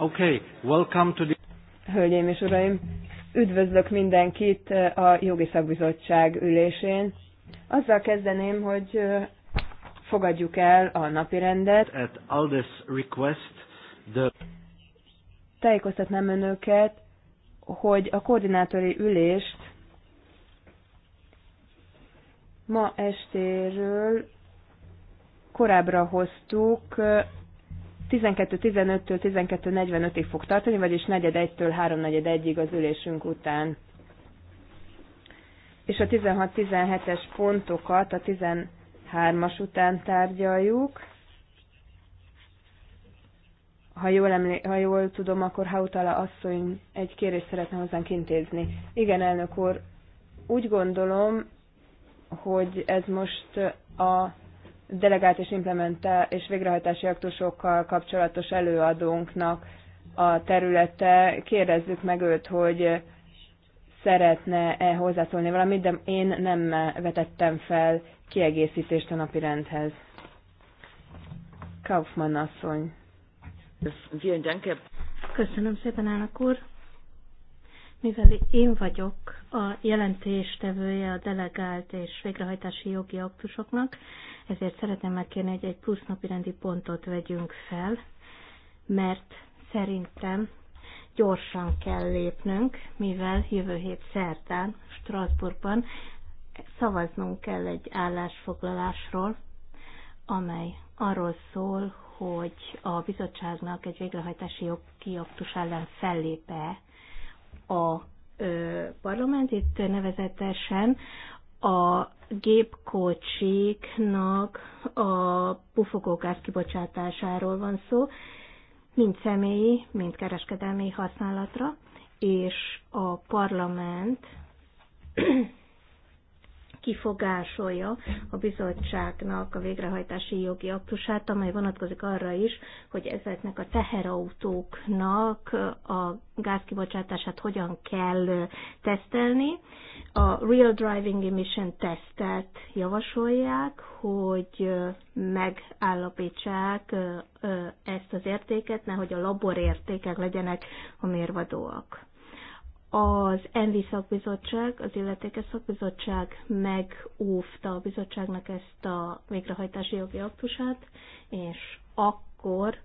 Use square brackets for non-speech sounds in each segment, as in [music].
Okay, welcome to the... Hölgyeim és uraim, üdvözlök mindenkit a Jogi Szakbizottság ülésén. Azzal kezdeném, hogy fogadjuk el a napirendet. At Aldes request the... Tájékoztatnám önöket, hogy a koordinátori ülést ma estéről korábbra hoztuk, 12.15-től 12.45-ig fog tartani, vagyis 41 1-től 3 ig az ülésünk után. És a 16-17-es pontokat a 13-as után tárgyaljuk. Ha jól, emlé- ha jól tudom, akkor Hautala asszony egy kérést szeretne hozzánk intézni. Igen, elnök úr, úgy gondolom, hogy ez most a delegált és implementál és végrehajtási aktusokkal kapcsolatos előadónknak a területe. Kérdezzük meg őt, hogy szeretne-e hozzászólni valamit, de én nem vetettem fel kiegészítést a napi rendhez. Kaufmann asszony. Köszönöm szépen, elnök úr. Mivel én vagyok a jelentéstevője a delegált és végrehajtási jogi aktusoknak, ezért szeretném megkérni, hogy egy plusz napi rendi pontot vegyünk fel, mert szerintem gyorsan kell lépnünk, mivel jövő hét szerdán Strasbourgban szavaznunk kell egy állásfoglalásról, amely arról szól, hogy a bizottságnak egy végrehajtási jogi aktus ellen fellépe a parlament, itt nevezetesen a gépkocsiknak a pufogógáz kibocsátásáról van szó, mind személyi, mind kereskedelmi használatra, és a parlament kifogásolja a bizottságnak a végrehajtási jogi aktusát, amely vonatkozik arra is, hogy ezeknek a teherautóknak a gázkibocsátását hogyan kell tesztelni. A Real Driving Emission tesztet javasolják, hogy megállapítsák ezt az értéket, nehogy a laborértékek legyenek a mérvadóak az ENVI szakbizottság, az illetékes szakbizottság megúvta a bizottságnak ezt a végrehajtási jogi aktusát, és akkor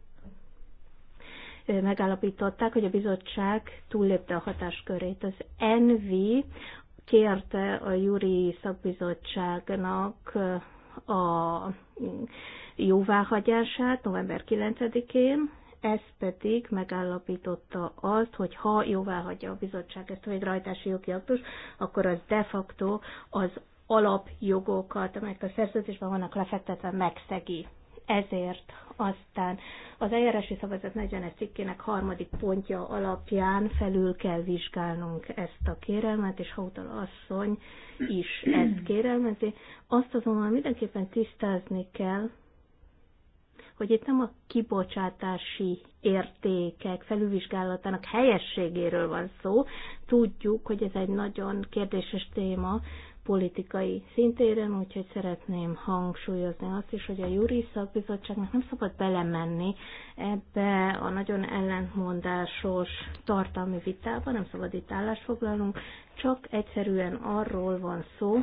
megállapították, hogy a bizottság túllépte a hatáskörét. Az ENVI kérte a júri szakbizottságnak a mm, jóváhagyását november 9-én, ez pedig megállapította azt, hogy ha jóvá hagyja a bizottság ezt a végrehajtási jogi aktus, akkor az de facto az alapjogokat, amelyek a szerződésben vannak lefektetve, megszegi. Ezért aztán az eljárási szabályzat 40 cikkének harmadik pontja alapján felül kell vizsgálnunk ezt a kérelmet, és Hautal asszony is ezt kérelmezi. Azt azonban mindenképpen tisztázni kell, hogy itt nem a kibocsátási értékek felülvizsgálatának helyességéről van szó. Tudjuk, hogy ez egy nagyon kérdéses téma politikai szintéren, úgyhogy szeretném hangsúlyozni azt is, hogy a júri szakbizottságnak nem szabad belemenni ebbe a nagyon ellentmondásos tartalmi vitába, nem szabad itt állást foglalnunk, csak egyszerűen arról van szó,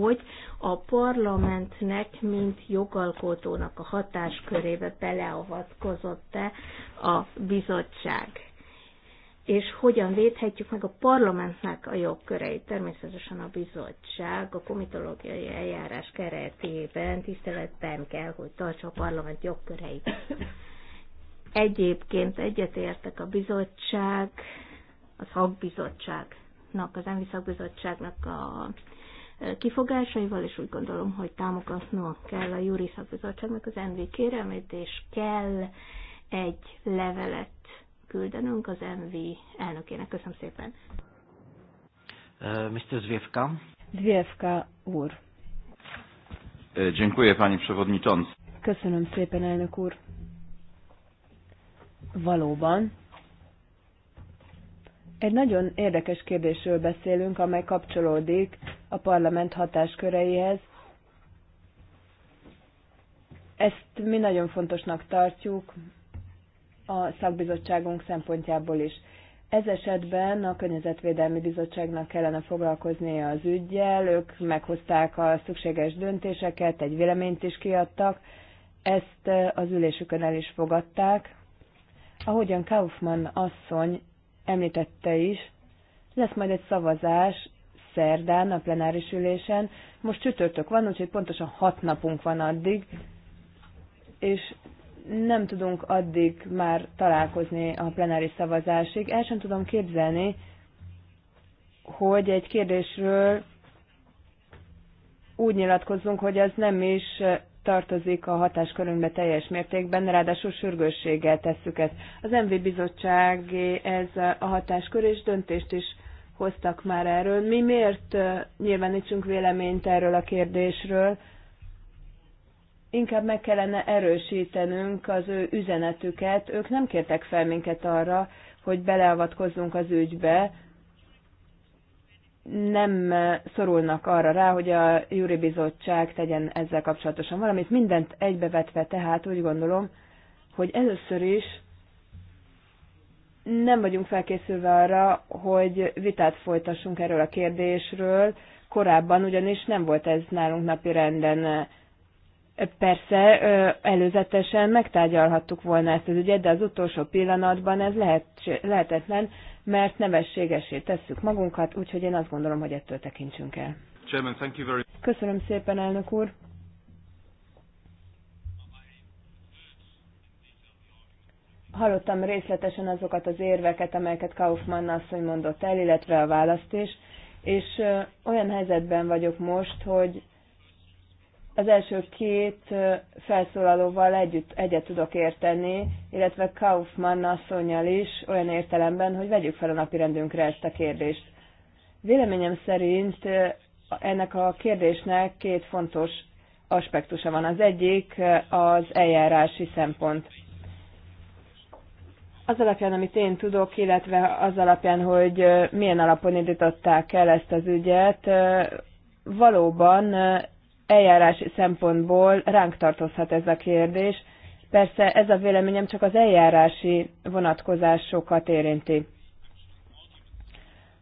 hogy a parlamentnek, mint jogalkotónak a hatáskörébe beleavatkozott-e a bizottság. És hogyan védhetjük meg a parlamentnek a jogköreit? Természetesen a bizottság a komitológiai eljárás keretében tiszteletben kell, hogy tartsa a parlament jogköreit. Egyébként egyetértek a bizottság, a szakbizottságnak, az ENVI szakbizottságnak a kifogásaival, és úgy gondolom, hogy támogatnunk kell a Júri Szakbizottságnak az MV kérelmét, és kell egy levelet küldenünk az MV elnökének. Köszönöm szépen. Uh, Mr. Zwiewka. Zwiewka úr. Uh, dziękuję, pani przewodniczący. Köszönöm szépen, elnök úr. Valóban. Egy nagyon érdekes kérdésről beszélünk, amely kapcsolódik a parlament hatásköreihez. Ezt mi nagyon fontosnak tartjuk a szakbizottságunk szempontjából is. Ez esetben a Környezetvédelmi Bizottságnak kellene foglalkoznia az ügyjel, ők meghozták a szükséges döntéseket, egy véleményt is kiadtak, ezt eh, az ülésükön el is fogadták. Ahogyan Kaufmann asszony említette is, lesz majd egy szavazás szerdán a plenáris ülésen. Most csütörtök van, úgyhogy pontosan hat napunk van addig, és nem tudunk addig már találkozni a plenáris szavazásig. El sem tudom képzelni, hogy egy kérdésről úgy nyilatkozzunk, hogy az nem is tartozik a hatáskörünkbe teljes mértékben, ráadásul sürgősséggel tesszük ezt. Az MV bizottság ez a hatáskör és döntést is hoztak már erről. Mi miért nyilvánítsunk véleményt erről a kérdésről? Inkább meg kellene erősítenünk az ő üzenetüket. Ők nem kértek fel minket arra, hogy beleavatkozzunk az ügybe, nem szorulnak arra rá, hogy a júri bizottság tegyen ezzel kapcsolatosan valamit. Mindent egybevetve tehát úgy gondolom, hogy először is nem vagyunk felkészülve arra, hogy vitát folytassunk erről a kérdésről, korábban ugyanis nem volt ez nálunk napi renden. Persze előzetesen megtárgyalhattuk volna ezt az ügyet, de az utolsó pillanatban ez lehet, lehetetlen, mert nevességesé tesszük magunkat, úgyhogy én azt gondolom, hogy ettől tekintsünk el. Köszönöm szépen, elnök úr! Hallottam részletesen azokat az érveket, amelyeket Kaufmann asszony mondott el, illetve a választ is, és olyan helyzetben vagyok most, hogy az első két felszólalóval együtt egyet tudok érteni, illetve Kaufmann asszonyjal is olyan értelemben, hogy vegyük fel a napirendünkre ezt a kérdést. Véleményem szerint ennek a kérdésnek két fontos aspektusa van. Az egyik az eljárási szempont. Az alapján, amit én tudok, illetve az alapján, hogy milyen alapon indították el ezt az ügyet, valóban eljárási szempontból ránk tartozhat ez a kérdés. Persze ez a véleményem csak az eljárási vonatkozásokat érinti.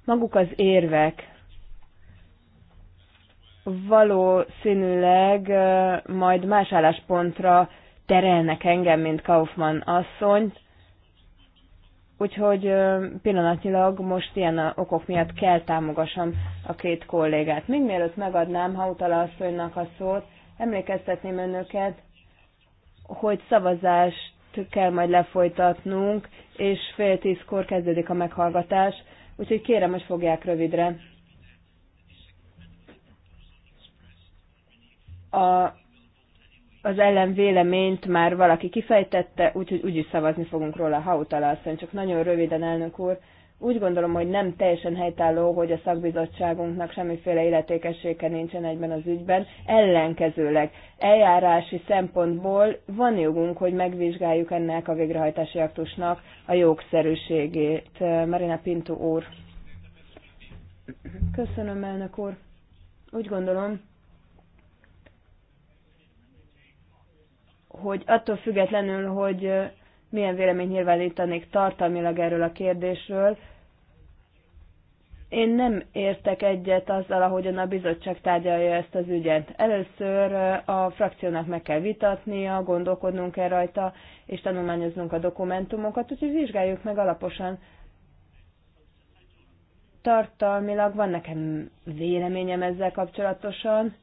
Maguk az érvek valószínűleg majd más álláspontra terelnek engem, mint Kaufmann asszonyt, Úgyhogy pillanatnyilag most ilyen okok miatt kell támogassam a két kollégát. Még mielőtt megadnám Hautala asszonynak a szót, emlékeztetném önöket, hogy szavazást kell majd lefolytatnunk, és fél tízkor kezdődik a meghallgatás, úgyhogy kérem, hogy fogják rövidre. A az ellenvéleményt már valaki kifejtette, úgyhogy úgyis szavazni fogunk róla, ha utal csak nagyon röviden, elnök úr. Úgy gondolom, hogy nem teljesen helytálló, hogy a szakbizottságunknak semmiféle illetékessége nincsen egyben az ügyben. Ellenkezőleg, eljárási szempontból van jogunk, hogy megvizsgáljuk ennek a végrehajtási aktusnak a jogszerűségét. Marina Pinto úr. Köszönöm, elnök úr. Úgy gondolom, hogy attól függetlenül, hogy milyen vélemény nyilvánítanék tartalmilag erről a kérdésről, én nem értek egyet azzal, ahogyan a bizottság tárgyalja ezt az ügyet. Először a frakciónak meg kell vitatnia, gondolkodnunk kell rajta, és tanulmányoznunk a dokumentumokat, úgyhogy vizsgáljuk meg alaposan. Tartalmilag van nekem véleményem ezzel kapcsolatosan,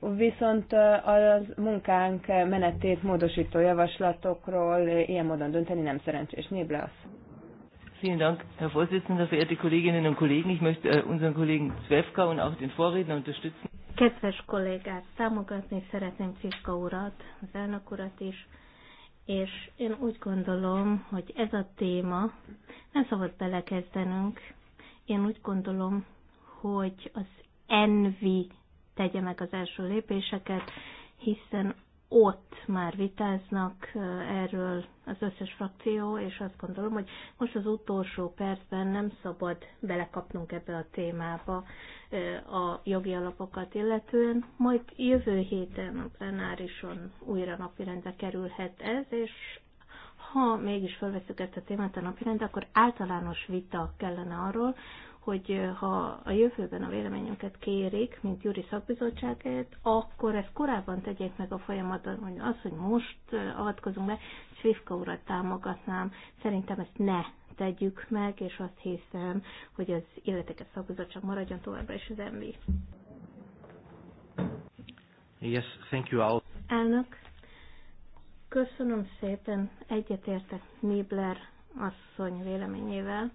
viszont a munkánk menetét módosító javaslatokról ilyen módon dönteni nem szerencsés. Nébla az. Vielen Dank, Herr Vorsitzender, verehrte Kolleginnen und Kollegen. Ich möchte äh, unseren Kollegen Zwefka und auch den Vorredner unterstützen. Kedves kollégát, támogatni szeretném Cifka urat, az elnök urat is, és én úgy gondolom, hogy ez a téma nem szabad belekezdenünk. Én úgy gondolom, hogy az envi tegye meg az első lépéseket, hiszen ott már vitáznak erről az összes frakció, és azt gondolom, hogy most az utolsó percben nem szabad belekapnunk ebbe a témába a jogi alapokat illetően. Majd jövő héten a plenárison újra napirendre kerülhet ez, és ha mégis felveszük ezt a témát a napirendre, akkor általános vita kellene arról, hogy ha a jövőben a véleményünket kérik, mint Gyuri Szakbizottságért, akkor ezt korábban tegyék meg a folyamaton, hogy az, hogy most avatkozunk be, Svifka urat támogatnám, szerintem ezt ne tegyük meg, és azt hiszem, hogy az illetékes szakbizottság maradjon továbbra is az MV. Yes, thank you all. Elnök, köszönöm szépen, egyetértek Nibler asszony véleményével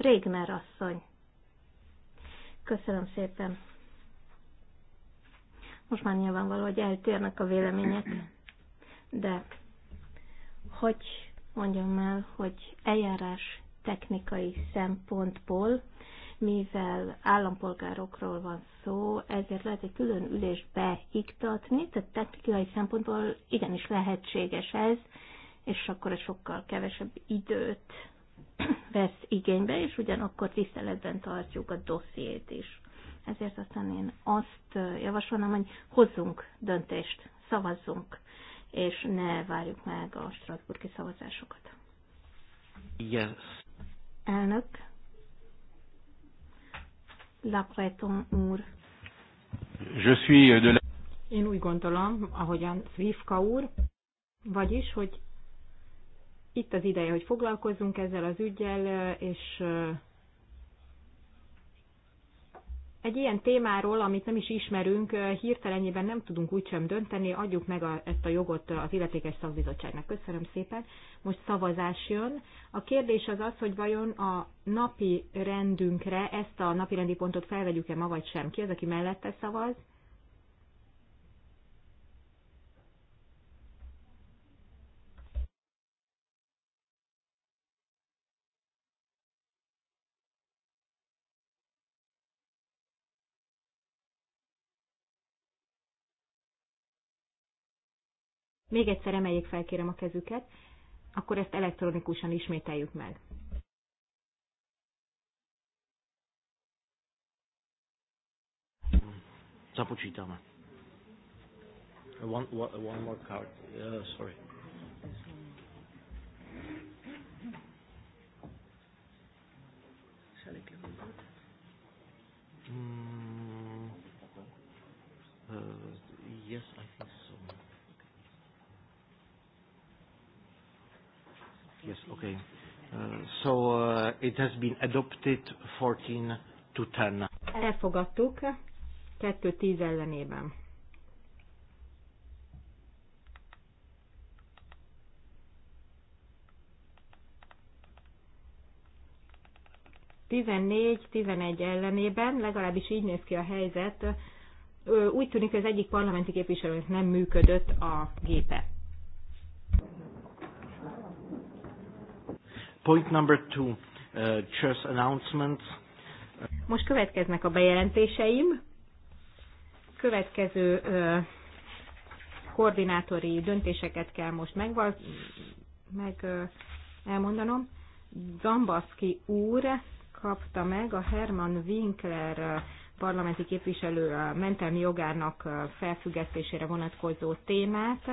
Régner asszony. Köszönöm szépen. Most már nyilvánvaló, hogy eltérnek a vélemények, de hogy mondjam el, hogy eljárás technikai szempontból, mivel állampolgárokról van szó, ezért lehet egy külön ülést beiktatni, tehát technikai szempontból igenis lehetséges ez, és akkor sokkal kevesebb időt vesz igénybe, és ugyanakkor tiszteletben tartjuk a dossziét is. Ezért aztán én azt javasolnám, hogy hozzunk döntést, szavazzunk, és ne várjuk meg a Strasburgi szavazásokat. Yes. Elnök. Lapreton úr. Je suis de la... Én úgy gondolom, ahogyan Zwifka úr, vagyis, hogy itt az ideje, hogy foglalkozzunk ezzel az ügyel, és egy ilyen témáról, amit nem is ismerünk, hirtelenjében nem tudunk úgysem dönteni, adjuk meg a, ezt a jogot az illetékes szakbizottságnak. Köszönöm szépen. Most szavazás jön. A kérdés az az, hogy vajon a napi rendünkre ezt a napi rendi pontot felvegyük-e ma vagy sem. Ki az, aki mellette szavaz? Még egyszer emeljék fel, kérem a kezüket, akkor ezt elektronikusan ismételjük meg. Započítáme. One, one more card. Uh, sorry. Mm, uh, yes, I think. Yes, okay. Uh, so uh, it has been adopted 14 to 10. Elfogadtuk 2-10 ellenében. Tizennégy-tizenegy ellenében, legalábbis így néz ki a helyzet, úgy tűnik, hogy az egyik parlamenti képviselőnek nem működött a gépe. Point number two, uh, just announcements. Most következnek a bejelentéseim. Következő uh, koordinátori döntéseket kell most megval, meg uh, elmondanom. Zambaszki úr kapta meg a Herman Winkler parlamenti képviselő mentelmi jogának felfüggesztésére vonatkozó témát.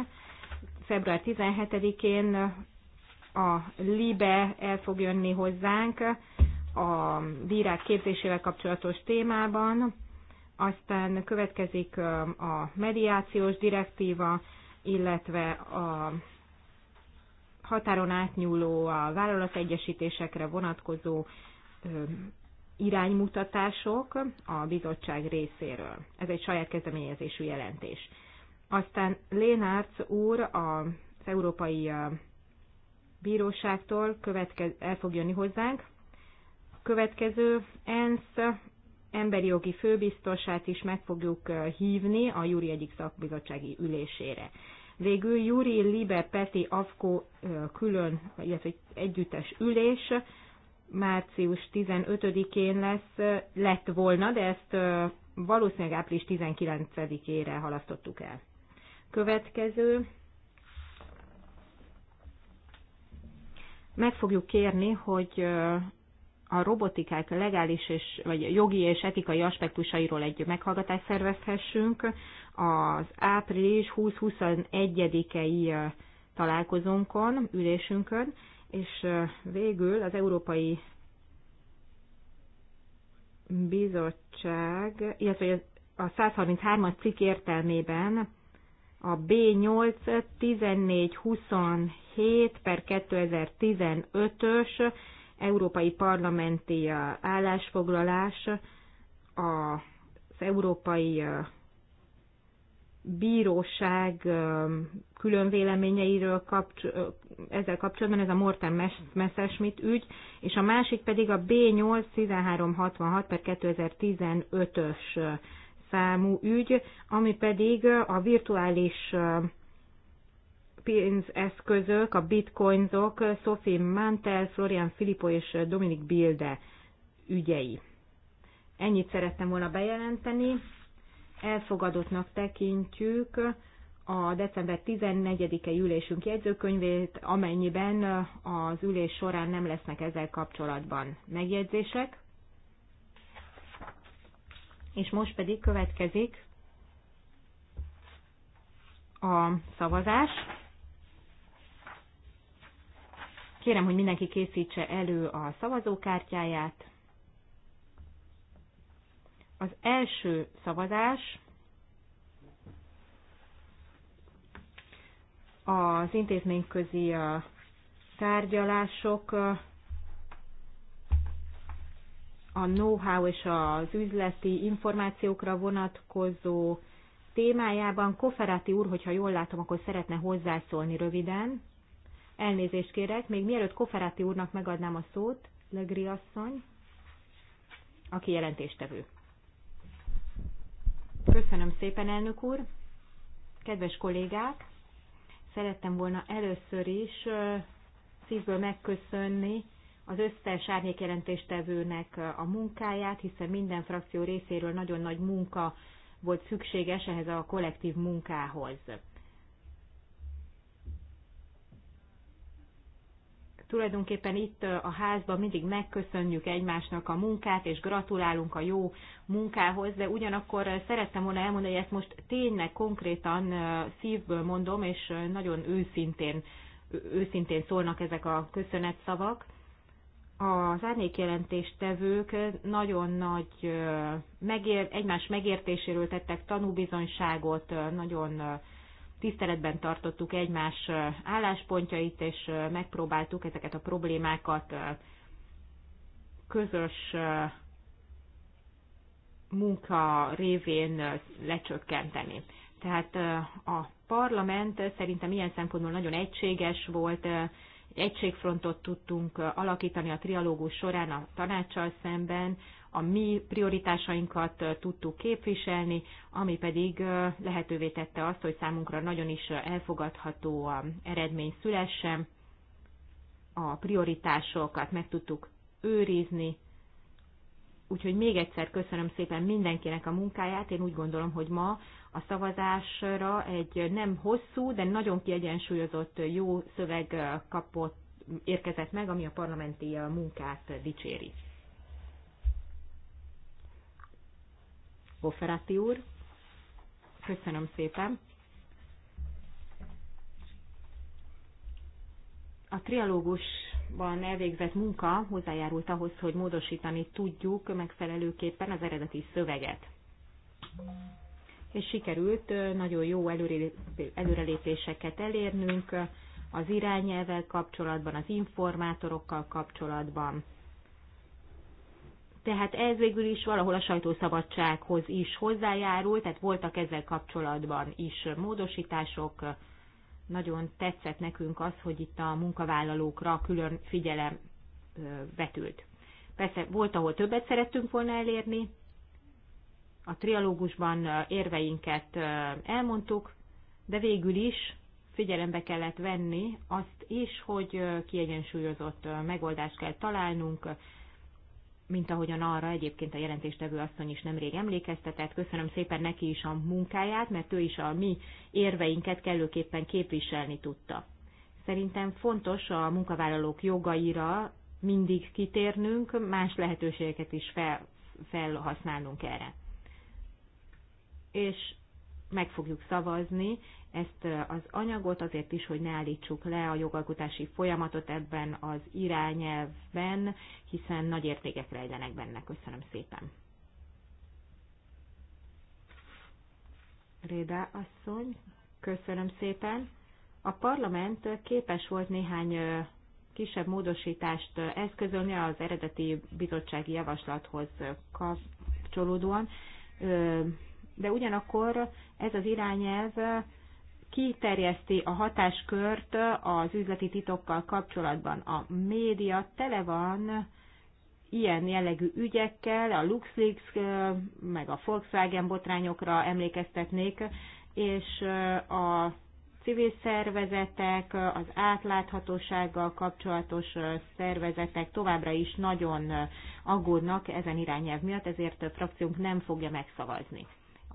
Február 17-én a LIBE el fog jönni hozzánk a bírák képzésével kapcsolatos témában, aztán következik a mediációs direktíva, illetve a határon átnyúló a vállalategyesítésekre vonatkozó iránymutatások a bizottság részéről. Ez egy saját kezdeményezésű jelentés. Aztán Lénárc úr az Európai bíróságtól következ, el fog jönni hozzánk. Következő ENSZ emberi jogi főbiztosát is meg fogjuk hívni a Júri egyik szakbizottsági ülésére. Végül Júri Libe Peti Avko külön, illetve együttes ülés március 15-én lesz, lett volna, de ezt valószínűleg április 19-ére halasztottuk el. Következő meg fogjuk kérni, hogy a robotikák legális és vagy jogi és etikai aspektusairól egy meghallgatást szervezhessünk az április 20-21-i találkozónkon, ülésünkön, és végül az Európai Bizottság, illetve a 133-as cikk értelmében a B8 1427 per 2015-ös Európai Parlamenti uh, állásfoglalás az Európai uh, Bíróság um, különvéleményeiről kapcs- uh, ezzel kapcsolatban, ez a Morten Messerschmitt ügy, és a másik pedig a B8 1366 per 2015-ös számú ügy, ami pedig a virtuális pénzeszközök, a bitcoinzok, Sophie Mantel, Florian Filippo és Dominik Bilde ügyei. Ennyit szerettem volna bejelenteni. Elfogadottnak tekintjük a december 14-e ülésünk jegyzőkönyvét, amennyiben az ülés során nem lesznek ezzel kapcsolatban megjegyzések. És most pedig következik a szavazás. Kérem, hogy mindenki készítse elő a szavazókártyáját. Az első szavazás az intézményközi uh, tárgyalások uh, a know-how és az üzleti információkra vonatkozó témájában. Koferáti úr, hogyha jól látom, akkor szeretne hozzászólni röviden. Elnézést kérek, még mielőtt Koferáti úrnak megadnám a szót, Legri asszony, aki jelentéstevő. Köszönöm szépen, elnök úr! Kedves kollégák! Szerettem volna először is szívből megköszönni az összes árnyékjelentéstevőnek a munkáját, hiszen minden frakció részéről nagyon nagy munka volt szükséges ehhez a kollektív munkához. Tulajdonképpen itt a házban mindig megköszönjük egymásnak a munkát, és gratulálunk a jó munkához, de ugyanakkor szerettem volna elmondani, hogy ezt most tényleg konkrétan szívből mondom, és nagyon őszintén, őszintén szólnak ezek a köszönetszavak az tevők nagyon nagy megér, egymás megértéséről tettek tanúbizonyságot, nagyon tiszteletben tartottuk egymás álláspontjait, és megpróbáltuk ezeket a problémákat közös munka révén lecsökkenteni. Tehát a parlament szerintem ilyen szempontból nagyon egységes volt, egységfrontot tudtunk alakítani a trialógus során a tanácssal szemben, a mi prioritásainkat tudtuk képviselni, ami pedig lehetővé tette azt, hogy számunkra nagyon is elfogadható eredmény szülessen. A prioritásokat meg tudtuk őrizni, Úgyhogy még egyszer köszönöm szépen mindenkinek a munkáját. Én úgy gondolom, hogy ma a szavazásra egy nem hosszú, de nagyon kiegyensúlyozott jó szöveg kapott, érkezett meg, ami a parlamenti munkát dicséri. Boferati úr, köszönöm szépen. A trialógusban elvégzett munka hozzájárult ahhoz, hogy módosítani tudjuk megfelelőképpen az eredeti szöveget és sikerült nagyon jó előrelépéseket elérnünk az irányelvel kapcsolatban, az informátorokkal kapcsolatban. Tehát ez végül is valahol a sajtószabadsághoz is hozzájárult, tehát voltak ezzel kapcsolatban is módosítások. Nagyon tetszett nekünk az, hogy itt a munkavállalókra külön figyelem vetült. Persze volt, ahol többet szerettünk volna elérni, a trialógusban érveinket elmondtuk, de végül is figyelembe kellett venni azt is, hogy kiegyensúlyozott megoldást kell találnunk, mint ahogyan arra egyébként a jelentéstevő asszony is nemrég emlékeztetett. Köszönöm szépen neki is a munkáját, mert ő is a mi érveinket kellőképpen képviselni tudta. Szerintem fontos a munkavállalók jogaira mindig kitérnünk, más lehetőségeket is fel, felhasználnunk erre és meg fogjuk szavazni ezt az anyagot azért is, hogy ne állítsuk le a jogalkotási folyamatot ebben az irányelvben, hiszen nagy értékek rejlenek benne. Köszönöm szépen. Réda asszony, köszönöm szépen. A parlament képes volt néhány kisebb módosítást eszközölni az eredeti bizottsági javaslathoz kapcsolódóan de ugyanakkor ez az irányelv kiterjeszti a hatáskört az üzleti titokkal kapcsolatban. A média tele van ilyen jellegű ügyekkel, a LuxLeaks, meg a Volkswagen botrányokra emlékeztetnék, és a civil szervezetek, az átláthatósággal kapcsolatos szervezetek továbbra is nagyon aggódnak ezen irányelv miatt, ezért a frakciónk nem fogja megszavazni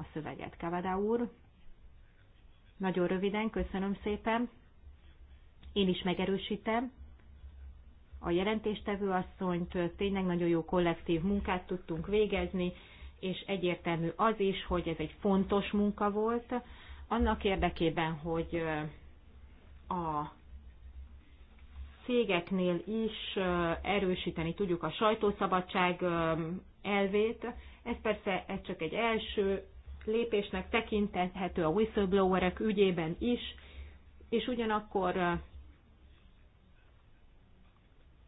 a szöveget. Kavada úr, nagyon röviden, köszönöm szépen. Én is megerősítem. A jelentéstevő asszonyt tényleg nagyon jó kollektív munkát tudtunk végezni, és egyértelmű az is, hogy ez egy fontos munka volt, annak érdekében, hogy a cégeknél is erősíteni tudjuk a sajtószabadság elvét. Ez persze ez csak egy első lépésnek tekinthető a whistleblowerek ügyében is, és ugyanakkor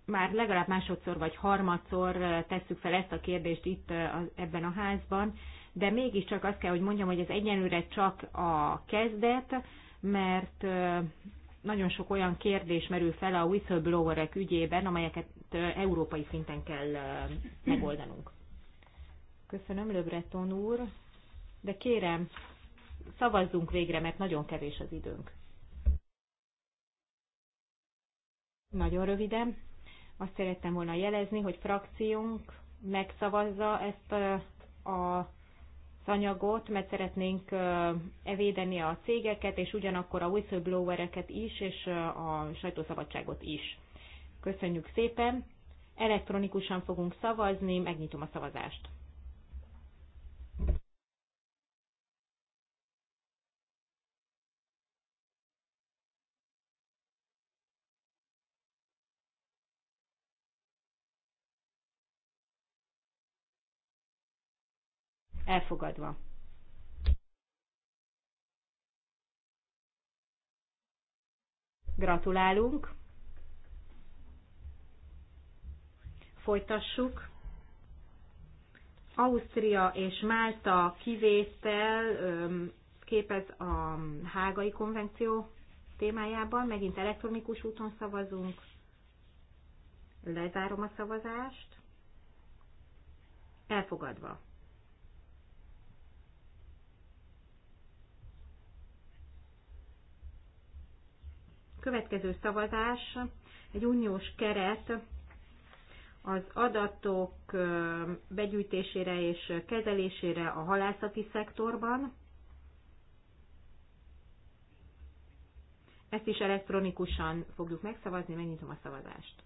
már legalább másodszor vagy harmadszor tesszük fel ezt a kérdést itt ebben a házban, de mégiscsak azt kell, hogy mondjam, hogy ez egyenlőre csak a kezdet, mert nagyon sok olyan kérdés merül fel a whistleblowerek ügyében, amelyeket európai szinten kell megoldanunk. Köszönöm, Löbreton úr de kérem, szavazzunk végre, mert nagyon kevés az időnk. Nagyon röviden. Azt szerettem volna jelezni, hogy frakciónk megszavazza ezt a anyagot, mert szeretnénk evédeni a cégeket, és ugyanakkor a whistleblowereket is, és a sajtószabadságot is. Köszönjük szépen! Elektronikusan fogunk szavazni, megnyitom a szavazást. elfogadva. Gratulálunk! Folytassuk. Ausztria és Málta kivétel képez a hágai konvenció témájában. Megint elektronikus úton szavazunk. Lezárom a szavazást. Elfogadva. Következő szavazás egy uniós keret az adatok begyűjtésére és kezelésére a halászati szektorban. Ezt is elektronikusan fogjuk megszavazni, megnyitom a szavazást.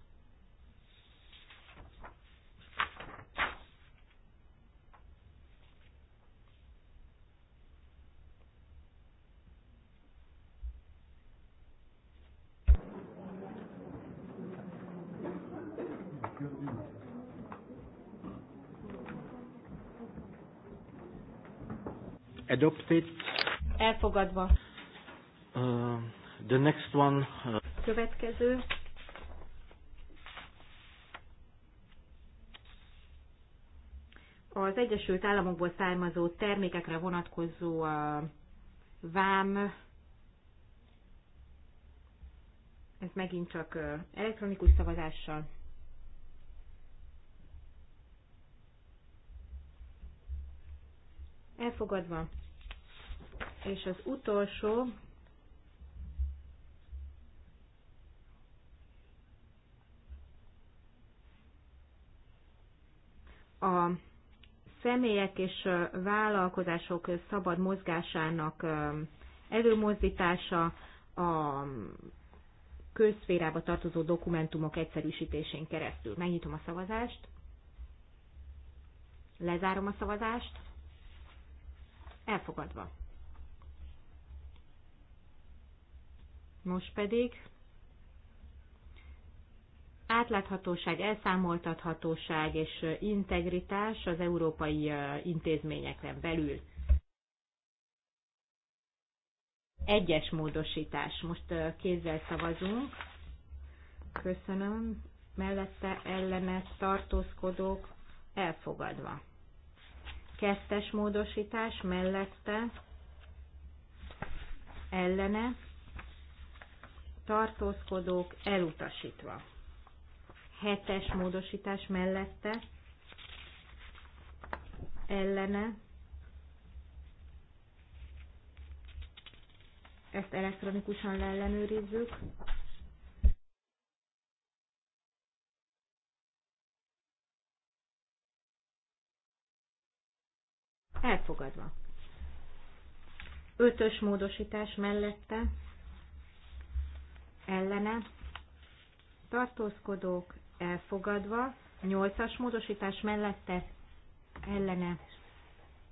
Adopted. Elfogadva. Uh, the next one. Uh, Következő. Az Egyesült Államokból származó termékekre vonatkozó uh, vám ez megint csak uh, elektronikus szavazással. Elfogadva. És az utolsó, a személyek és vállalkozások szabad mozgásának előmozdítása, a közszférába tartozó dokumentumok egyszerűsítésén keresztül. Megnyitom a szavazást, lezárom a szavazást, elfogadva. Most pedig átláthatóság, elszámoltathatóság és integritás az európai intézményeken belül. Egyes módosítás. Most kézzel szavazunk. Köszönöm. Mellette ellene tartózkodók elfogadva. Kettes módosítás mellette ellene tartózkodók elutasítva. Hetes módosítás mellette, ellene, ezt elektronikusan leellenőrizzük. Elfogadva. Ötös módosítás mellette, ellene tartózkodók elfogadva, 8-as módosítás mellette ellene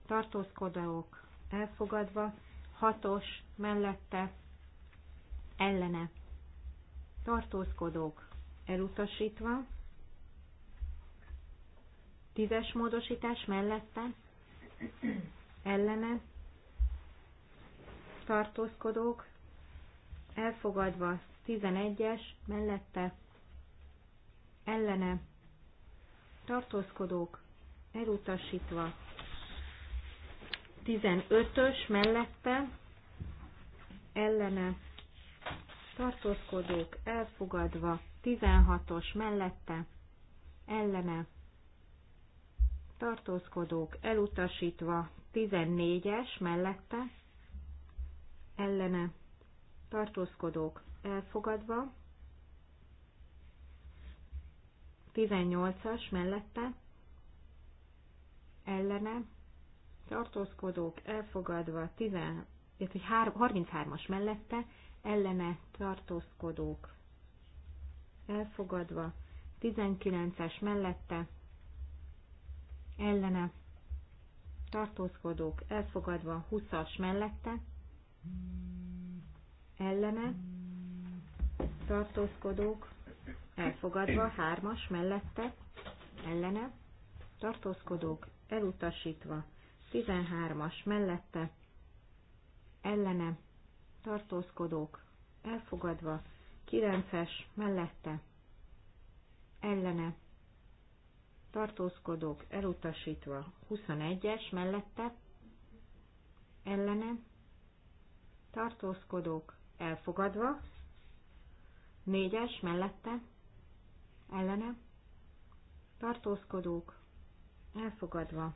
tartózkodók elfogadva, 6-os mellette ellene tartózkodók elutasítva, 10-es módosítás mellette ellene tartózkodók elfogadva 11-es mellette ellene tartózkodók elutasítva 15-ös mellette ellene tartózkodók elfogadva 16-os mellette ellene tartózkodók elutasítva 14-es mellette ellene tartózkodók elfogadva, 18-as mellette, ellene, tartózkodók elfogadva, 10, 33-as mellette, ellene tartózkodók elfogadva, 19-es mellette, ellene tartózkodók elfogadva, 20-as mellette, ellene tartózkodók elfogadva, hármas mellette, ellene, tartózkodók elutasítva, 13-as mellette, ellene, tartózkodók elfogadva, 9-es mellette, ellene, tartózkodók elutasítva, 21-es mellette, ellene, tartózkodók elfogadva, Négyes mellette, ellene, tartózkodók, elfogadva.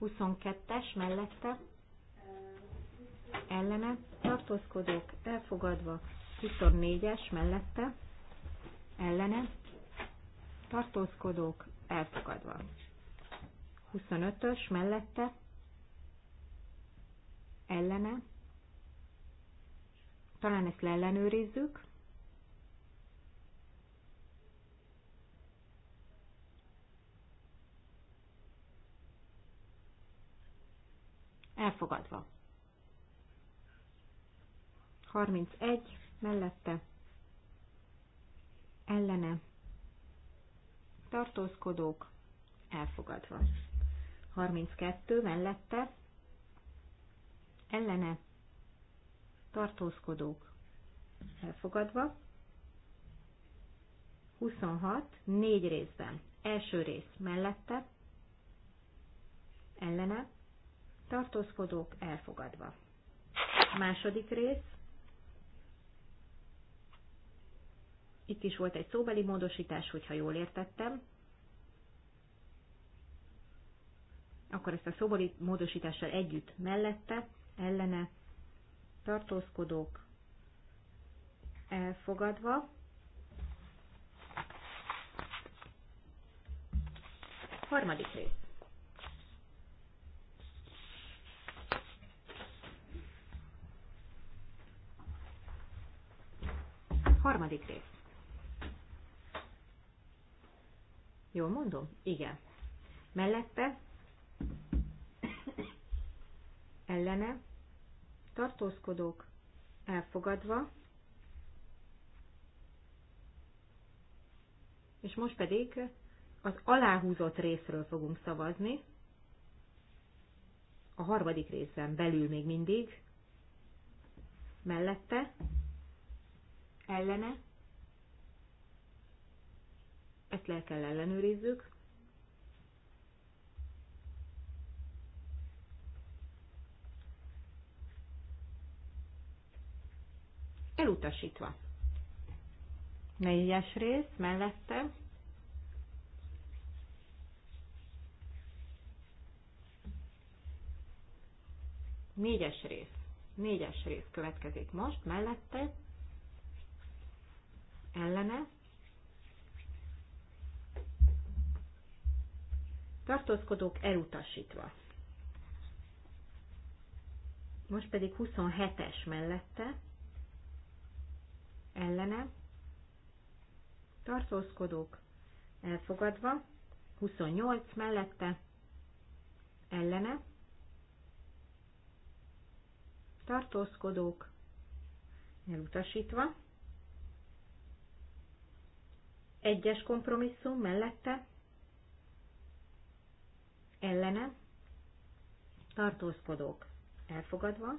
22-es mellette, ellene, tartózkodók, elfogadva. 24-es mellette, ellene, tartózkodók, elfogadva. 25-ös mellette, ellene, talán ezt leellenőrizzük. Elfogadva. 31 mellette ellene tartózkodók elfogadva. 32 mellette ellene tartózkodók elfogadva. 26, négy részben. Első rész mellette, ellene, tartózkodók elfogadva. Második rész, itt is volt egy szóbeli módosítás, hogyha jól értettem, akkor ezt a szóbeli módosítással együtt mellette, ellene, tartózkodók elfogadva. Harmadik rész. Harmadik rész. Jól mondom? Igen. Mellette ellene tartózkodók elfogadva, és most pedig az aláhúzott részről fogunk szavazni, a harmadik részben belül még mindig, mellette, ellene, ezt le kell ellenőrizzük, elutasítva. Négyes rész mellette négyes rész. Négyes rész következik most, mellette, ellene, tartózkodók elutasítva. Most pedig 27-es mellette, ellene, tartózkodók elfogadva, 28 mellette, ellene, tartózkodók elutasítva, egyes kompromisszum mellette, ellene, tartózkodók elfogadva,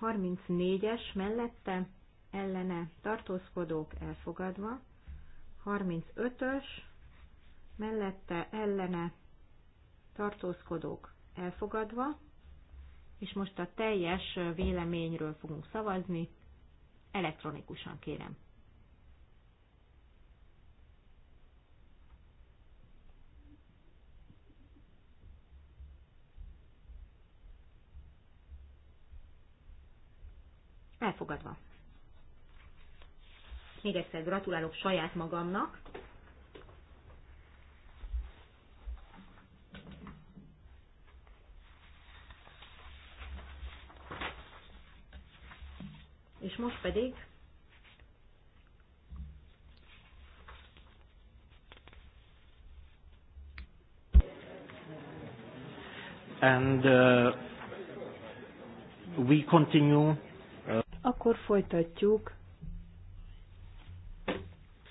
34-es mellette ellene tartózkodók elfogadva, 35-ös mellette ellene tartózkodók elfogadva, és most a teljes véleményről fogunk szavazni, elektronikusan kérem. Elfogadva. Még egyszer gratulálok saját magamnak. És most pedig and uh, we continue akkor folytatjuk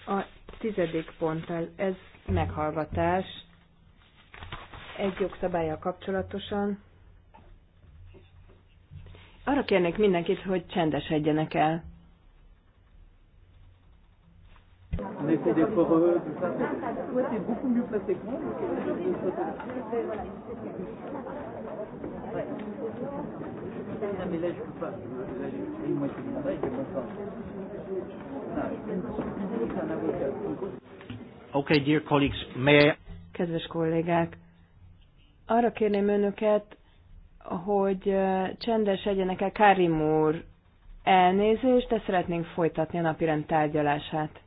a tizedik ponttal. Ez meghallgatás egy jogszabálya kapcsolatosan. Arra kérnék mindenkit, hogy csendesedjenek el. On Okay, dear colleagues, may I... Kedves kollégák, arra kérném önöket, hogy csendes legyenek el Karim úr elnézést, de szeretnénk folytatni a napirend tárgyalását.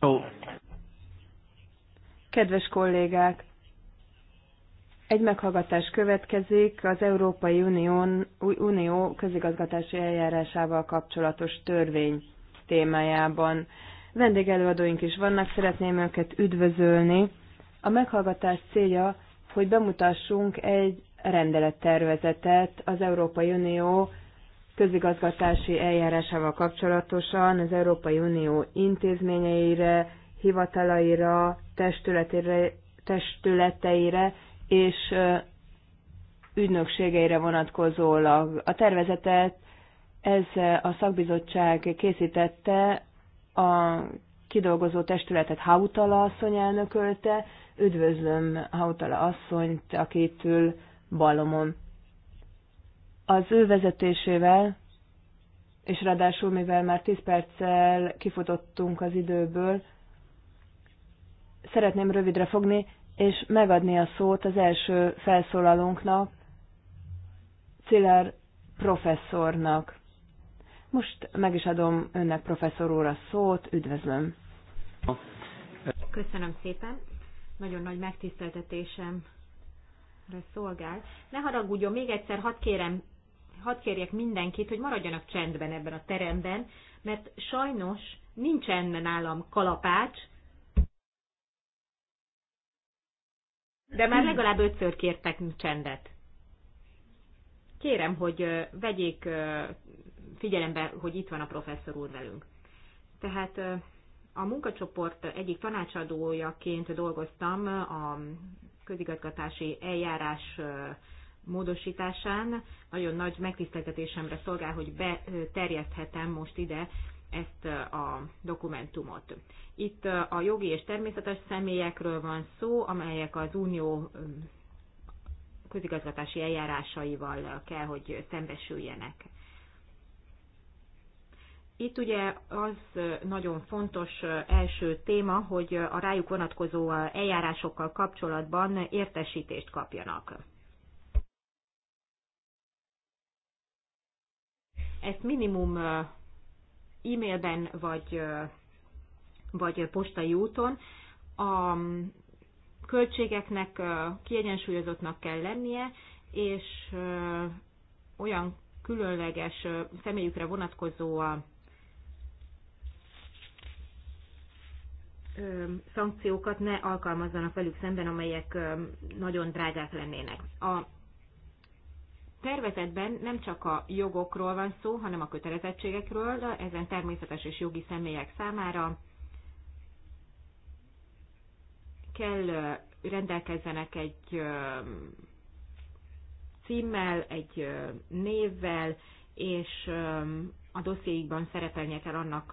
So, Kedves kollégák, egy meghallgatás következik az Európai Unión, Unió közigazgatási eljárásával kapcsolatos törvény témájában. Vendégelőadóink is vannak, szeretném őket üdvözölni. A meghallgatás célja, hogy bemutassunk egy rendelettervezetet az Európai Unió közigazgatási eljárásával kapcsolatosan az Európai Unió intézményeire, hivatalaira, testületére, testületeire és ügynökségeire vonatkozólag. A tervezetet ez a szakbizottság készítette, a kidolgozó testületet Hautala asszony elnökölte. Üdvözlöm Hautala asszonyt, aki itt ül balomon. Az ő vezetésével, és ráadásul mivel már 10 perccel kifutottunk az időből, Szeretném rövidre fogni, és megadni a szót az első felszólalónknak, Ciller professzornak. Most meg is adom önnek professzor úr a szót, üdvözlöm. Köszönöm szépen, nagyon nagy megtiszteltetésem szolgál. Ne haragudjon, még egyszer hadd kérem, hadd kérjek mindenkit, hogy maradjanak csendben ebben a teremben, mert sajnos nincsen nálam kalapács, De már hm. legalább ötször kértek csendet. Kérem, hogy vegyék figyelembe, hogy itt van a professzor úr velünk. Tehát a munkacsoport egyik tanácsadójaként dolgoztam a közigazgatási eljárás módosításán. Nagyon nagy megtiszteltetésemre szolgál, hogy beterjeszthetem most ide ezt eh, a dokumentumot. Itt eh, a jogi és természetes személyekről van szó, amelyek az unió eh, közigazgatási eljárásaival kell, hogy szembesüljenek. Itt ugye az nagyon fontos első téma, hogy a rájuk vonatkozó eljárásokkal kapcsolatban értesítést kapjanak. Ezt minimum e-mailben vagy, vagy postai úton. A költségeknek kiegyensúlyozottnak kell lennie, és olyan különleges személyükre vonatkozó szankciókat ne alkalmazzanak velük szemben, amelyek nagyon drágák lennének. A tervezetben nem csak a jogokról van szó, hanem a kötelezettségekről, ezen természetes és jogi személyek számára kell rendelkezzenek egy címmel, egy névvel, és a dossziékban szerepelnie kell annak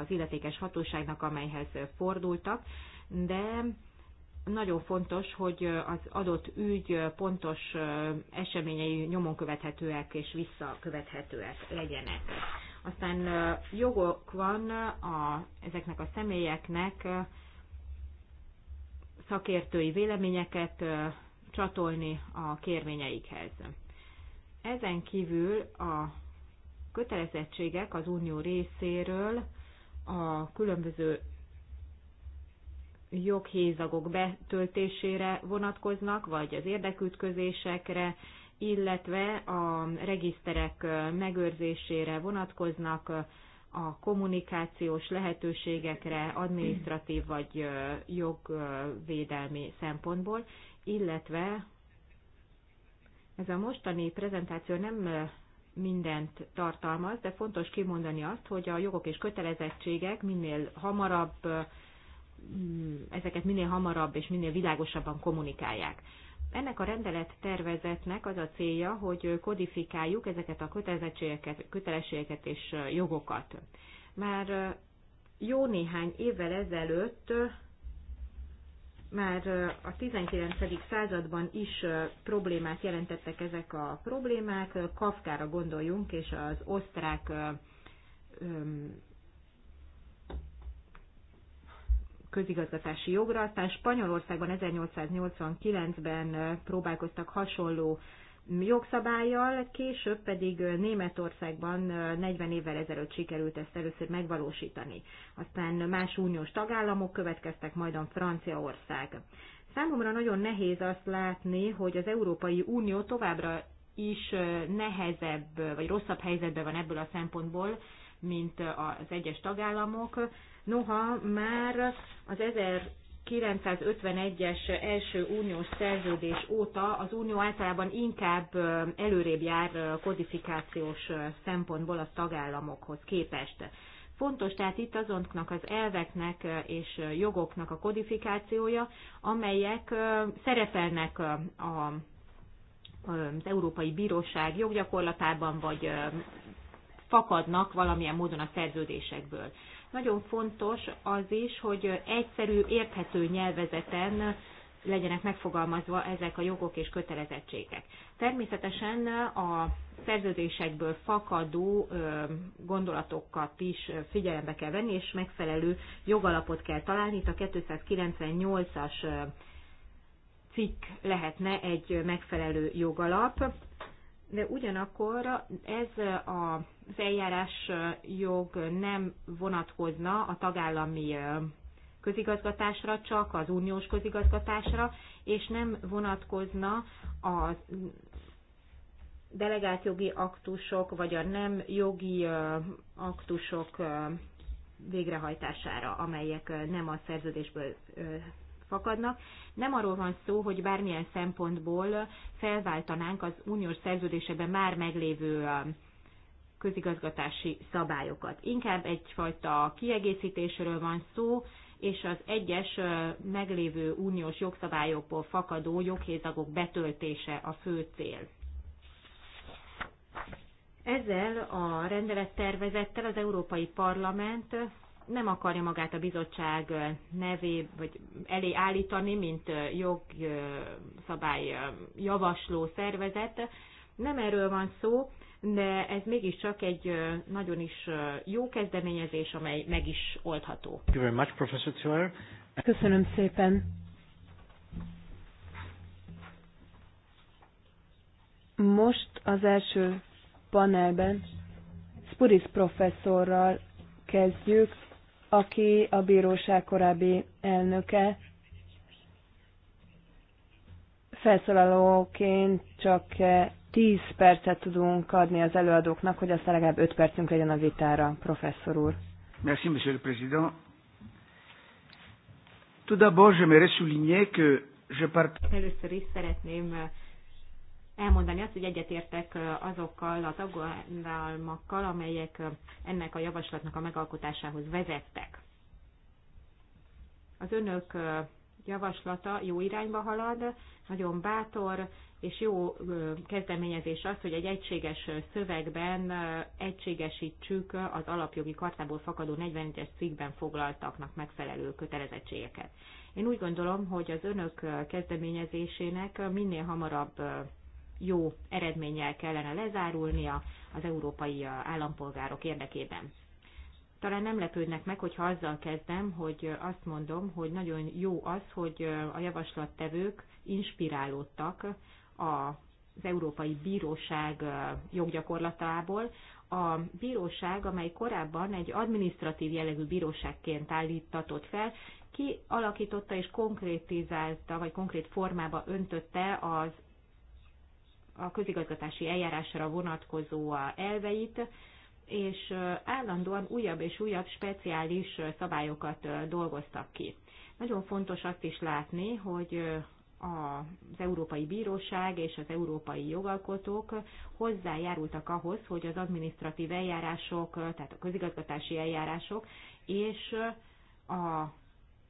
az illetékes hatóságnak, amelyhez fordultak, de nagyon fontos, hogy az adott ügy pontos eseményei nyomon követhetőek és visszakövethetőek legyenek. Aztán jogok van a, ezeknek a személyeknek szakértői véleményeket csatolni a kérvényeikhez. Ezen kívül a kötelezettségek az unió részéről a különböző joghézagok betöltésére vonatkoznak, vagy az érdekütközésekre, illetve a regiszterek megőrzésére vonatkoznak, a kommunikációs lehetőségekre, adminisztratív vagy jogvédelmi szempontból, illetve ez a mostani prezentáció nem mindent tartalmaz, de fontos kimondani azt, hogy a jogok és kötelezettségek minél hamarabb Mm, ezeket minél hamarabb és minél világosabban kommunikálják. Ennek a rendelet tervezetnek az a célja, hogy kodifikáljuk ezeket a kötelezettségeket, kötelességeket és jogokat. Már jó néhány évvel ezelőtt már a 19. században is problémát jelentettek ezek a problémák. Kafkára gondoljunk, és az osztrák közigazgatási jogra. Aztán Spanyolországban 1889-ben próbálkoztak hasonló jogszabályjal, később pedig Németországban 40 évvel ezelőtt sikerült ezt először megvalósítani. Aztán más uniós tagállamok következtek, majd a Franciaország. Számomra nagyon nehéz azt látni, hogy az Európai Unió továbbra is nehezebb vagy rosszabb helyzetben van ebből a szempontból, mint az egyes tagállamok. Noha már az 1951-es első uniós szerződés óta az unió általában inkább előrébb jár kodifikációs szempontból a tagállamokhoz képest. Fontos tehát itt azoknak az elveknek és jogoknak a kodifikációja, amelyek szerepelnek a az Európai Bíróság joggyakorlatában, vagy fakadnak valamilyen módon a szerződésekből. Nagyon fontos az is, hogy egyszerű, érthető nyelvezeten legyenek megfogalmazva ezek a jogok és kötelezettségek. Természetesen a szerződésekből fakadó gondolatokat is figyelembe kell venni, és megfelelő jogalapot kell találni. Itt a 298-as cikk lehetne egy megfelelő jogalap de ugyanakkor ez a feljárás jog nem vonatkozna a tagállami közigazgatásra, csak az uniós közigazgatásra, és nem vonatkozna a delegált jogi aktusok, vagy a nem jogi aktusok végrehajtására, amelyek nem a szerződésből fakadnak. Nem arról van szó, hogy bármilyen szempontból felváltanánk az uniós szerződésében már meglévő közigazgatási szabályokat. Inkább egyfajta kiegészítésről van szó, és az egyes meglévő uniós jogszabályokból fakadó joghézagok betöltése a fő cél. Ezzel a rendelettervezettel az Európai Parlament nem akarja magát a bizottság nevé vagy elé állítani, mint jogszabály javasló szervezet. Nem erről van szó, de ez mégiscsak egy nagyon is jó kezdeményezés, amely meg is oldható. Köszönöm szépen. Most az első panelben Spuris professzorral kezdjük, aki a bíróság korábbi elnöke. Felszólalóként csak 10 percet tudunk adni az előadóknak, hogy aztán legalább 5 percünk legyen a vitára, professzor úr. Merci, monsieur le président. Tout d'abord, j'aimerais souligner que je part... Először is szeretném elmondani azt, hogy egyetértek azokkal az tagállamokkal, amelyek ennek a javaslatnak a megalkotásához vezettek. Az önök javaslata jó irányba halad, nagyon bátor, és jó kezdeményezés az, hogy egy egységes szövegben egységesítsük az alapjogi kartából fakadó 41-es cikkben foglaltaknak megfelelő kötelezettségeket. Én úgy gondolom, hogy az önök kezdeményezésének minél hamarabb jó eredménnyel kellene lezárulnia az európai állampolgárok érdekében. Talán nem lepődnek meg, hogyha azzal kezdem, hogy azt mondom, hogy nagyon jó az, hogy a javaslattevők inspirálódtak az Európai Bíróság joggyakorlatából. A bíróság, amely korábban egy administratív jellegű bíróságként állítatott fel, ki alakította és konkrétizálta, vagy konkrét formába öntötte az a közigazgatási eljárásra vonatkozó elveit, és állandóan újabb és újabb speciális szabályokat dolgoztak ki. Nagyon fontos azt is látni, hogy az Európai Bíróság és az európai jogalkotók hozzájárultak ahhoz, hogy az administratív eljárások, tehát a közigazgatási eljárások és a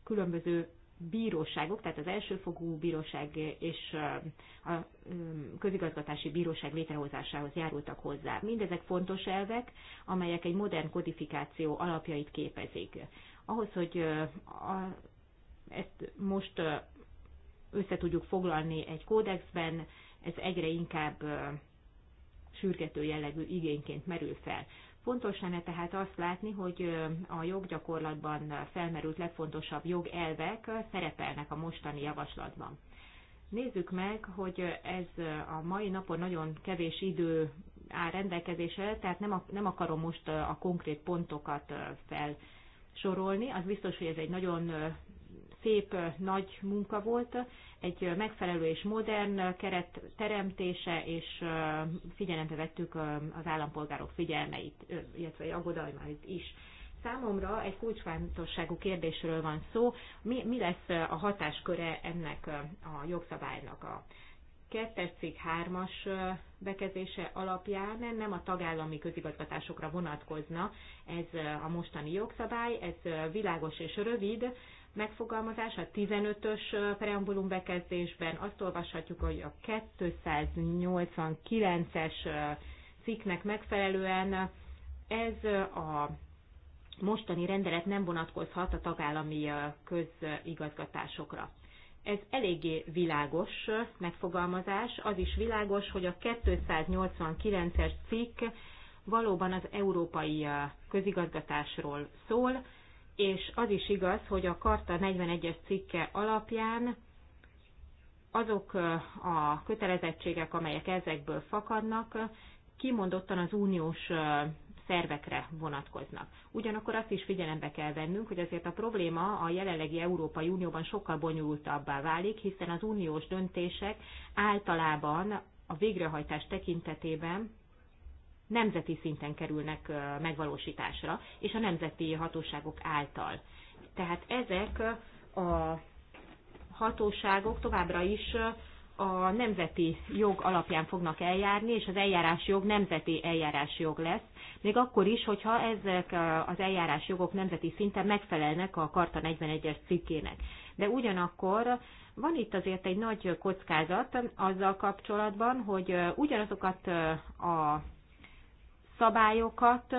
különböző bíróságok, tehát az elsőfogú bíróság és a közigazgatási bíróság létrehozásához járultak hozzá. Mindezek fontos elvek, amelyek egy modern kodifikáció alapjait képezik. Ahhoz, hogy ezt most össze tudjuk foglalni egy kódexben, ez egyre inkább sürgető jellegű igényként merül fel. Fontos lenne tehát azt látni, hogy a joggyakorlatban felmerült legfontosabb jogelvek szerepelnek a mostani javaslatban. Nézzük meg, hogy ez a mai napon nagyon kevés idő áll rendelkezésre, tehát nem, nem akarom most a konkrét pontokat felsorolni. Az biztos, hogy ez egy nagyon szép nagy munka volt, egy megfelelő és modern keret teremtése, és figyelembe vettük az állampolgárok figyelmeit, illetve aggodalmait is. Számomra egy kulcsfontosságú kérdésről van szó, mi, mi lesz a hatásköre ennek a jogszabálynak a kettes cikk hármas bekezése alapján nem a tagállami közigazgatásokra vonatkozna ez a mostani jogszabály, ez világos és rövid, megfogalmazás. A 15-ös preambulum bekezdésben azt olvashatjuk, hogy a 289-es cikknek megfelelően ez a mostani rendelet nem vonatkozhat a tagállami közigazgatásokra. Ez eléggé világos megfogalmazás, az is világos, hogy a 289-es cikk valóban az európai közigazgatásról szól, és az is igaz, hogy a Karta 41-es cikke alapján azok a kötelezettségek, amelyek ezekből fakadnak, kimondottan az uniós szervekre vonatkoznak. Ugyanakkor azt is figyelembe kell vennünk, hogy azért a probléma a jelenlegi Európai Unióban sokkal bonyolultabbá válik, hiszen az uniós döntések általában a végrehajtás tekintetében nemzeti szinten kerülnek megvalósításra, és a nemzeti hatóságok által. Tehát ezek a hatóságok továbbra is a nemzeti jog alapján fognak eljárni, és az eljárás jog nemzeti eljárás jog lesz, még akkor is, hogyha ezek az eljárás jogok nemzeti szinten megfelelnek a Karta 41-es cikkének. De ugyanakkor van itt azért egy nagy kockázat azzal kapcsolatban, hogy ugyanazokat a szabályokat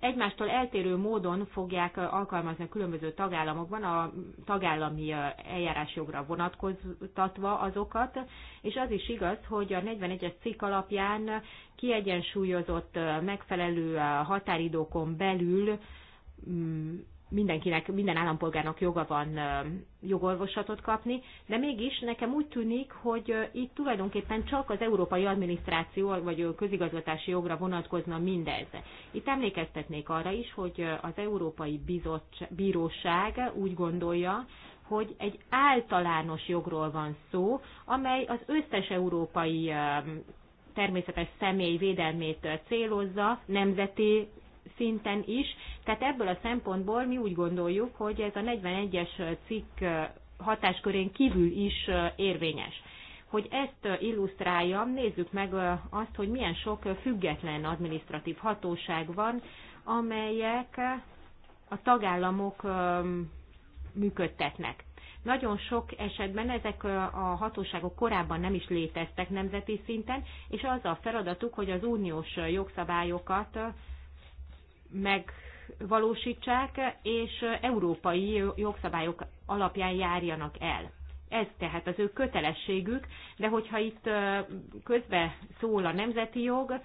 egymástól eltérő módon fogják alkalmazni a különböző tagállamokban, a tagállami eljárásjogra vonatkoztatva azokat, és az is igaz, hogy a 41-es cikk alapján kiegyensúlyozott megfelelő határidókon belül mm, mindenkinek, minden állampolgárnak joga van jogorvoslatot kapni, de mégis nekem úgy tűnik, hogy itt tulajdonképpen csak az európai adminisztráció vagy közigazgatási jogra vonatkozna mindez. Itt emlékeztetnék arra is, hogy az Európai Bizottság, Bíróság úgy gondolja, hogy egy általános jogról van szó, amely az összes európai természetes személy védelmét célozza, nemzeti szinten is. Tehát ebből a szempontból mi úgy gondoljuk, hogy ez a 41-es cikk hatáskörén kívül is érvényes. Hogy ezt illusztráljam, nézzük meg azt, hogy milyen sok független adminisztratív hatóság van, amelyek a tagállamok működtetnek. Nagyon sok esetben ezek a hatóságok korábban nem is léteztek nemzeti szinten, és az a feladatuk, hogy az uniós jogszabályokat megvalósítsák, és európai jogszabályok alapján járjanak el. Ez tehát az ő kötelességük, de hogyha itt közbe szól a nemzeti jog,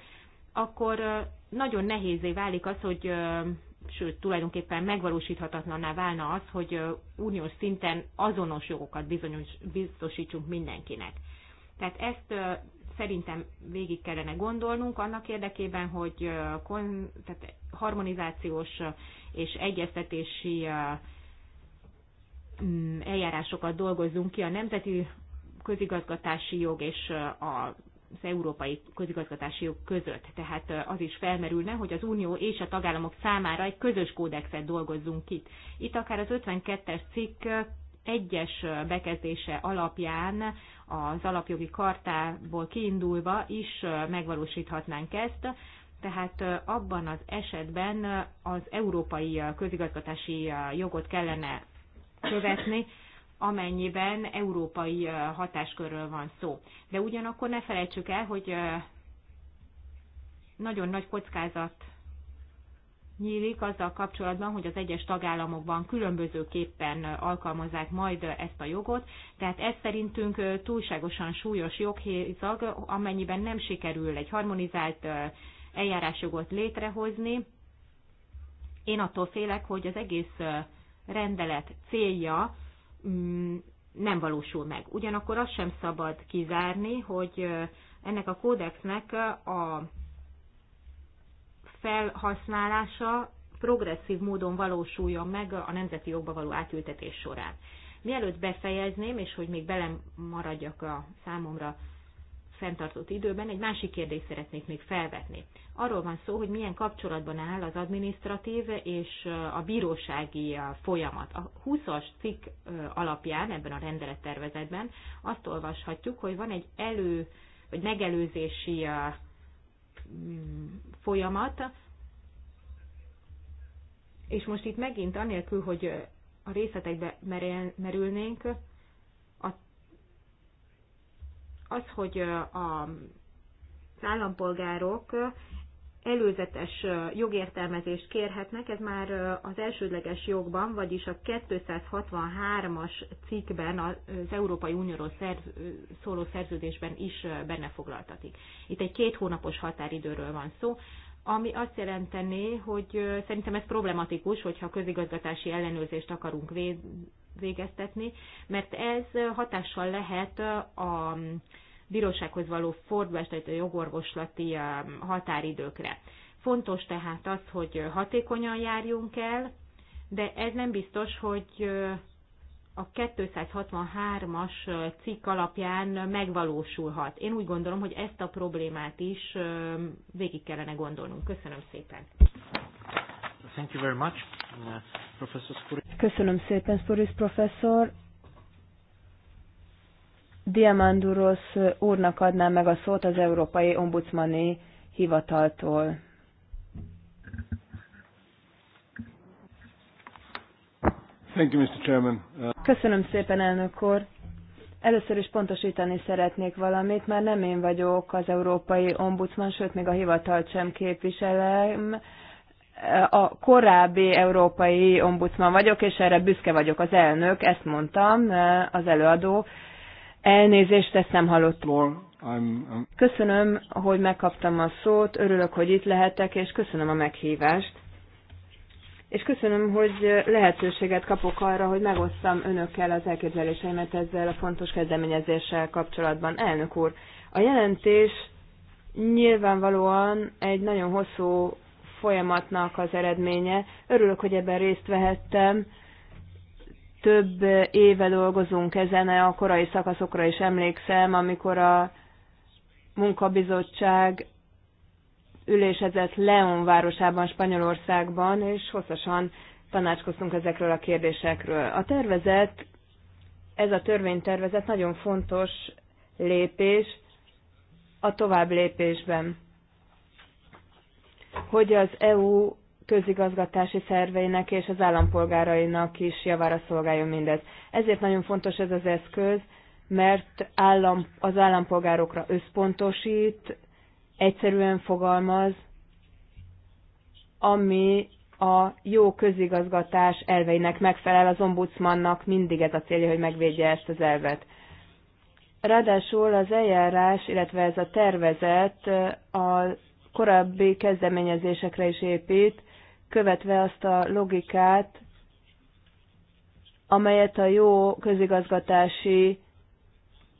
akkor nagyon nehézé válik az, hogy sőt, tulajdonképpen megvalósíthatatlanná válna az, hogy uniós szinten azonos jogokat bizonyos, biztosítsunk mindenkinek. Tehát ezt szerintem végig kellene gondolnunk annak érdekében, hogy kon, tehát harmonizációs és egyeztetési mm, eljárásokat dolgozzunk ki a nemzeti közigazgatási jog és a az európai közigazgatási jog között. Tehát az is felmerülne, hogy az Unió és a tagállamok számára egy közös kódexet dolgozzunk ki. Itt akár az 52-es cikk egyes bekezdése alapján az alapjogi kartából kiindulva is megvalósíthatnánk ezt, tehát abban az esetben az európai közigazgatási jogot kellene követni, amennyiben európai hatáskörről van szó. De ugyanakkor ne felejtsük el, hogy nagyon nagy kockázat nyílik azzal kapcsolatban, hogy az egyes tagállamokban különbözőképpen alkalmazzák majd ezt a jogot, tehát ez szerintünk túlságosan súlyos joghézag, amennyiben nem sikerül egy harmonizált eljárásjogot létrehozni. Én attól félek, hogy az egész rendelet célja mm, nem valósul meg. Ugyanakkor azt sem szabad kizárni, hogy ennek a kódexnek a felhasználása progresszív módon valósuljon meg a nemzeti jogba való átültetés során. Mielőtt befejezném, és hogy még belem maradjak a számomra fenntartott időben, egy másik kérdést szeretnék még felvetni. Arról van szó, hogy milyen kapcsolatban áll az administratív és a bírósági folyamat. A 20-as cikk alapján ebben a rendelettervezetben azt olvashatjuk, hogy van egy elő vagy megelőzési folyamat, és most itt megint anélkül, hogy a részletekbe merülnénk, az, hogy a az állampolgárok előzetes jogértelmezést kérhetnek, ez már az elsődleges jogban, vagyis a 263-as cikkben, az Európai Unióról szóló szerződésben is benne foglaltatik. Itt egy két hónapos határidőről van szó, ami azt jelenteni, hogy szerintem ez problematikus, hogyha közigazgatási ellenőrzést akarunk végeztetni, mert ez hatással lehet a bírósághoz való fordulást, tehát a jogorvoslati határidőkre. Fontos tehát az, hogy hatékonyan járjunk el, de ez nem biztos, hogy a 263-as cikk alapján megvalósulhat. Én úgy gondolom, hogy ezt a problémát is végig kellene gondolnunk. Köszönöm szépen. Thank you very much, uh, Professor Köszönöm szépen, Spuris professzor. Diamandurosz úrnak adnám meg a szót az Európai Ombudsmani Hivataltól. Thank you, Mr. Chairman. Köszönöm szépen, elnök úr. Először is pontosítani szeretnék valamit, mert nem én vagyok az Európai Ombudsman, sőt, még a hivatalt sem képviselem. A korábbi Európai Ombudsman vagyok, és erre büszke vagyok az elnök, ezt mondtam az előadó. Elnézést, ezt nem hallottam. Köszönöm, hogy megkaptam a szót, örülök, hogy itt lehetek, és köszönöm a meghívást. És köszönöm, hogy lehetőséget kapok arra, hogy megosztam önökkel az elképzeléseimet ezzel a fontos kezdeményezéssel kapcsolatban. Elnök úr, a jelentés nyilvánvalóan egy nagyon hosszú folyamatnak az eredménye. Örülök, hogy ebben részt vehettem több éve dolgozunk ezen, a korai szakaszokra is emlékszem, amikor a munkabizottság ülésezett Leon városában, Spanyolországban, és hosszasan tanácskoztunk ezekről a kérdésekről. A tervezet, ez a törvénytervezet nagyon fontos lépés a tovább lépésben, hogy az EU közigazgatási szerveinek és az állampolgárainak is javára szolgáljon mindez. Ezért nagyon fontos ez az eszköz, mert állam, az állampolgárokra összpontosít, egyszerűen fogalmaz, ami a jó közigazgatás elveinek megfelel, az ombudsmannak mindig ez a célja, hogy megvédje ezt az elvet. Ráadásul az eljárás, illetve ez a tervezet a korábbi kezdeményezésekre is épít, követve azt a logikát, amelyet a jó közigazgatási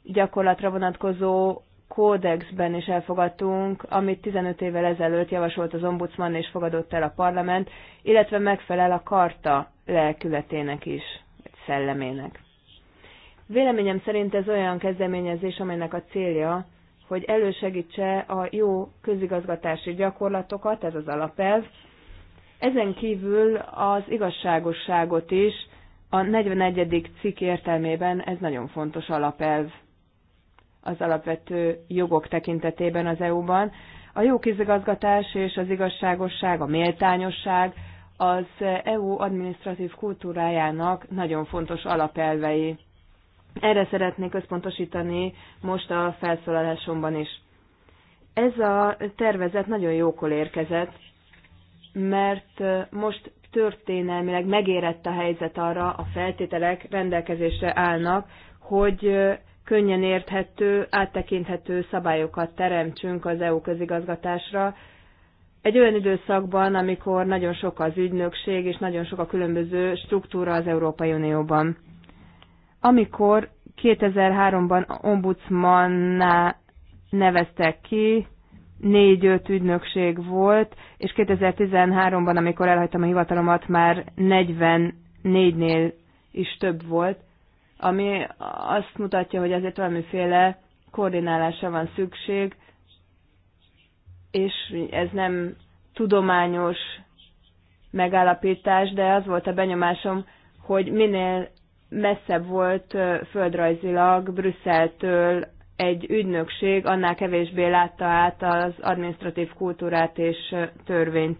gyakorlatra vonatkozó kódexben is elfogadtunk, amit 15 évvel ezelőtt javasolt az ombudsman és fogadott el a parlament, illetve megfelel a karta lelkületének is, vagy szellemének. Véleményem szerint ez olyan kezdeményezés, amelynek a célja, hogy elősegítse a jó közigazgatási gyakorlatokat, ez az alapelv, ezen kívül az igazságosságot is a 41. cikk értelmében ez nagyon fontos alapelv az alapvető jogok tekintetében az EU-ban. A jó kizigazgatás és az igazságosság, a méltányosság az EU administratív kultúrájának nagyon fontos alapelvei. Erre szeretnék összpontosítani most a felszólalásomban is. Ez a tervezet nagyon jókor érkezett, mert most történelmileg megérett a helyzet arra, a feltételek rendelkezésre állnak, hogy könnyen érthető, áttekinthető szabályokat teremtsünk az EU közigazgatásra. Egy olyan időszakban, amikor nagyon sok az ügynökség és nagyon sok a különböző struktúra az Európai Unióban. Amikor 2003-ban ombudsmanná neveztek ki, négy-öt ügynökség volt, és 2013-ban, amikor elhagytam a hivatalomat, már 44-nél is több volt, ami azt mutatja, hogy azért valamiféle koordinálásra van szükség, és ez nem tudományos megállapítás, de az volt a benyomásom, hogy minél messzebb volt földrajzilag Brüsszeltől egy ügynökség annál kevésbé látta át az administratív kultúrát és törvényt.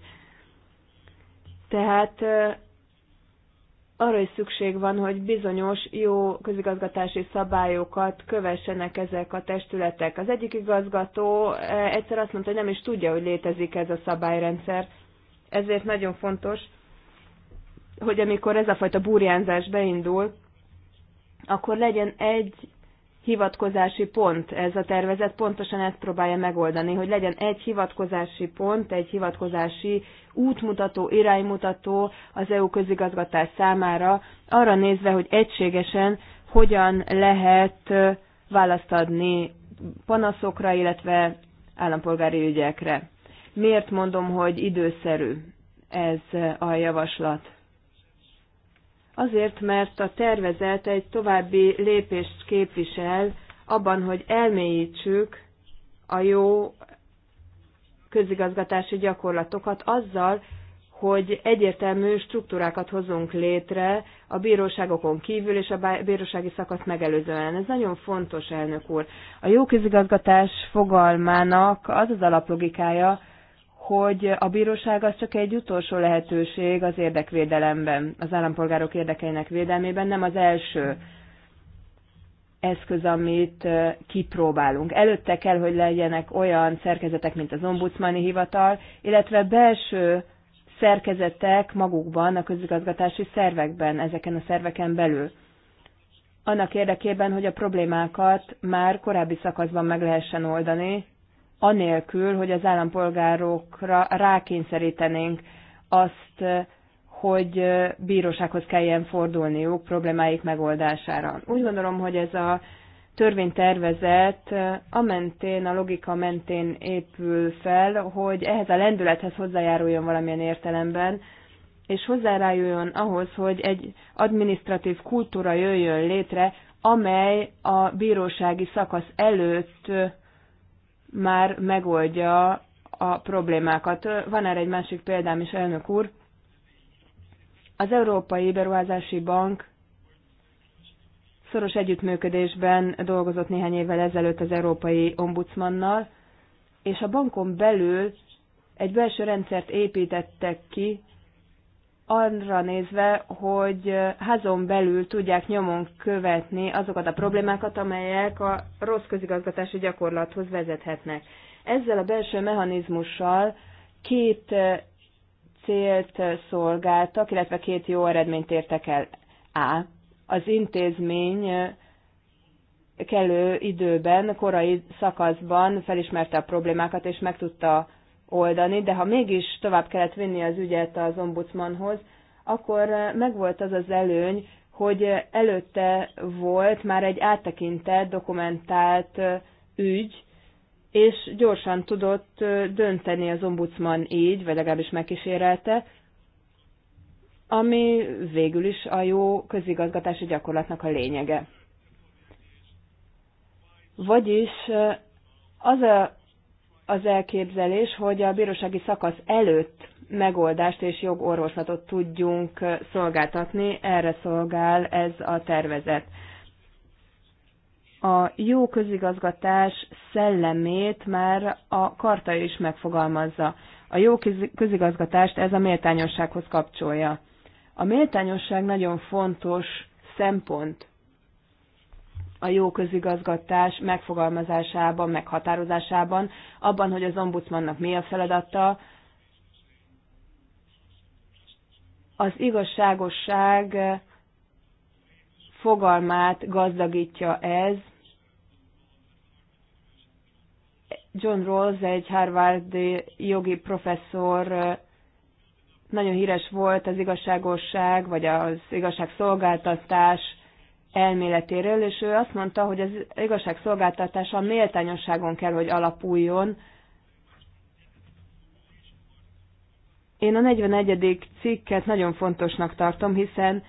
Tehát arra is szükség van, hogy bizonyos jó közigazgatási szabályokat kövessenek ezek a testületek. Az egyik igazgató egyszer azt mondta, hogy nem is tudja, hogy létezik ez a szabályrendszer. Ezért nagyon fontos, hogy amikor ez a fajta burjánzás beindul, akkor legyen egy hivatkozási pont. Ez a tervezet pontosan ezt próbálja megoldani, hogy legyen egy hivatkozási pont, egy hivatkozási útmutató, iránymutató az EU közigazgatás számára, arra nézve, hogy egységesen hogyan lehet választ adni panaszokra, illetve állampolgári ügyekre. Miért mondom, hogy időszerű ez a javaslat? Azért, mert a tervezet egy további lépést képvisel abban, hogy elmélyítsük a jó közigazgatási gyakorlatokat azzal, hogy egyértelmű struktúrákat hozunk létre a bíróságokon kívül és a bírósági szakasz megelőzően. Ez nagyon fontos, elnök úr. A jó közigazgatás fogalmának az az alaplogikája, hogy a bíróság az csak egy utolsó lehetőség az érdekvédelemben, az állampolgárok érdekeinek védelmében, nem az első eszköz, amit kipróbálunk. Előtte kell, hogy legyenek olyan szerkezetek, mint az ombudsmani hivatal, illetve belső szerkezetek magukban, a közigazgatási szervekben, ezeken a szerveken belül. Annak érdekében, hogy a problémákat már korábbi szakaszban meg lehessen oldani, anélkül, hogy az állampolgárokra rákényszerítenénk azt, hogy bírósághoz kelljen fordulniuk problémáik megoldására. Úgy gondolom, hogy ez a törvénytervezet a mentén, a logika mentén épül fel, hogy ehhez a lendülethez hozzájáruljon valamilyen értelemben, és hozzárájuljon ahhoz, hogy egy administratív kultúra jöjjön létre, amely a bírósági szakasz előtt már megoldja a problémákat. Van erre egy másik példám is, elnök úr. Az Európai Beruházási Bank szoros együttműködésben dolgozott néhány évvel ezelőtt az Európai Ombudsmannal, és a bankon belül egy belső rendszert építettek ki, arra nézve, hogy házon belül tudják nyomon követni azokat a problémákat, amelyek a rossz közigazgatási gyakorlathoz vezethetnek. Ezzel a belső mechanizmussal két célt szolgáltak, illetve két jó eredményt értek el. A. Az intézmény kellő időben, korai szakaszban felismerte a problémákat, és meg tudta oldani, de ha mégis tovább kellett vinni az ügyet az ombudsmanhoz, akkor megvolt az az előny, hogy előtte volt már egy áttekintett, dokumentált ügy, és gyorsan tudott dönteni az ombudsman így, vagy legalábbis megkísérelte, ami végül is a jó közigazgatási gyakorlatnak a lényege. Vagyis az a az elképzelés, hogy a bírósági szakasz előtt megoldást és jogorvoslatot tudjunk szolgáltatni, erre szolgál ez a tervezet. A jó közigazgatás szellemét már a karta is megfogalmazza. A jó közigazgatást ez a méltányossághoz kapcsolja. A méltányosság nagyon fontos szempont a jó közigazgatás megfogalmazásában, meghatározásában, abban, hogy az ombudsmannak mi a feladata, az igazságosság fogalmát gazdagítja ez. John Rawls, egy Harvardi jogi professzor nagyon híres volt az igazságosság, vagy az igazságszolgáltatás elméletéről, és ő azt mondta, hogy az igazság szolgáltatása méltányosságon kell, hogy alapuljon. Én a 41. cikket nagyon fontosnak tartom, hiszen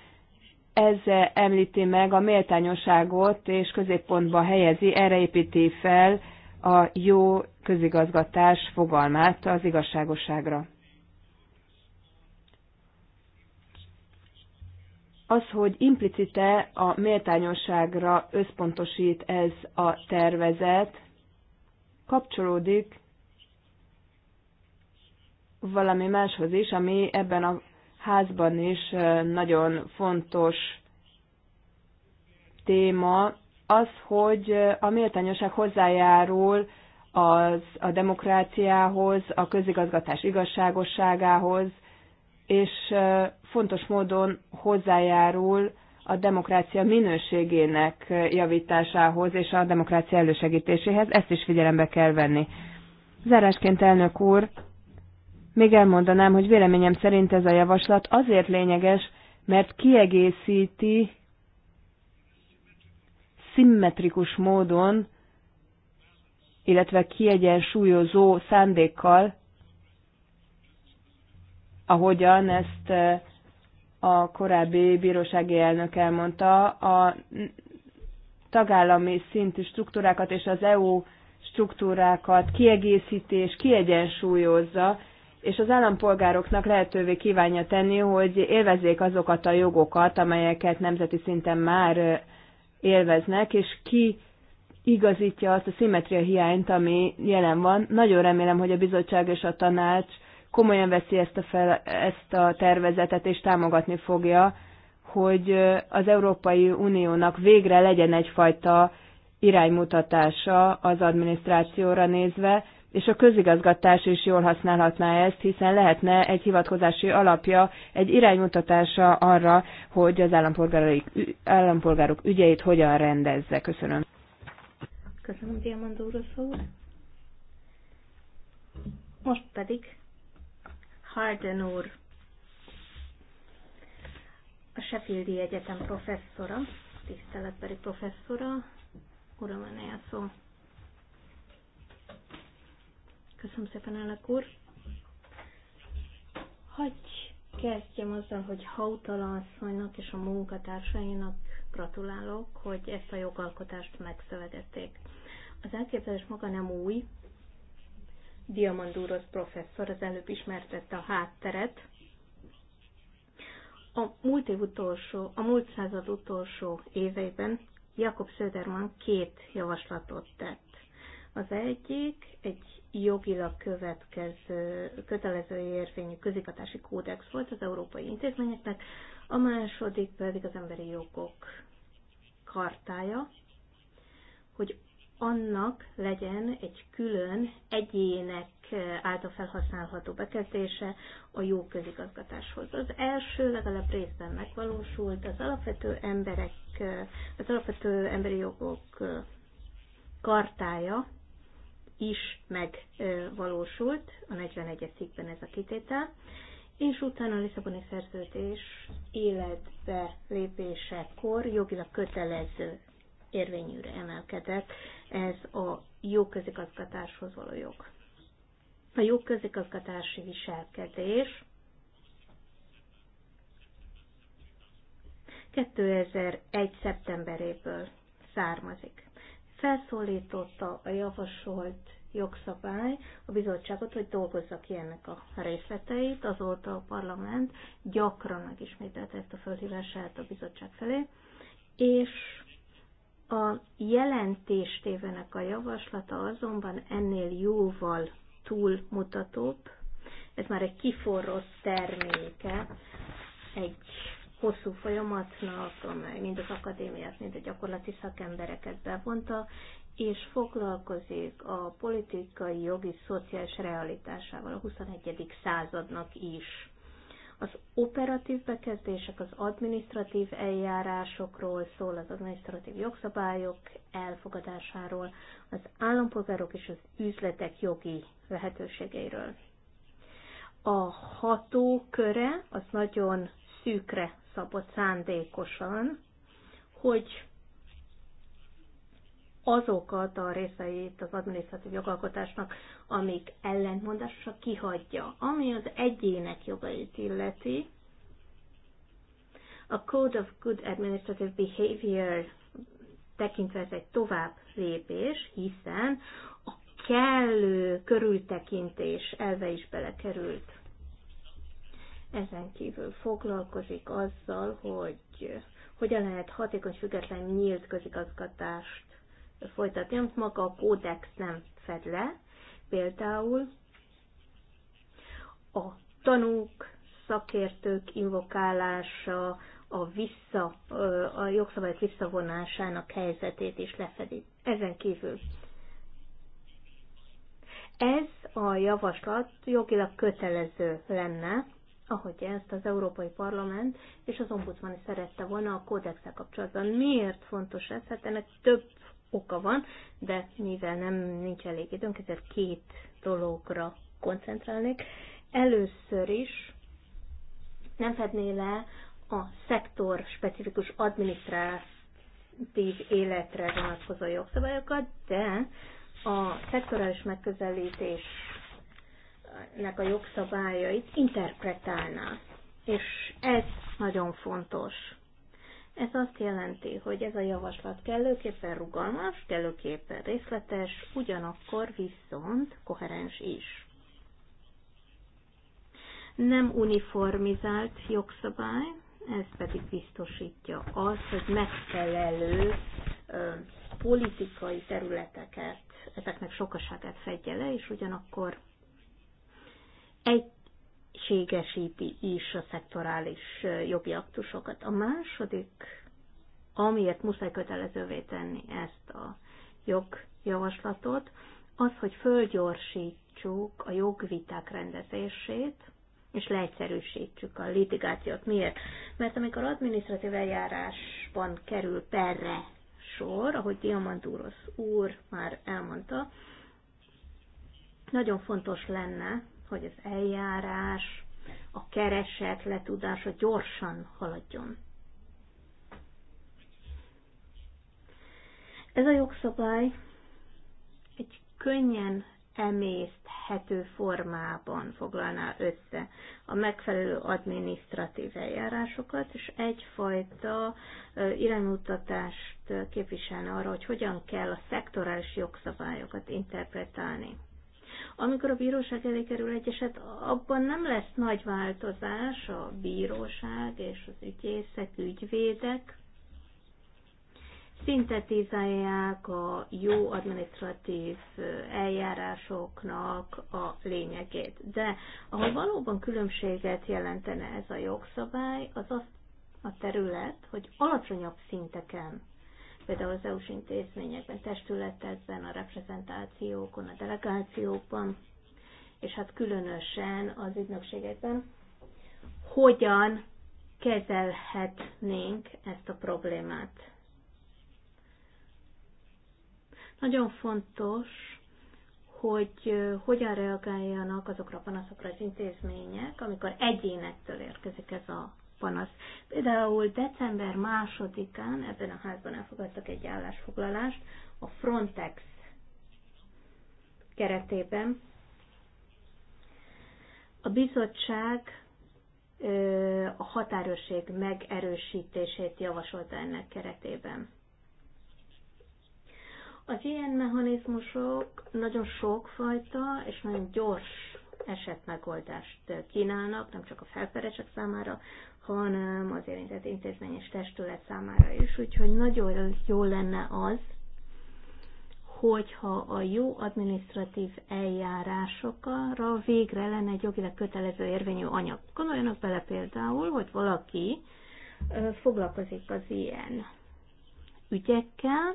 ez említi meg a méltányosságot, és középpontba helyezi, erre építi fel a jó közigazgatás fogalmát az igazságosságra. az, hogy implicite a méltányosságra összpontosít ez a tervezet, kapcsolódik valami máshoz is, ami ebben a házban is nagyon fontos téma, az, hogy a méltányosság hozzájárul az, a demokráciához, a közigazgatás igazságosságához, és fontos módon hozzájárul a demokrácia minőségének javításához és a demokrácia elősegítéséhez. Ezt is figyelembe kell venni. Zárásként elnök úr, még elmondanám, hogy véleményem szerint ez a javaslat azért lényeges, mert kiegészíti szimmetrikus módon, illetve kiegyensúlyozó szándékkal ahogyan ezt e, a korábbi bírósági elnök elmondta, a tagállami szintű struktúrákat és az EU struktúrákat kiegészítés, kiegyensúlyozza, és az állampolgároknak lehetővé kívánja tenni, hogy élvezzék azokat a jogokat, amelyeket nemzeti szinten már élveznek, és ki igazítja azt a szimmetria hiányt, ami jelen van. Nagyon remélem, hogy a bizottság és a tanács komolyan veszi ezt a, fel, ezt a tervezetet és támogatni fogja, hogy az Európai Uniónak végre legyen egyfajta iránymutatása az adminisztrációra nézve, és a közigazgatás is jól használhatná ezt, hiszen lehetne egy hivatkozási alapja, egy iránymutatása arra, hogy az állampolgárok, állampolgárok ügyeit hogyan rendezze. Köszönöm. Köszönöm, Diamandúros úr. Most pedig Harden úr, a Sheffieldi Egyetem professzora, tiszteletbeli professzora, uram, a szó. Köszönöm szépen, elnök úr. Hagy kezdjem azzal, hogy Hautala asszonynak és a munkatársainak gratulálok, hogy ezt a jogalkotást megszövegették. Az elképzelés maga nem új, Diamandúros professzor az előbb ismertette a hátteret. A múlt év utolsó, a múlt század utolsó éveiben Jakob Söderman két javaslatot tett. Az egyik egy jogilag következő, kötelező érvényű közigatási kódex volt az európai intézményeknek, a második pedig az emberi jogok kartája, hogy annak legyen egy külön egyének eh, által felhasználható bekezdése a jó közigazgatáshoz. Az első legalább részben megvalósult, az alapvető emberek, eh, az alapvető emberi jogok eh, kartája is megvalósult, a 41 cikkben ez a kitétel, és utána a Lisszaboni szerződés életbe lépésekor jogilag kötelező érvényűre emelkedett ez a jó közigazgatáshoz való jog. A jó közigazgatási viselkedés 2001. szeptemberéből származik. Felszólította a javasolt jogszabály a bizottságot, hogy dolgozza ki ennek a részleteit. Azóta a parlament gyakran megismételte ezt a fölhívását a bizottság felé, és a jelentéstévenek a javaslata azonban ennél jóval túlmutatóbb. Ez már egy kiforrott terméke egy hosszú folyamatnak, amely mind az akadémiát, mind a gyakorlati szakembereket bevonta, és foglalkozik a politikai, jogi, szociális realitásával a 21. századnak is. Az operatív bekezdések az administratív eljárásokról szól, az administratív jogszabályok elfogadásáról, az állampolgárok és az üzletek jogi lehetőségeiről. A hatóköre az nagyon szűkre szabott szándékosan, hogy azokat a részeit az adminisztratív jogalkotásnak, amik ellentmondásosak kihagyja. Ami az egyének jogait illeti, a Code of Good Administrative Behavior tekintve ez egy tovább lépés, hiszen a kellő körültekintés elve is belekerült. Ezen kívül foglalkozik azzal, hogy hogyan lehet hatékony, független, nyílt közigazgatást folytatni, amit maga a kódex nem fed le, például a tanúk, szakértők invokálása, a, vissza, a jogszabályok visszavonásának helyzetét is lefedi. Ezen kívül ez a javaslat jogilag kötelező lenne, ahogy ezt az Európai Parlament és az Ombudsman is szerette volna a kódexel kapcsolatban. Miért fontos ez? Hát ennek több oka van, de mivel nem nincs elég időnk, ezért két dologra koncentrálnék. Először is nem fedné le a szektor specifikus adminisztratív életre vonatkozó jogszabályokat, de a szektorális megközelítésnek a jogszabályait interpretálná. És ez nagyon fontos. Ez azt jelenti, hogy ez a javaslat kellőképpen rugalmas, kellőképpen részletes, ugyanakkor viszont koherens is. Nem uniformizált jogszabály, ez pedig biztosítja azt, hogy megfelelő ö, politikai területeket, ezeknek sokaságát fedje le, és ugyanakkor egy egységesíti is a szektorális jogi aktusokat. A második, amiért muszáj kötelezővé tenni ezt a jogjavaslatot, az, hogy fölgyorsítsuk a jogviták rendezését, és leegyszerűsítsük a litigációt. Miért? Mert amikor adminisztratív eljárásban kerül perre sor, ahogy Diamantúros úr már elmondta, nagyon fontos lenne, hogy az eljárás, a kereset letudása gyorsan haladjon. Ez a jogszabály egy könnyen emészthető formában foglalná össze a megfelelő adminisztratív eljárásokat, és egyfajta iránymutatást képviselne arra, hogy hogyan kell a szektorális jogszabályokat interpretálni. Amikor a bíróság elé kerül egy eset, abban nem lesz nagy változás a bíróság és az ügyészek, ügyvédek. Szintetizálják a jó administratív eljárásoknak a lényegét. De ahol valóban különbséget jelentene ez a jogszabály, az azt a terület, hogy alacsonyabb szinteken például az EU-s intézményekben, testületekben, a reprezentációkon, a delegációkban, és hát különösen az ügynökségekben, hogyan kezelhetnénk ezt a problémát. Nagyon fontos, hogy hogyan reagáljanak azokra a panaszokra az intézmények, amikor egyénektől érkezik ez a panasz. Például december másodikán ebben a házban elfogadtak egy állásfoglalást a Frontex keretében. A bizottság a határőrség megerősítését javasolta ennek keretében. Az ilyen mechanizmusok nagyon sokfajta és nagyon gyors esetmegoldást kínálnak, nem csak a felperesek számára, hanem az érintett intézmény és testület számára is. Úgyhogy nagyon jó lenne az, hogyha a jó administratív eljárásokra végre lenne egy jogileg kötelező érvényű anyag. Gondoljanak bele például, hogy valaki foglalkozik az ilyen ügyekkel,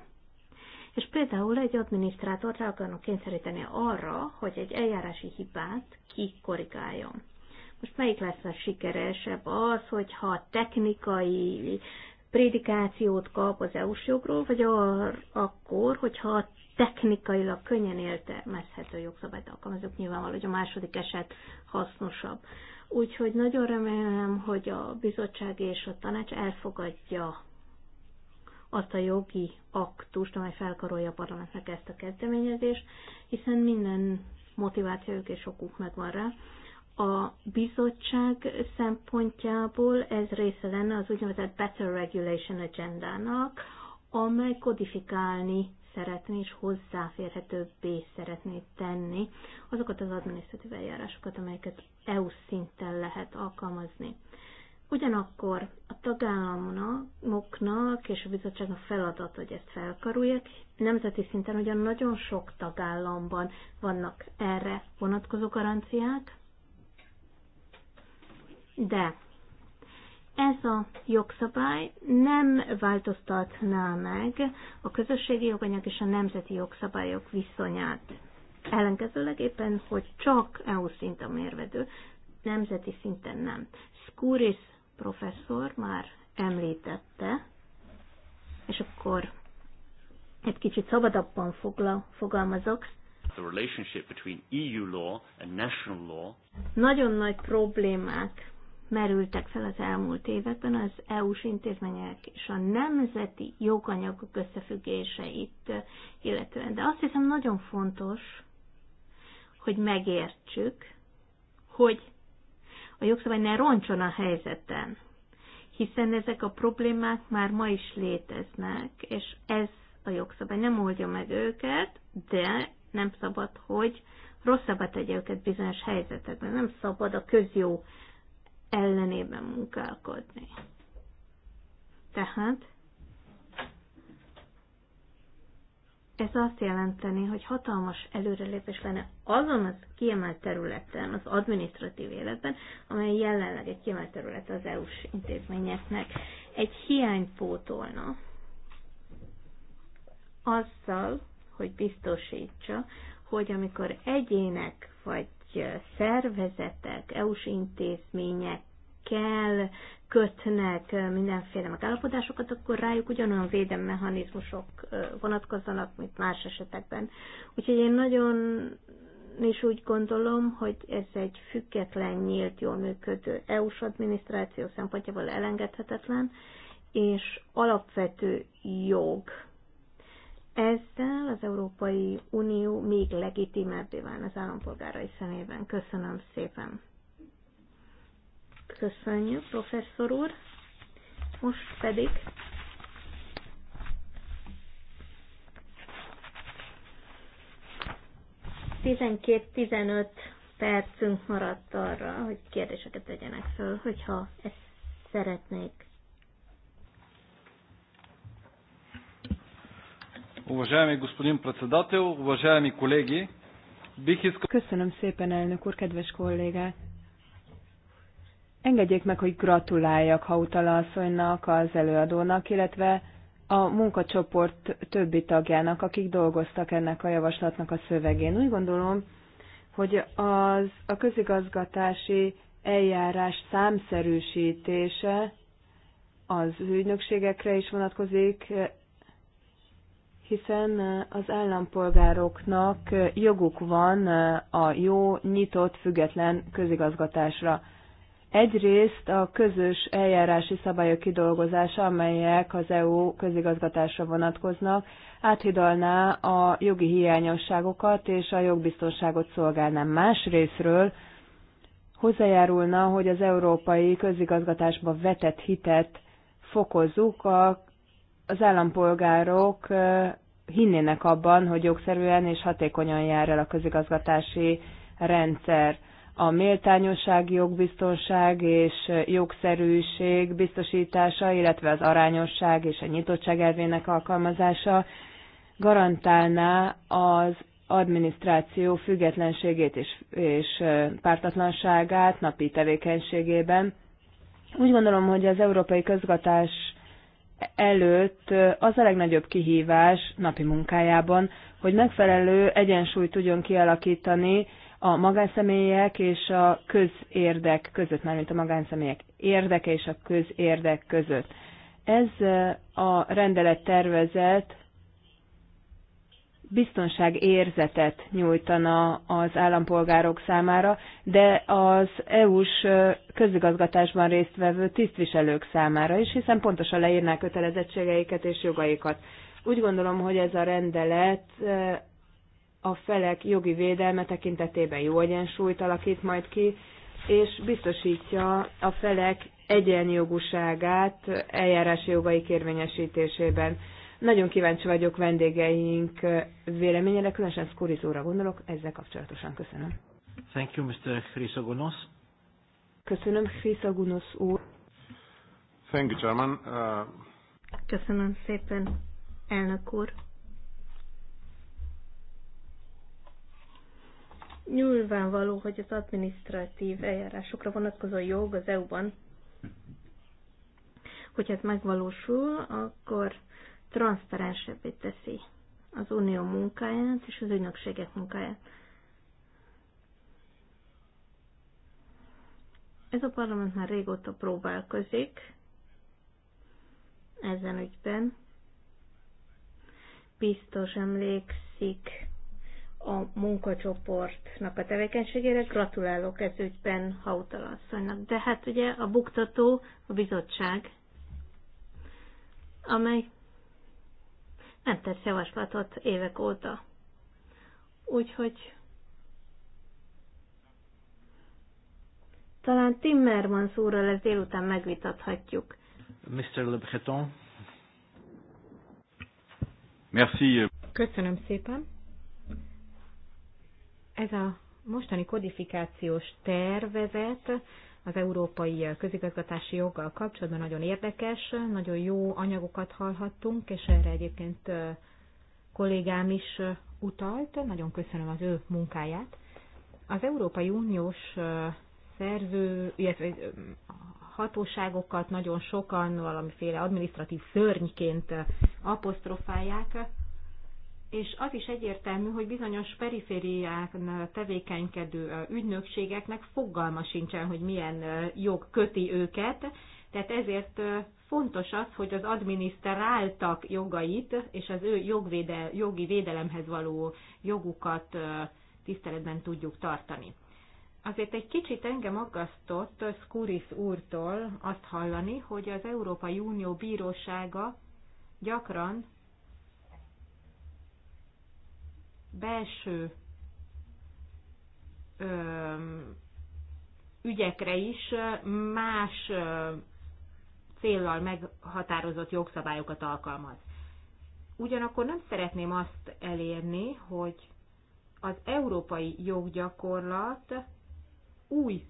és például egy adminisztrátort rá akarnak kényszeríteni arra, hogy egy eljárási hibát kikorrigáljon. Most melyik lesz a sikeresebb? Az, hogyha technikai prédikációt kap az EU-s jogról, vagy ar, akkor, hogyha technikailag könnyen értelmezhető jogszabályt alkalmazok nyilvánvaló, hogy a második eset hasznosabb. Úgyhogy nagyon remélem, hogy a bizottság és a tanács elfogadja azt a jogi aktust, amely felkarolja a parlamentnek ezt a kezdeményezést, hiszen minden motivációjuk és okuk megvan rá, a bizottság szempontjából ez része lenne az úgynevezett Better Regulation Agendának, amely kodifikálni szeretné és hozzáférhetőbbé szeretné tenni azokat az adminisztratív eljárásokat, amelyeket EU szinten lehet alkalmazni. Ugyanakkor a tagállamoknak és a bizottságnak feladat, hogy ezt felkarulják. Nemzeti szinten ugyan nagyon sok tagállamban vannak erre vonatkozó garanciák, de ez a jogszabály nem változtatná meg a közösségi joganyag és a nemzeti jogszabályok viszonyát. Ellenkezőleg éppen, hogy csak EU szinten mérvedő, nemzeti szinten nem. Skuris professzor már említette, és akkor egy kicsit szabadabban fogalmazok. The relationship between EU law and national law. Nagyon nagy problémák merültek fel az elmúlt években az EU-s intézmények és a nemzeti joganyagok összefüggéseit illetően. De azt hiszem nagyon fontos, hogy megértsük, hogy a jogszabály ne roncson a helyzeten, hiszen ezek a problémák már ma is léteznek, és ez a jogszabály nem oldja meg őket, de nem szabad, hogy rosszabbat tegye őket bizonyos helyzetekben. Nem szabad a közjó ellenében munkálkodni. Tehát ez azt jelenteni, hogy hatalmas előrelépés lenne azon az kiemelt területen, az adminisztratív életben, amely jelenleg egy kiemelt terület az EU-s intézményeknek. Egy hiány pótolna azzal, hogy biztosítsa, hogy amikor egyének vagy szervezetek, EU-s intézményekkel kötnek mindenféle megállapodásokat, akkor rájuk ugyanolyan védelmechanizmusok vonatkozzanak, mint más esetekben. Úgyhogy én nagyon és úgy gondolom, hogy ez egy független, nyílt, jól működő EU-s adminisztráció szempontjából elengedhetetlen, és alapvető jog ezzel az Európai Unió még legitimebbé válna az állampolgárai szemében. Köszönöm szépen. Köszönjük, professzor úr. Most pedig Tizenkét-tizenöt percünk maradt arra, hogy kérdéseket tegyenek föl, hogyha ezt szeretnék Уважаеми господин председател, уважаеми колеги, бих искал... Köszönöm szépen, elnök úr, kedves kollégák! Engedjék meg, hogy gratuláljak Hautala asszonynak, az előadónak, illetve a munkacsoport többi tagjának, akik dolgoztak ennek a javaslatnak a szövegén. Úgy gondolom, hogy az a közigazgatási eljárás számszerűsítése az ügynökségekre is vonatkozik, hiszen az állampolgároknak joguk van a jó, nyitott, független közigazgatásra. Egyrészt a közös eljárási szabályok kidolgozása, amelyek az EU közigazgatásra vonatkoznak, áthidalná a jogi hiányosságokat és a jogbiztonságot szolgálná. Másrésztről hozzájárulna, hogy az európai közigazgatásba vetett hitet fokozzuk a az állampolgárok hinnének abban, hogy jogszerűen és hatékonyan jár el a közigazgatási rendszer. A méltányosság, jogbiztonság és jogszerűség biztosítása, illetve az arányosság és a nyitottság elvének alkalmazása garantálná az adminisztráció függetlenségét és, és pártatlanságát napi tevékenységében. Úgy gondolom, hogy az európai közgatás előtt az a legnagyobb kihívás napi munkájában, hogy megfelelő egyensúlyt tudjon kialakítani a magánszemélyek és a közérdek között, mármint a magánszemélyek érdeke és a közérdek között. Ez a rendelet tervezet biztonság érzetet nyújtana az állampolgárok számára, de az EU-s közigazgatásban résztvevő tisztviselők számára is, hiszen pontosan leírnák kötelezettségeiket és jogaikat. Úgy gondolom, hogy ez a rendelet eh, a felek jogi védelme tekintetében jó egyensúlyt alakít majd ki, és biztosítja a felek egyenjogúságát eljárási jogaik érvényesítésében. Nagyon kíváncsi vagyok vendégeink véleményére, különösen Skuris gondolok, ezzel kapcsolatosan köszönöm. Thank you, Mr. Chrysogonos. Köszönöm, Chrysogonos úr. Thank you, Chairman. Uh... Köszönöm szépen, elnök úr. Nyilvánvaló, hogy az adminisztratív eljárásokra vonatkozó jog az EU-ban, hogyha ez megvalósul, akkor transzparensebbé teszi az unió munkáját és az ügynökségek munkáját. Ez a parlament már régóta próbálkozik ezen ügyben. Biztos emlékszik a munkacsoportnak a tevékenységére. Gratulálok ez ügyben Hautala asszonynak. De hát ugye a buktató a bizottság, amely nem tesz javaslatot évek óta. Úgyhogy talán Timmermans úrral ezt délután megvitathatjuk. Mr. Le Breton. Merci. Köszönöm szépen. Ez a mostani kodifikációs tervezet az európai közigazgatási joggal kapcsolatban nagyon érdekes, nagyon jó anyagokat hallhattunk, és erre egyébként kollégám is utalt. Nagyon köszönöm az ő munkáját. Az Európai Uniós szerző, illetve hatóságokat nagyon sokan valamiféle administratív szörnyként apostrofálják, és az is egyértelmű, hogy bizonyos periférián tevékenykedő ügynökségeknek fogalma sincsen, hogy milyen jog köti őket, tehát ezért fontos az, hogy az adminisztráltak jogait és az ő jogvéde, jogi védelemhez való jogukat tiszteletben tudjuk tartani. Azért egy kicsit engem aggasztott Skuris úrtól azt hallani, hogy az Európai Unió bírósága gyakran belső ügyekre is más céllal meghatározott jogszabályokat alkalmaz. Ugyanakkor nem szeretném azt elérni, hogy az európai joggyakorlat új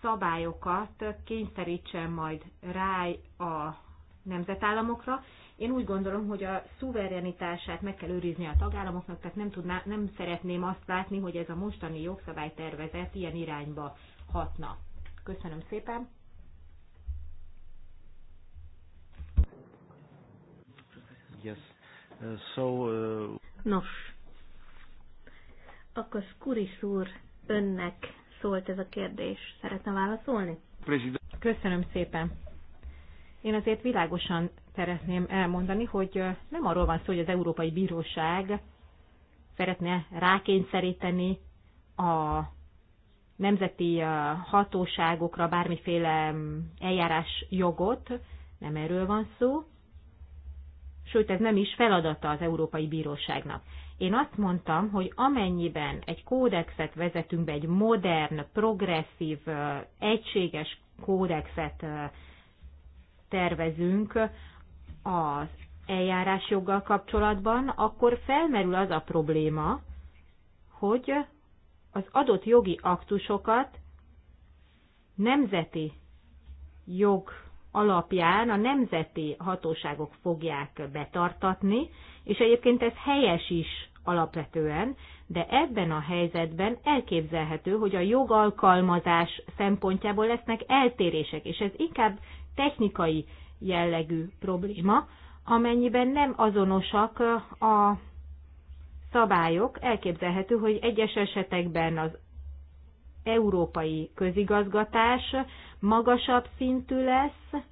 szabályokat kényszerítsen majd rá a nemzetállamokra, én úgy gondolom, hogy a szuverenitását meg kell őrizni a tagállamoknak, tehát nem, tudná, nem szeretném azt látni, hogy ez a mostani jogszabálytervezet ilyen irányba hatna. Köszönöm szépen! Yes. Uh, so, uh... Nos, akkor Skuris úr, önnek szólt ez a kérdés. Szeretne válaszolni? President. Köszönöm szépen. Én azért világosan szeretném elmondani, hogy nem arról van szó, hogy az Európai Bíróság szeretne rákényszeríteni a nemzeti hatóságokra bármiféle eljárás jogot, nem erről van szó, sőt ez nem is feladata az Európai Bíróságnak. Én azt mondtam, hogy amennyiben egy kódexet vezetünk be, egy modern, progresszív, egységes kódexet tervezünk az eljárásjoggal kapcsolatban, akkor felmerül az a probléma, hogy az adott jogi aktusokat nemzeti jog alapján a nemzeti hatóságok fogják betartatni, és egyébként ez helyes is alapvetően, de ebben a helyzetben elképzelhető, hogy a jogalkalmazás szempontjából lesznek eltérések, és ez inkább technikai jellegű probléma, amennyiben nem azonosak a szabályok, elképzelhető, hogy egyes esetekben az európai közigazgatás magasabb szintű lesz,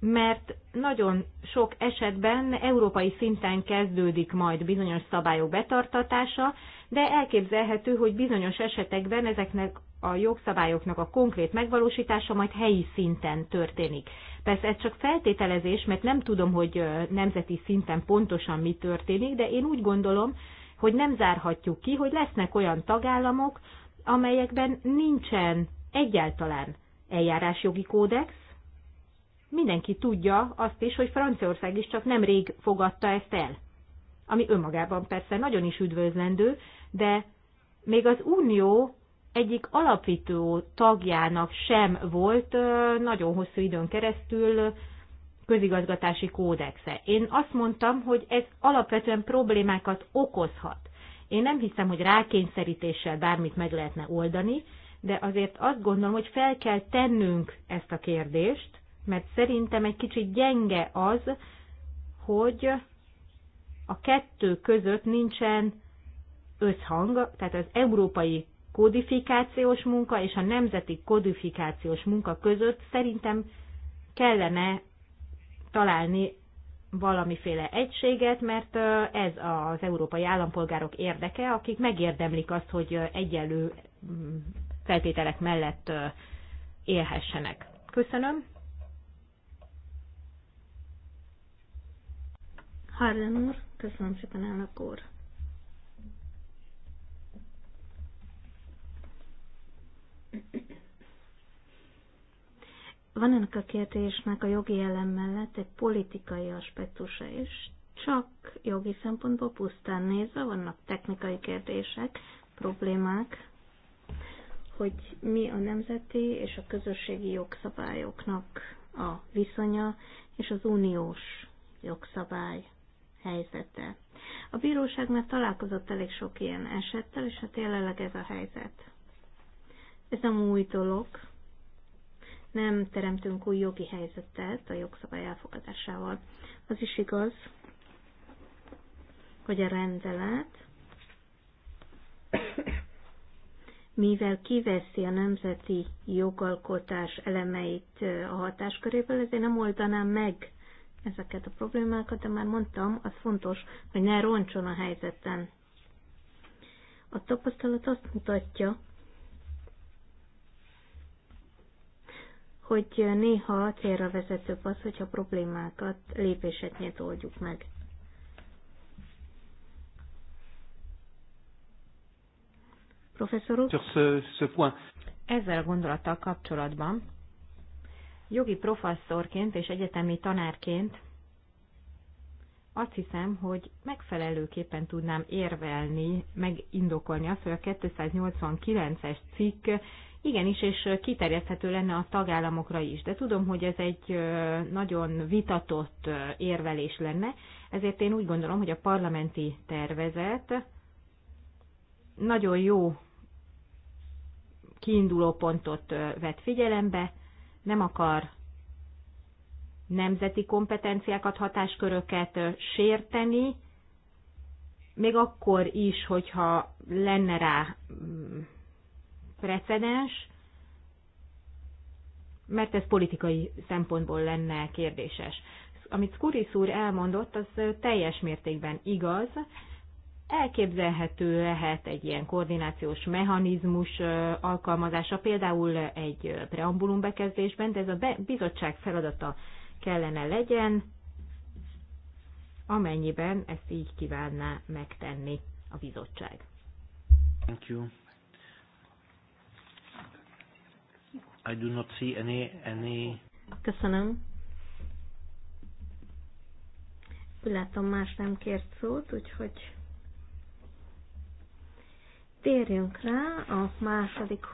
mert nagyon sok esetben európai szinten kezdődik majd bizonyos szabályok betartatása, de elképzelhető, hogy bizonyos esetekben ezeknek a jogszabályoknak a konkrét megvalósítása majd helyi szinten történik. Persze ez csak feltételezés, mert nem tudom, hogy nemzeti szinten pontosan mi történik, de én úgy gondolom, hogy nem zárhatjuk ki, hogy lesznek olyan tagállamok, amelyekben nincsen egyáltalán eljárásjogi kódex. Mindenki tudja azt is, hogy Franciaország is csak nemrég fogadta ezt el. Ami önmagában persze nagyon is üdvözlendő, de még az Unió egyik alapító tagjának sem volt nagyon hosszú időn keresztül közigazgatási kódexe. Én azt mondtam, hogy ez alapvetően problémákat okozhat. Én nem hiszem, hogy rákényszerítéssel bármit meg lehetne oldani, de azért azt gondolom, hogy fel kell tennünk ezt a kérdést, mert szerintem egy kicsit gyenge az, hogy a kettő között nincsen összhang, tehát az európai kodifikációs munka és a nemzeti kodifikációs munka között szerintem kellene találni valamiféle egységet, mert ez az európai állampolgárok érdeke, akik megérdemlik azt, hogy egyenlő mm, feltételek mellett élhessenek. Köszönöm. Harden úr, köszönöm szépen, elnök úr. Van ennek a kérdésnek a jogi elem mellett egy politikai aspektusa is, csak jogi szempontból pusztán nézve vannak technikai kérdések, problémák, hogy mi a nemzeti és a közösségi jogszabályoknak a viszonya és az uniós jogszabály helyzete. A bíróság már találkozott elég sok ilyen esettel, és hát jelenleg ez a helyzet. Ez nem új dolog. Nem teremtünk új jogi helyzetet a jogszabály elfogadásával. Az is igaz, hogy a rendelet, mivel kiveszi a nemzeti jogalkotás elemeit a hatásköréből, ezért nem oldanám meg ezeket a problémákat, de már mondtam, az fontos, hogy ne roncson a helyzeten. A tapasztalat azt mutatja, hogy néha célra vezetőbb az, hogyha problémákat lépéseknél oldjuk meg. Professzor úr? Ezzel a gondolattal kapcsolatban jogi professzorként és egyetemi tanárként azt hiszem, hogy megfelelőképpen tudnám érvelni, megindokolni azt, hogy a 289-es cikk Igenis, és kiterjeszthető lenne a tagállamokra is, de tudom, hogy ez egy nagyon vitatott érvelés lenne, ezért én úgy gondolom, hogy a parlamenti tervezet nagyon jó kiinduló pontot vett figyelembe, nem akar nemzeti kompetenciákat, hatásköröket sérteni, még akkor is, hogyha lenne rá mm, precedens, mert ez politikai szempontból lenne kérdéses. Amit Skuris úr elmondott, az teljes mértékben igaz. Elképzelhető lehet egy ilyen koordinációs mechanizmus alkalmazása, például egy preambulum bekezdésben, de ez a bizottság feladata kellene legyen, amennyiben ezt így kívánná megtenni a bizottság. Thank you. I do not see any, any... Köszönöm. Látom, más nem kért szót, úgyhogy térjünk rá a második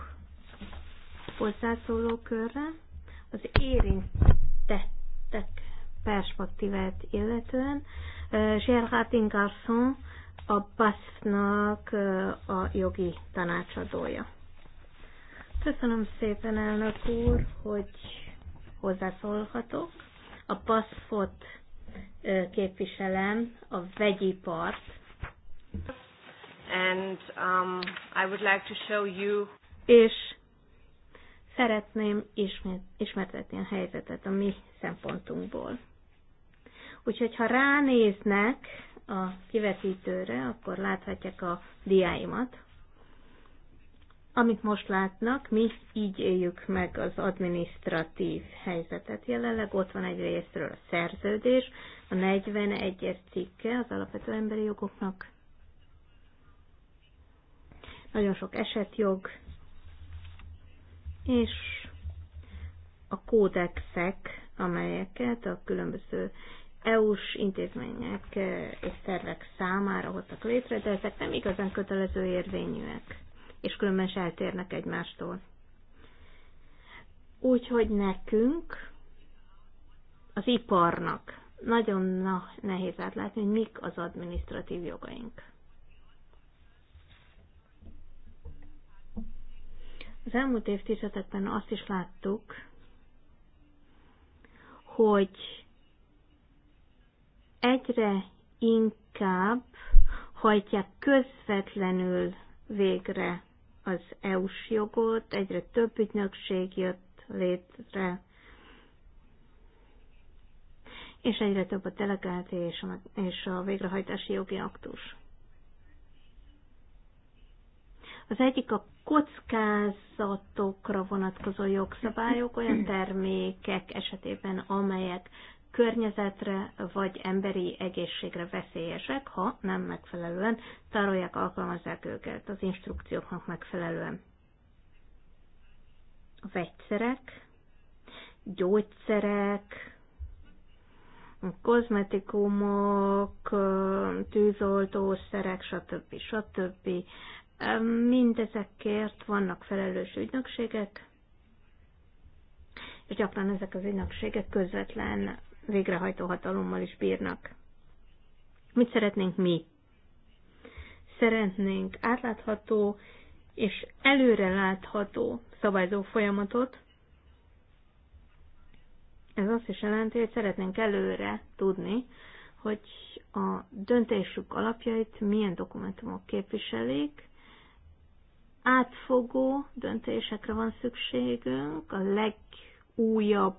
hozzászóló körre. Az érintettek perspektívát illetően Gerhard Ingarson a BASF-nak a jogi tanácsadója. Köszönöm szépen, elnök úr, hogy hozzászólhatok. A PASZFOT képviselem, a part. And um, I would like to show you... És szeretném ismét, ismertetni a helyzetet a mi szempontunkból. Úgyhogy, ha ránéznek a kivetítőre, akkor láthatják a diáimat, amit most látnak, mi így éljük meg az administratív helyzetet. Jelenleg ott van egy részről a szerződés, a 41-es cikke az alapvető emberi jogoknak. Nagyon sok esetjog, és a kódexek, amelyeket a különböző EU-s intézmények és szervek számára hoztak létre, de ezek nem igazán kötelező érvényűek és különben se eltérnek egymástól. Úgyhogy nekünk, az iparnak nagyon nehéz átlátni, hogy mik az administratív jogaink. Az elmúlt évtizedekben azt is láttuk, hogy egyre inkább hajtják közvetlenül végre az EU-s jogot, egyre több ügynökség jött létre, és egyre több a delegált és a, és a végrehajtási jogi aktus. Az egyik a kockázatokra vonatkozó jogszabályok olyan termékek esetében, amelyek környezetre vagy emberi egészségre veszélyesek, ha nem megfelelően tárolják, alkalmazzák őket az instrukcióknak megfelelően. A vegyszerek, gyógyszerek, kozmetikumok, tűzoltószerek, stb. stb. Mindezekért vannak felelős ügynökségek, és gyakran ezek az ügynökségek közvetlen végrehajtó hatalommal is bírnak. Mit szeretnénk mi? Szeretnénk átlátható és előre látható szabályzó folyamatot. Ez azt is jelenti, hogy szeretnénk előre tudni, hogy a döntésük alapjait milyen dokumentumok képviselik, átfogó döntésekre van szükségünk, a legújabb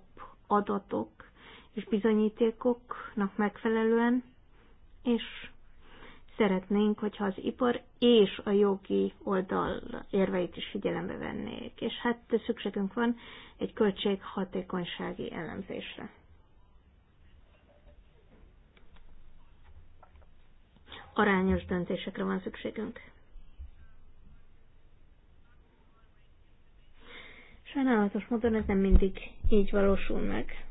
adatok és bizonyítékoknak megfelelően, és szeretnénk, hogyha az ipar és a jogi oldal érveit is figyelembe vennék, és hát szükségünk van egy költséghatékonysági elemzésre. Arányos döntésekre van szükségünk. Sajnálatos módon ez nem mindig így valósul meg.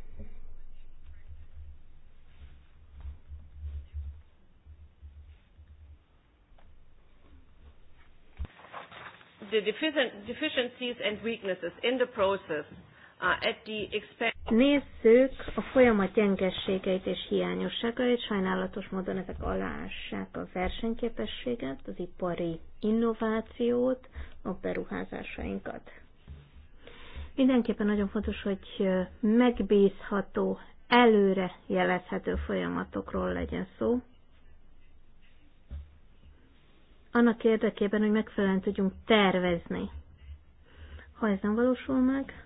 the deficiencies and weaknesses in the process uh, at the Nézzük a folyamat gyengességeit és hiányosságait, sajnálatos módon ezek aláássák a versenyképességet, az ipari innovációt, a beruházásainkat. Mindenképpen nagyon fontos, hogy megbízható, előre jelezhető folyamatokról legyen szó, annak érdekében, hogy megfelelően tudjunk tervezni. Ha ez nem valósul meg,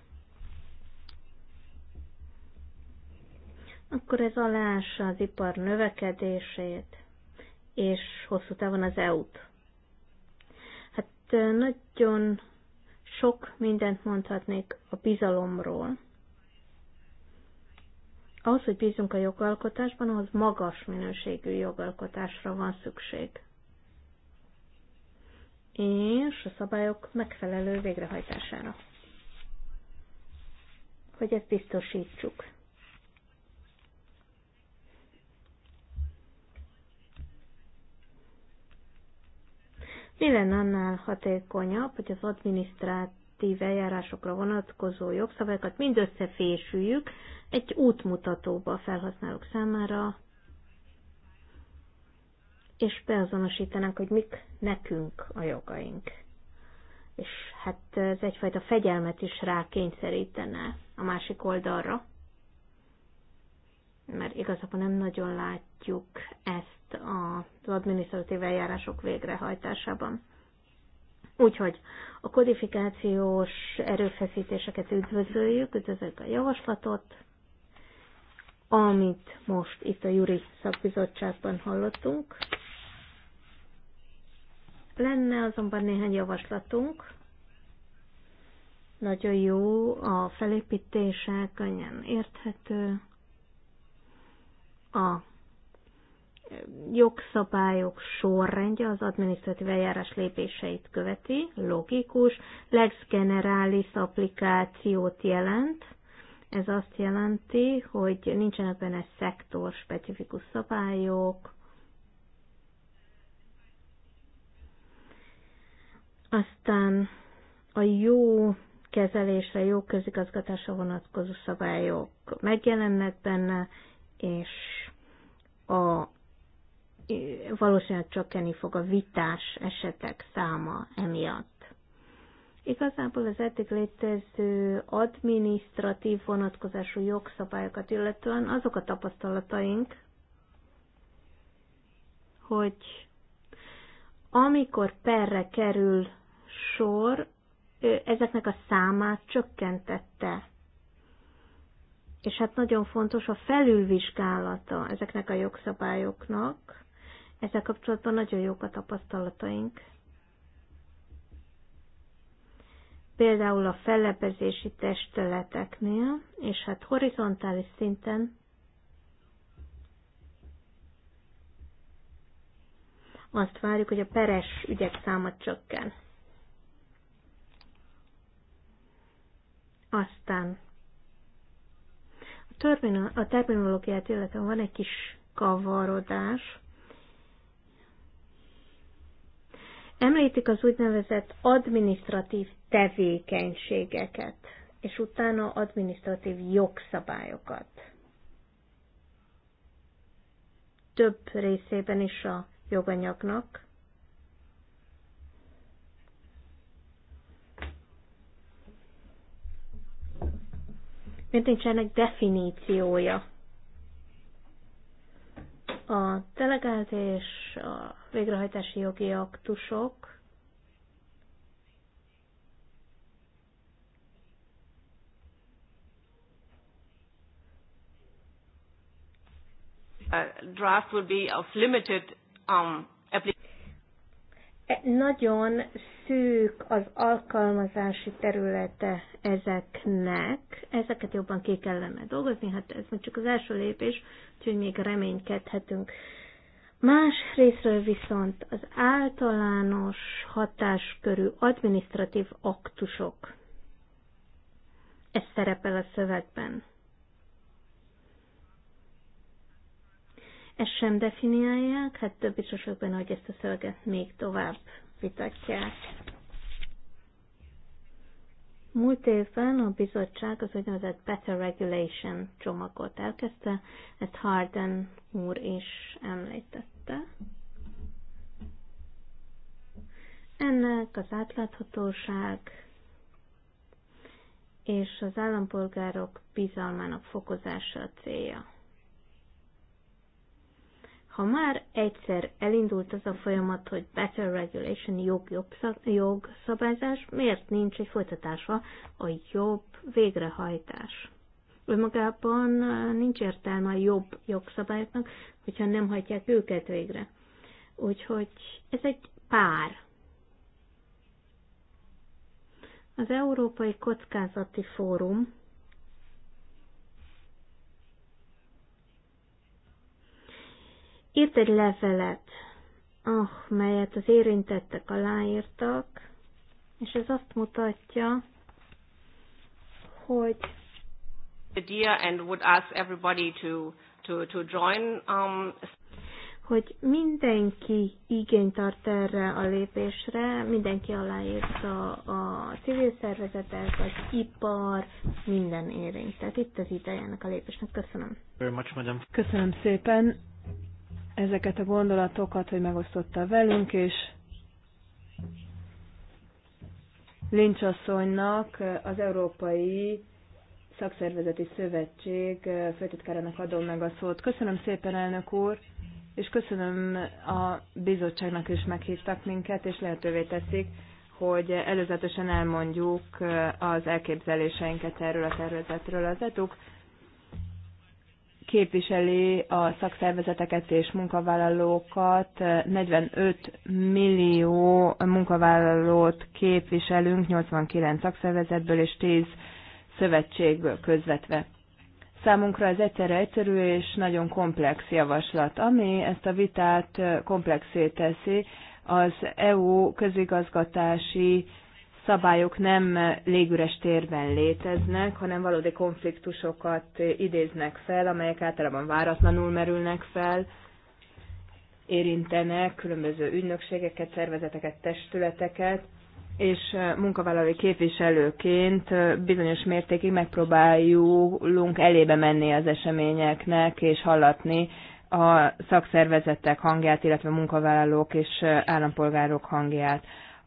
akkor ez aláássa az ipar növekedését, és hosszú távon az EU-t. Hát nagyon sok mindent mondhatnék a bizalomról. Ahhoz, hogy bízunk a jogalkotásban, ahhoz magas minőségű jogalkotásra van szükség és a szabályok megfelelő végrehajtására. Hogy ezt biztosítsuk. Mi lenne annál hatékonyabb, hogy az adminisztrátív eljárásokra vonatkozó jogszabályokat mind összefésüljük egy útmutatóba a felhasználók számára, és beazonosítanánk, hogy mik nekünk a jogaink. És hát ez egyfajta fegyelmet is rá kényszerítene a másik oldalra, mert igazából nem nagyon látjuk ezt az adminisztratív eljárások végrehajtásában. Úgyhogy a kodifikációs erőfeszítéseket üdvözöljük, üdvözöljük a javaslatot, amit most itt a Juri szakbizottságban hallottunk, lenne azonban néhány javaslatunk. Nagyon jó a felépítése, könnyen érthető. A jogszabályok sorrendje az adminisztratív eljárás lépéseit követi, logikus, lex generalis applikációt jelent, ez azt jelenti, hogy nincsenek benne szektor specifikus szabályok, Aztán a jó kezelésre, jó közigazgatásra vonatkozó szabályok megjelennek benne, és a valószínűleg csökkenni fog a vitás esetek száma emiatt. Igazából az eddig létező adminisztratív vonatkozású jogszabályokat illetően azok a tapasztalataink, hogy amikor perre kerül sor ezeknek a számát csökkentette. És hát nagyon fontos a felülvizsgálata ezeknek a jogszabályoknak. Ezzel kapcsolatban nagyon jók a tapasztalataink. Például a fellebezési testületeknél, és hát horizontális szinten azt várjuk, hogy a peres ügyek száma csökken. Aztán a, terminol, a terminológiát illetően van egy kis kavarodás. Említik az úgynevezett administratív tevékenységeket, és utána administratív jogszabályokat. Több részében is a joganyagnak miért nincs ennek definíciója. A delegált és a végrehajtási jogi aktusok A draft will be of limited um, application. Nagyon szűk az alkalmazási területe ezeknek, ezeket jobban ki kellene dolgozni, hát ez még csak az első lépés, úgyhogy még reménykedhetünk. Más részről viszont az általános hatáskörű administratív aktusok. Ez szerepel a szövegben. Ezt sem definiálják, hát biztos vagyok benne, hogy ezt a szöveget még tovább vitatják. Múlt évben a bizottság az úgynevezett Better Regulation csomagot elkezdte, ezt Harden úr is említette. Ennek az átláthatóság és az állampolgárok bizalmának fokozása a célja. Ha már egyszer elindult az a folyamat, hogy better regulation, jog, jobb jogszabályzás, miért nincs egy folytatása a jobb végrehajtás? Önmagában nincs értelme a jobb jogszabályoknak, hogyha nem hajtják őket végre. Úgyhogy ez egy pár. Az Európai Kockázati Fórum írt egy levelet, ah, melyet az érintettek aláírtak, és ez azt mutatja, hogy and would ask everybody to, to, to join. Um, hogy mindenki igény tart erre a lépésre, mindenki aláírta a civil szervezetek, az ipar, minden érintett. Itt az ideje ennek a lépésnek. Köszönöm. Very much, madam. Köszönöm szépen ezeket a gondolatokat, hogy megosztotta velünk, és Lincsasszonynak az Európai Szakszervezeti Szövetség főtitkárának adom meg a szót. Köszönöm szépen, elnök úr, és köszönöm a bizottságnak is meghívtak minket, és lehetővé teszik, hogy előzetesen elmondjuk az elképzeléseinket erről a területről Az ETUK képviseli a szakszervezeteket és munkavállalókat, 45 millió munkavállalót képviselünk 89 szakszervezetből és 10 szövetségből közvetve. Számunkra ez egyszerre egyszerű és nagyon komplex javaslat, ami ezt a vitát komplexé teszi, az EU közigazgatási szabályok nem légüres térben léteznek, hanem valódi konfliktusokat idéznek fel, amelyek általában váratlanul merülnek fel, érintenek különböző ügynökségeket, szervezeteket, testületeket, és munkavállalói képviselőként bizonyos mértékig megpróbáljuk elébe menni az eseményeknek, és hallatni a szakszervezetek hangját, illetve munkavállalók és állampolgárok hangját.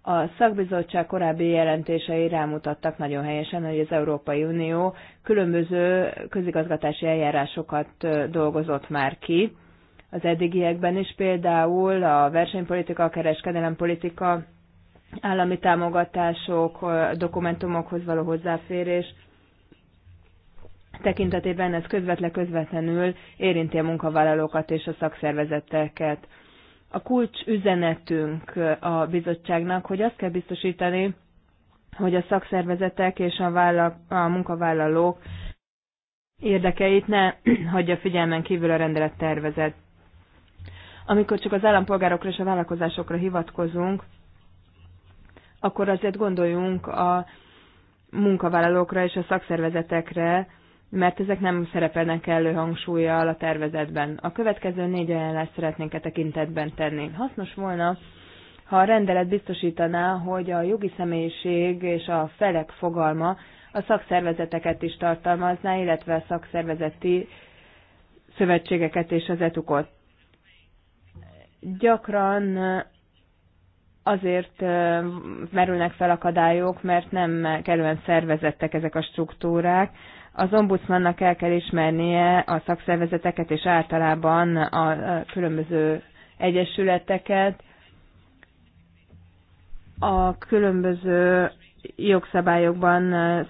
A szakbizottság korábbi jelentései rámutattak nagyon helyesen, hogy az Európai Unió különböző közigazgatási eljárásokat dolgozott már ki az eddigiekben is, például a versenypolitika, a kereskedelempolitika, állami támogatások, dokumentumokhoz való hozzáférés tekintetében ez közvetlen közvetlenül érinti a munkavállalókat és a szakszervezeteket a kulcs üzenetünk a bizottságnak, hogy azt kell biztosítani, hogy a szakszervezetek és a, vállal, a munkavállalók érdekeit ne [clears throat] hagyja figyelmen kívül a rendelet tervezet. Amikor csak az állampolgárokra és a vállalkozásokra hivatkozunk, akkor azért gondoljunk a munkavállalókra és a szakszervezetekre, mert ezek nem szerepelnek elő hangsúlyjal a tervezetben. A következő négy ajánlást szeretnénk e tekintetben tenni. Hasznos volna, ha a rendelet biztosítaná, hogy a jogi személyiség és a felek fogalma a szakszervezeteket is tartalmazná, illetve a szakszervezeti szövetségeket és az etukot. Gyakran azért merülnek fel akadályok, mert nem kellően szervezettek ezek a struktúrák. Az ombudsmannak el kell ismernie a szakszervezeteket és általában a különböző egyesületeket, a különböző jogszabályokban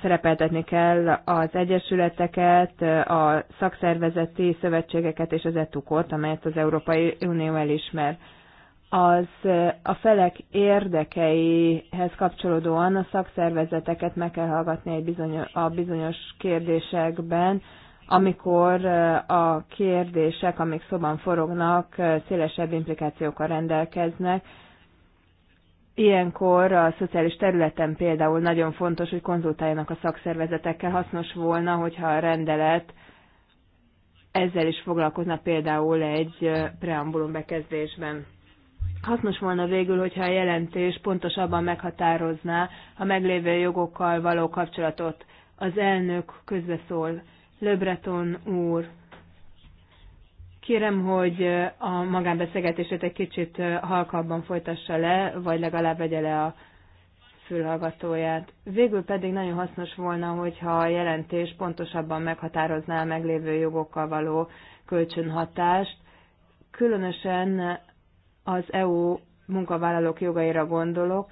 szerepeltetni kell az egyesületeket, a szakszervezeti szövetségeket és az etukot, amelyet az Európai Unió elismer az a felek érdekeihez kapcsolódóan a szakszervezeteket meg kell hallgatni egy bizonyos, a bizonyos kérdésekben, amikor eh, a kérdések, amik szoban forognak, eh, szélesebb implikációkkal rendelkeznek. Ilyenkor a szociális területen például nagyon fontos, hogy konzultáljanak a szakszervezetekkel. Hasznos volna, hogyha a rendelet ezzel is foglalkozna például egy eh, preambulum bekezdésben hasznos volna végül, hogyha a jelentés pontosabban meghatározná a meglévő jogokkal való kapcsolatot. Az elnök közbeszól. Löbreton úr, kérem, hogy a magánbeszélgetését egy kicsit halkabban folytassa le, vagy legalább vegye le a fülhallgatóját. Végül pedig nagyon hasznos volna, hogyha a jelentés pontosabban meghatározná a meglévő jogokkal való kölcsönhatást, különösen az EU munkavállalók jogaira gondolok,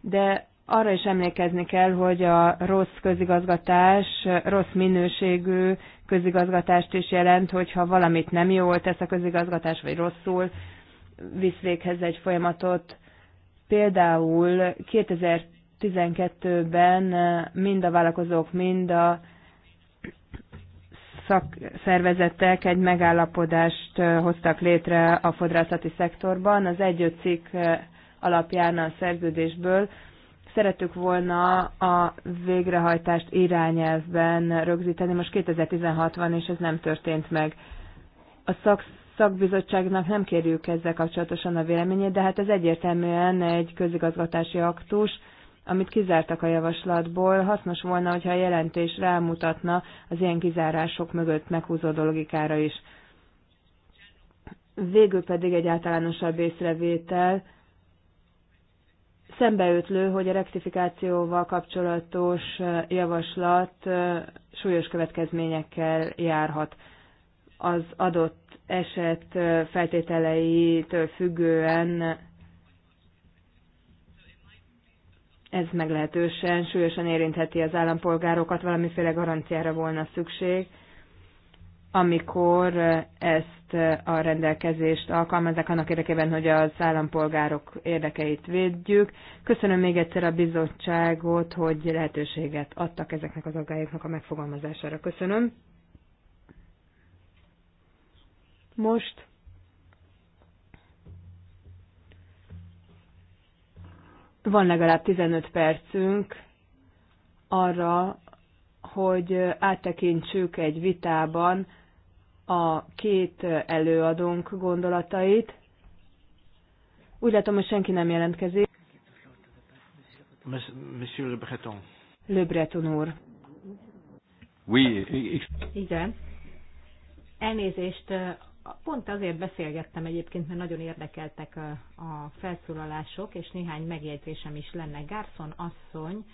de arra is emlékezni kell, hogy a rossz közigazgatás, rossz minőségű közigazgatást is jelent, hogyha valamit nem jól tesz a közigazgatás, vagy rosszul visz véghez egy folyamatot. Például 2012-ben mind a vállalkozók, mind a szakszervezetek egy megállapodást hoztak létre a fodrászati szektorban. Az egy cikk alapján a szerződésből szerettük volna a végrehajtást irányelvben rögzíteni. Most 2016 van, és ez nem történt meg. A szakbizottságnak nem kérjük ezzel kapcsolatosan a véleményét, de hát ez egyértelműen egy közigazgatási aktus, amit kizártak a javaslatból. Hasznos volna, hogyha a jelentés rámutatna az ilyen kizárások mögött meghúzódó logikára is. Végül pedig egy általánosabb észrevétel, szembeötlő, hogy a rektifikációval kapcsolatos javaslat súlyos következményekkel járhat. Az adott eset feltételeitől függően ez meglehetősen súlyosan érintheti az állampolgárokat, valamiféle garanciára volna szükség, amikor ezt a rendelkezést alkalmazzák annak érdekében, hogy az állampolgárok érdekeit védjük. Köszönöm még egyszer a bizottságot, hogy lehetőséget adtak ezeknek az aggályoknak a megfogalmazására. Köszönöm. Most Van legalább 15 percünk arra, hogy áttekintsük egy vitában a két előadónk gondolatait. Úgy látom, hogy senki nem jelentkezik. Monsieur Le Breton. Le Breton úr. Oui. Igen. Elnézést Pont azért beszélgettem egyébként, mert nagyon érdekeltek a felszólalások, és néhány megjegyzésem is lenne. Gárszon asszony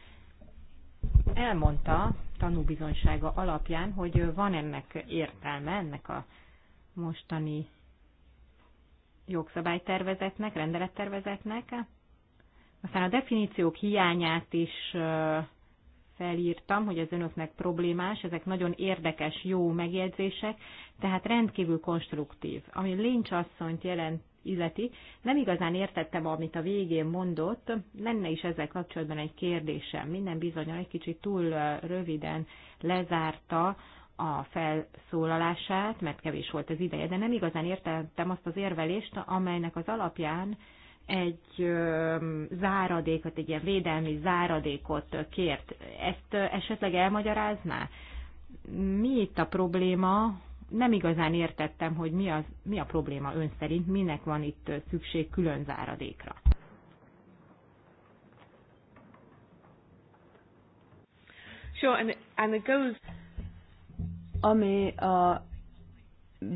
elmondta tanúbizonysága alapján, hogy van ennek értelme, ennek a mostani jogszabálytervezetnek, rendelettervezetnek. Aztán a definíciók hiányát is felírtam, hogy az önöknek problémás, ezek nagyon érdekes, jó megjegyzések, tehát rendkívül konstruktív. Ami Lynch asszonyt jelent, illeti, nem igazán értettem, amit a végén mondott, lenne is ezzel kapcsolatban egy kérdésem. Minden bizonyal egy kicsit túl röviden lezárta a felszólalását, mert kevés volt az ideje, de nem igazán értettem azt az érvelést, amelynek az alapján egy záradékot, egy ilyen védelmi záradékot kért. Ezt esetleg elmagyarázná? Mi itt a probléma? Nem igazán értettem, hogy mi, az, mi a probléma ön szerint, minek van itt szükség külön záradékra. Sure, and, and it goes... Ami a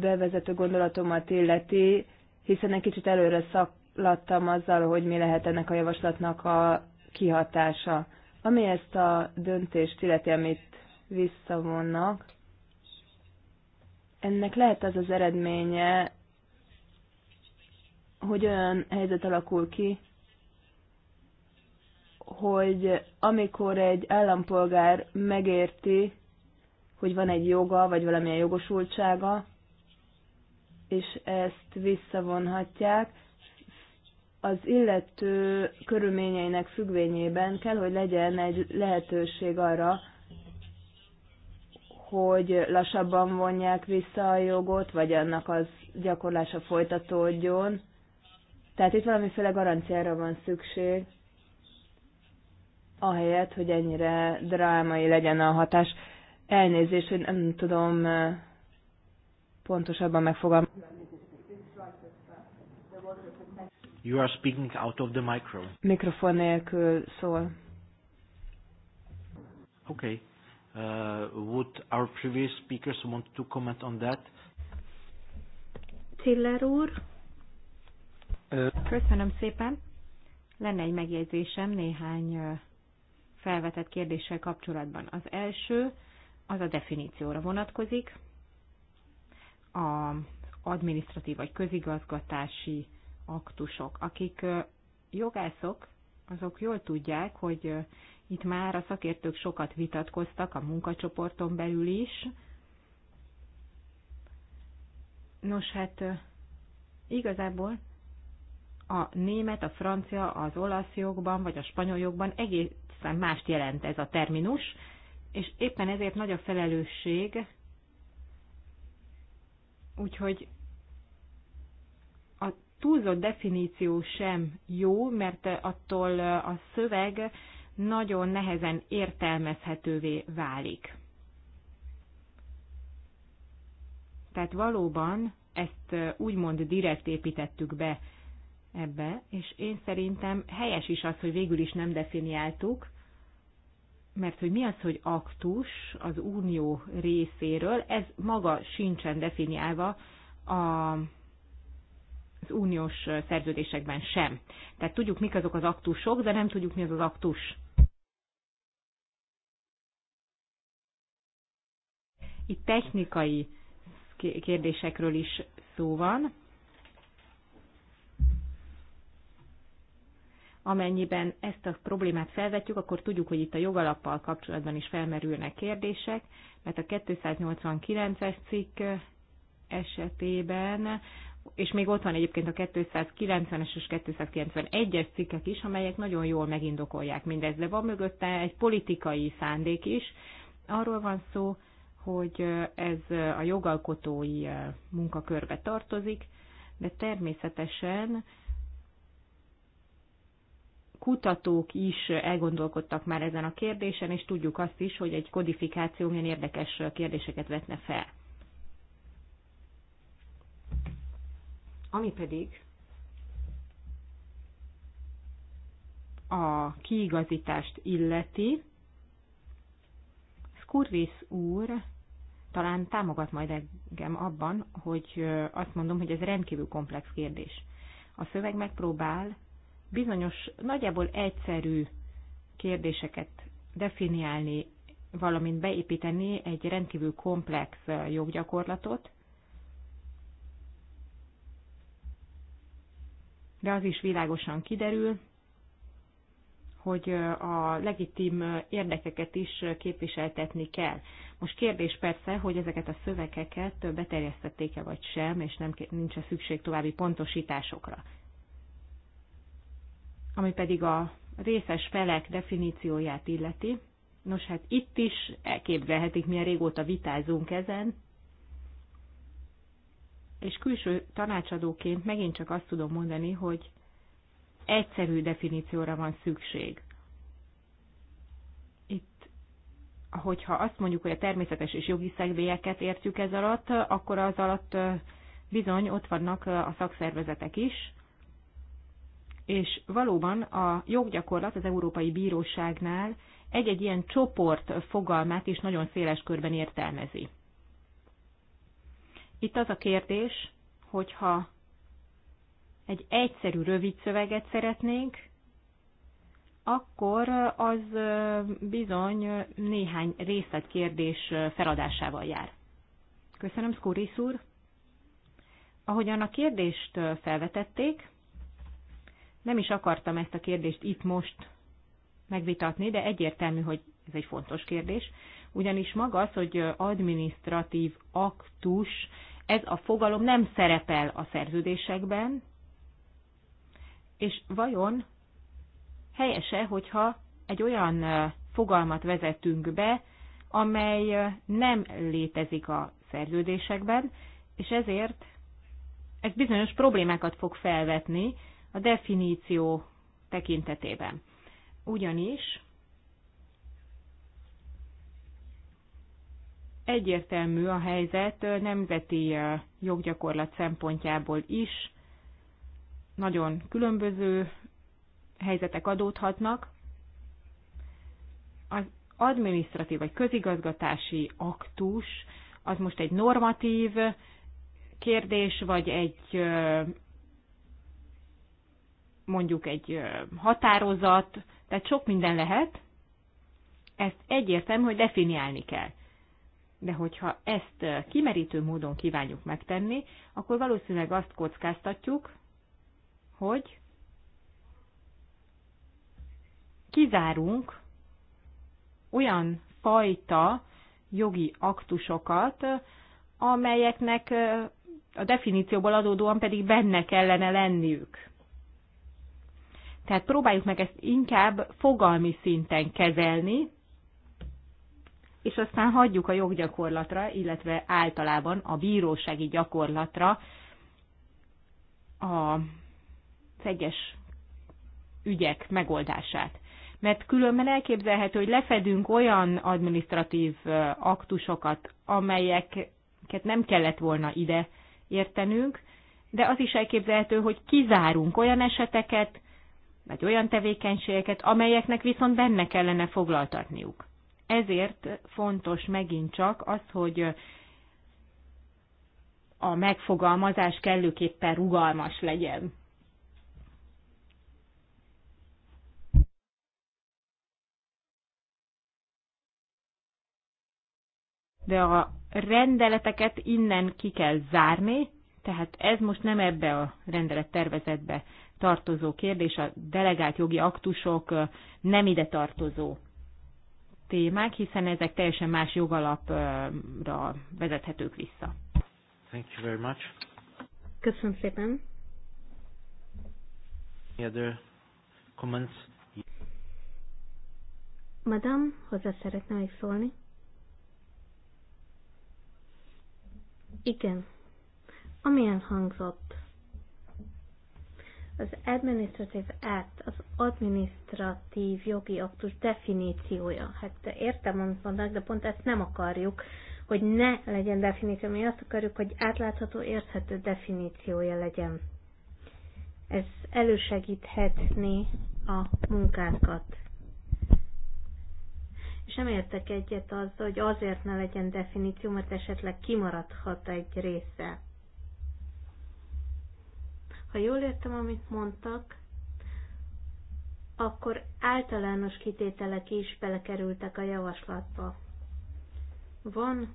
bevezető gondolatomat illeti, hiszen egy kicsit előre szak foglalattam azzal, hogy mi lehet ennek a javaslatnak a kihatása. Ami ezt a döntést illeti, amit visszavonnak, ennek lehet az az eredménye, hogy olyan helyzet alakul ki, hogy amikor egy állampolgár megérti, hogy van egy joga, vagy valamilyen jogosultsága, és ezt visszavonhatják, az illető körülményeinek függvényében kell, hogy legyen egy lehetőség arra, hogy lassabban vonják vissza a jogot, vagy annak az gyakorlása folytatódjon. Tehát itt valamiféle garanciára van szükség, ahelyett, hogy ennyire drámai legyen a hatás. Elnézést, hogy nem tudom eh, pontosabban megfogalmazni. You are speaking out of the micro. Mikrofon nélkül szól. Okay. Uh, would our previous speakers want to comment on that? Tiller úr. Köszönöm szépen. Lenne egy megjegyzésem néhány felvetett kérdéssel kapcsolatban. Az első az a definícióra vonatkozik. A administratív vagy közigazgatási aktusok. Akik jogászok, azok jól tudják, hogy itt már a szakértők sokat vitatkoztak a munkacsoporton belül is. Nos, hát igazából a német, a francia, az olasz jogban, vagy a spanyol jogban egészen mást jelent ez a terminus, és éppen ezért nagy a felelősség, úgyhogy túlzott definíció sem jó, mert attól a szöveg nagyon nehezen értelmezhetővé válik. Tehát valóban ezt úgymond direkt építettük be ebbe, és én szerintem helyes is az, hogy végül is nem definiáltuk, mert hogy mi az, hogy aktus az unió részéről, ez maga sincsen definiálva a az uniós szerződésekben sem. Tehát tudjuk, mik azok az aktusok, de nem tudjuk, mi az az aktus. Itt technikai kérdésekről is szó van. Amennyiben ezt a problémát felvetjük, akkor tudjuk, hogy itt a jogalappal kapcsolatban is felmerülnek kérdések, mert a 289-es cikk esetében és még ott van egyébként a 290-es és 291-es cikkek is, amelyek nagyon jól megindokolják mindezt, de van mögötte egy politikai szándék is. Arról van szó, hogy ez a jogalkotói eh, munkakörbe tartozik, de természetesen kutatók is elgondolkodtak már ezen a kérdésen, és tudjuk azt is, hogy egy kodifikáció milyen érdekes kérdéseket vetne fel. Ami pedig a kiigazítást illeti, Skurvis úr talán támogat majd engem abban, hogy azt mondom, hogy ez rendkívül komplex kérdés. A szöveg megpróbál bizonyos, nagyjából egyszerű kérdéseket definiálni, valamint beépíteni egy rendkívül komplex joggyakorlatot, de az is világosan kiderül, hogy a legitim érdekeket is képviseltetni kell. Most kérdés persze, hogy ezeket a szövegeket beterjesztették-e vagy sem, és nem, nincs -e szükség további pontosításokra. Ami pedig a részes felek definícióját illeti, nos hát itt is elképzelhetik, milyen régóta vitázunk ezen, és külső tanácsadóként megint csak azt tudom mondani, hogy egyszerű definícióra van szükség. Itt, hogyha azt mondjuk, hogy a természetes és jogi szegvélyeket értjük ez alatt, akkor az alatt bizony ott vannak a szakszervezetek is, és valóban a joggyakorlat az Európai Bíróságnál egy-egy ilyen csoport fogalmát is nagyon széles körben értelmezi. Itt az a kérdés, hogyha egy egyszerű, rövid szöveget szeretnénk, akkor az bizony néhány részletkérdés feladásával jár. Köszönöm, Skuris úr! Ahogyan a kérdést felvetették, nem is akartam ezt a kérdést itt most megvitatni, de egyértelmű, hogy ez egy fontos kérdés, ugyanis maga az, hogy administratív aktus ez a fogalom nem szerepel a szerződésekben, és vajon helyese, hogyha egy olyan fogalmat vezetünk be, amely nem létezik a szerződésekben, és ezért ez bizonyos problémákat fog felvetni a definíció tekintetében. Ugyanis egyértelmű a helyzet nemzeti joggyakorlat szempontjából is. Nagyon különböző helyzetek adódhatnak. Az adminisztratív vagy közigazgatási aktus az most egy normatív kérdés, vagy egy mondjuk egy határozat, tehát sok minden lehet, ezt egyértelmű, hogy definiálni kell. De hogyha ezt eh, kimerítő módon kívánjuk megtenni, akkor valószínűleg azt kockáztatjuk, hogy kizárunk olyan fajta jogi aktusokat, amelyeknek eh, a definícióból adódóan pedig benne kellene lenniük. Tehát próbáljuk meg ezt inkább fogalmi szinten kezelni, és aztán hagyjuk a joggyakorlatra, illetve általában a bírósági gyakorlatra a egyes ügyek megoldását. Mert különben elképzelhető, hogy lefedünk olyan administratív aktusokat, amelyeket nem kellett volna ide értenünk, de az is elképzelhető, hogy kizárunk olyan eseteket, vagy olyan tevékenységeket, amelyeknek viszont benne kellene foglaltatniuk. Ezért fontos megint csak az, hogy a megfogalmazás kellőképpen rugalmas legyen. De a rendeleteket innen ki kell zárni, tehát ez most nem ebbe a rendelettervezetbe tartozó kérdés, a delegált jogi aktusok nem ide tartozó témák, hiszen ezek teljesen más jogalapra vezethetők vissza. Thank you very much. Köszönöm szépen. Any other comments? Madame, hozzá szeretném még szólni? Igen. Amilyen hangzott, az Administrative Act, az administratív jogi aktus definíciója. Hát értem, amit mondanak, de pont ezt nem akarjuk, hogy ne legyen definíció. Mi azt akarjuk, hogy átlátható, érthető definíciója legyen. Ez elősegíthetni a munkánkat. És nem értek egyet azzal, hogy azért ne legyen definíció, mert esetleg kimaradhat egy része ha jól értem, amit mondtak, akkor általános kitételek is belekerültek a javaslatba. Van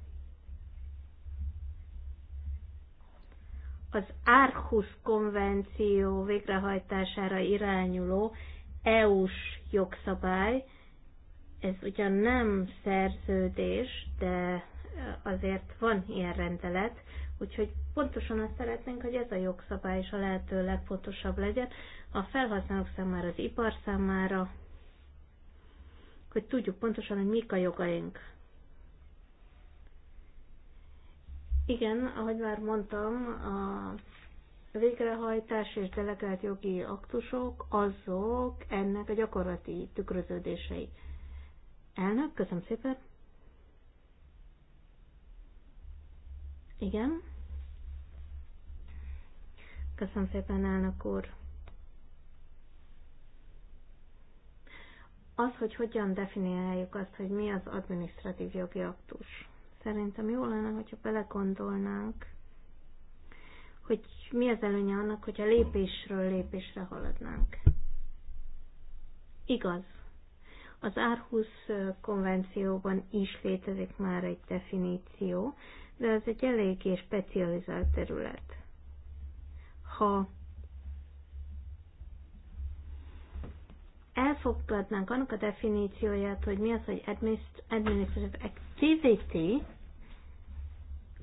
az Árhus konvenció végrehajtására irányuló EU-s jogszabály, ez ugyan nem szerződés, de azért van ilyen rendelet, Úgyhogy pontosan azt szeretnénk, hogy ez a jogszabály is a lehető legfontosabb legyen a felhasználók számára, az ipar számára, hogy tudjuk pontosan, hogy mik a jogaink. Igen, ahogy már mondtam, a végrehajtás és delegált jogi aktusok azok ennek a gyakorlati tükröződései. Elnök, köszönöm szépen! Igen. Köszönöm szépen, elnök úr. Az, hogy hogyan definiáljuk azt, hogy mi az adminisztratív jogi aktus. Szerintem jó lenne, hogyha belegondolnánk, hogy mi az előnye annak, hogyha lépésről lépésre haladnánk. Igaz. Az Árhus konvencióban is létezik már egy definíció, de ez egy eléggé specializált terület. Ha elfogadnánk annak a definícióját, hogy mi az, hogy administrative activity,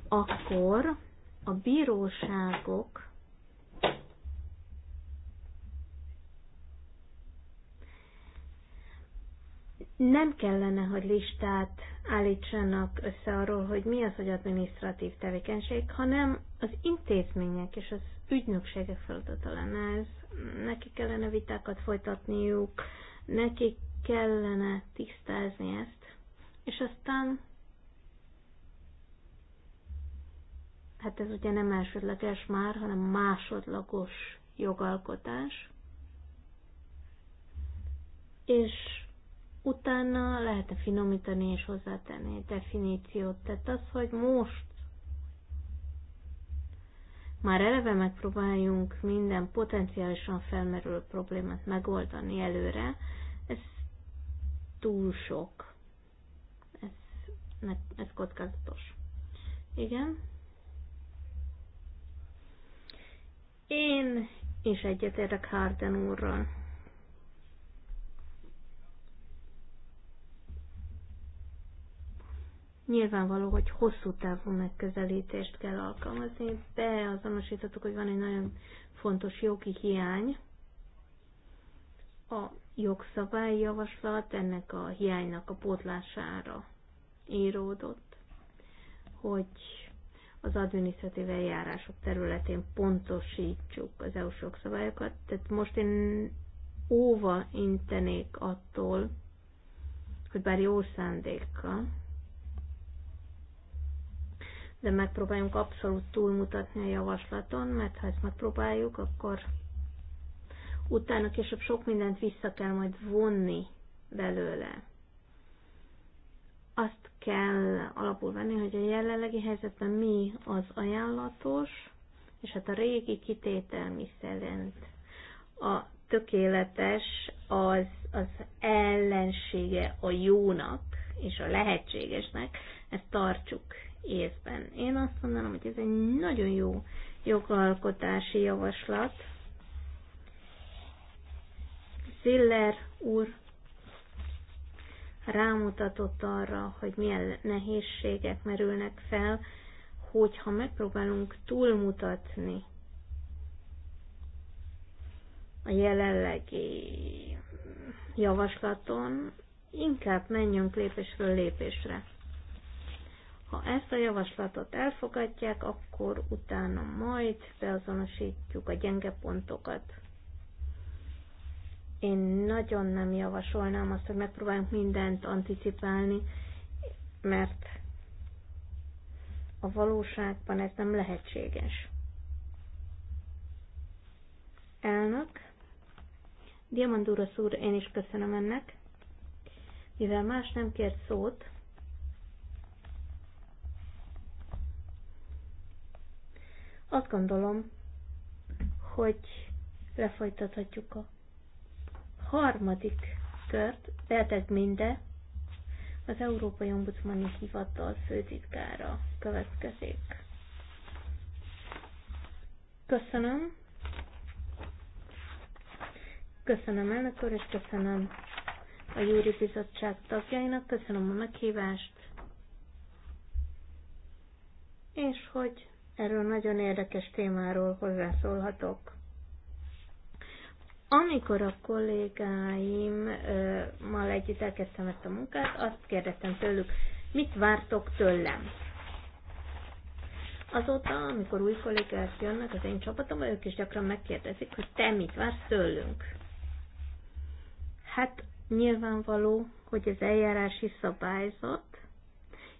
akkor a bíróságok nem kellene, hogy listát állítsanak össze arról, hogy mi az, hogy adminisztratív tevékenység, hanem az intézmények és az ügynökségek feladata lenne ez. Nekik kellene vitákat folytatniuk, nekik kellene tisztázni ezt, és aztán hát ez ugye nem elsődleges már, hanem másodlagos jogalkotás, és utána lehet-e finomítani és hozzátenni egy definíciót. Tehát az, hogy most már eleve megpróbáljunk minden potenciálisan felmerülő problémát megoldani előre, ez túl sok. Ez, ne, ez kockázatos. Igen. Én is egyetértek Harden úrral Nyilvánvaló, hogy hosszú távú megközelítést kell alkalmazni. Beazonosítottuk, hogy van egy nagyon fontos jogi hiány. A javaslat ennek a hiánynak a pótlására íródott, hogy az adminisztratív eljárások területén pontosítsuk az EU-s jogszabályokat. Tehát most én óva intenék attól, hogy bár jó szándékkal, de megpróbáljunk abszolút túlmutatni a javaslaton, mert ha ezt megpróbáljuk, akkor utána később sok mindent vissza kell majd vonni belőle. Azt kell alapul venni, hogy a jelenlegi helyzetben mi az ajánlatos, és hát a régi kitétel mi szerint a tökéletes az, az ellensége a jónak és a lehetségesnek, ezt tartsuk évben. Én azt mondanám, hogy ez egy nagyon jó jogalkotási javaslat. Ziller úr rámutatott arra, hogy milyen nehézségek merülnek fel, hogyha megpróbálunk túlmutatni a jelenlegi javaslaton, inkább menjünk lépésről lépésre. Ha ezt a javaslatot elfogadják, akkor utána majd beazonosítjuk a gyenge pontokat. Én nagyon nem javasolnám azt, hogy megpróbáljunk mindent anticipálni, mert a valóságban ez nem lehetséges. Elnök, Diamandúra szúr, én is köszönöm ennek. Mivel más nem kért szót, Azt gondolom, hogy lefolytathatjuk a harmadik kört, Beltek Minde, az Európai Ombudsmani Hivatal főtitkára következik. Köszönöm. Köszönöm elnök úr, és köszönöm a Júri Bizottság tagjainak, köszönöm a meghívást, és hogy erről nagyon érdekes témáról hozzászólhatok. Amikor a kollégáimmal együtt elkezdtem ezt a munkát, azt kérdeztem tőlük, mit vártok tőlem? Azóta, amikor új kollégák jönnek az én csapatomba, ők is gyakran megkérdezik, hogy te mit vársz tőlünk? Hát nyilvánvaló, hogy az eljárási szabályzat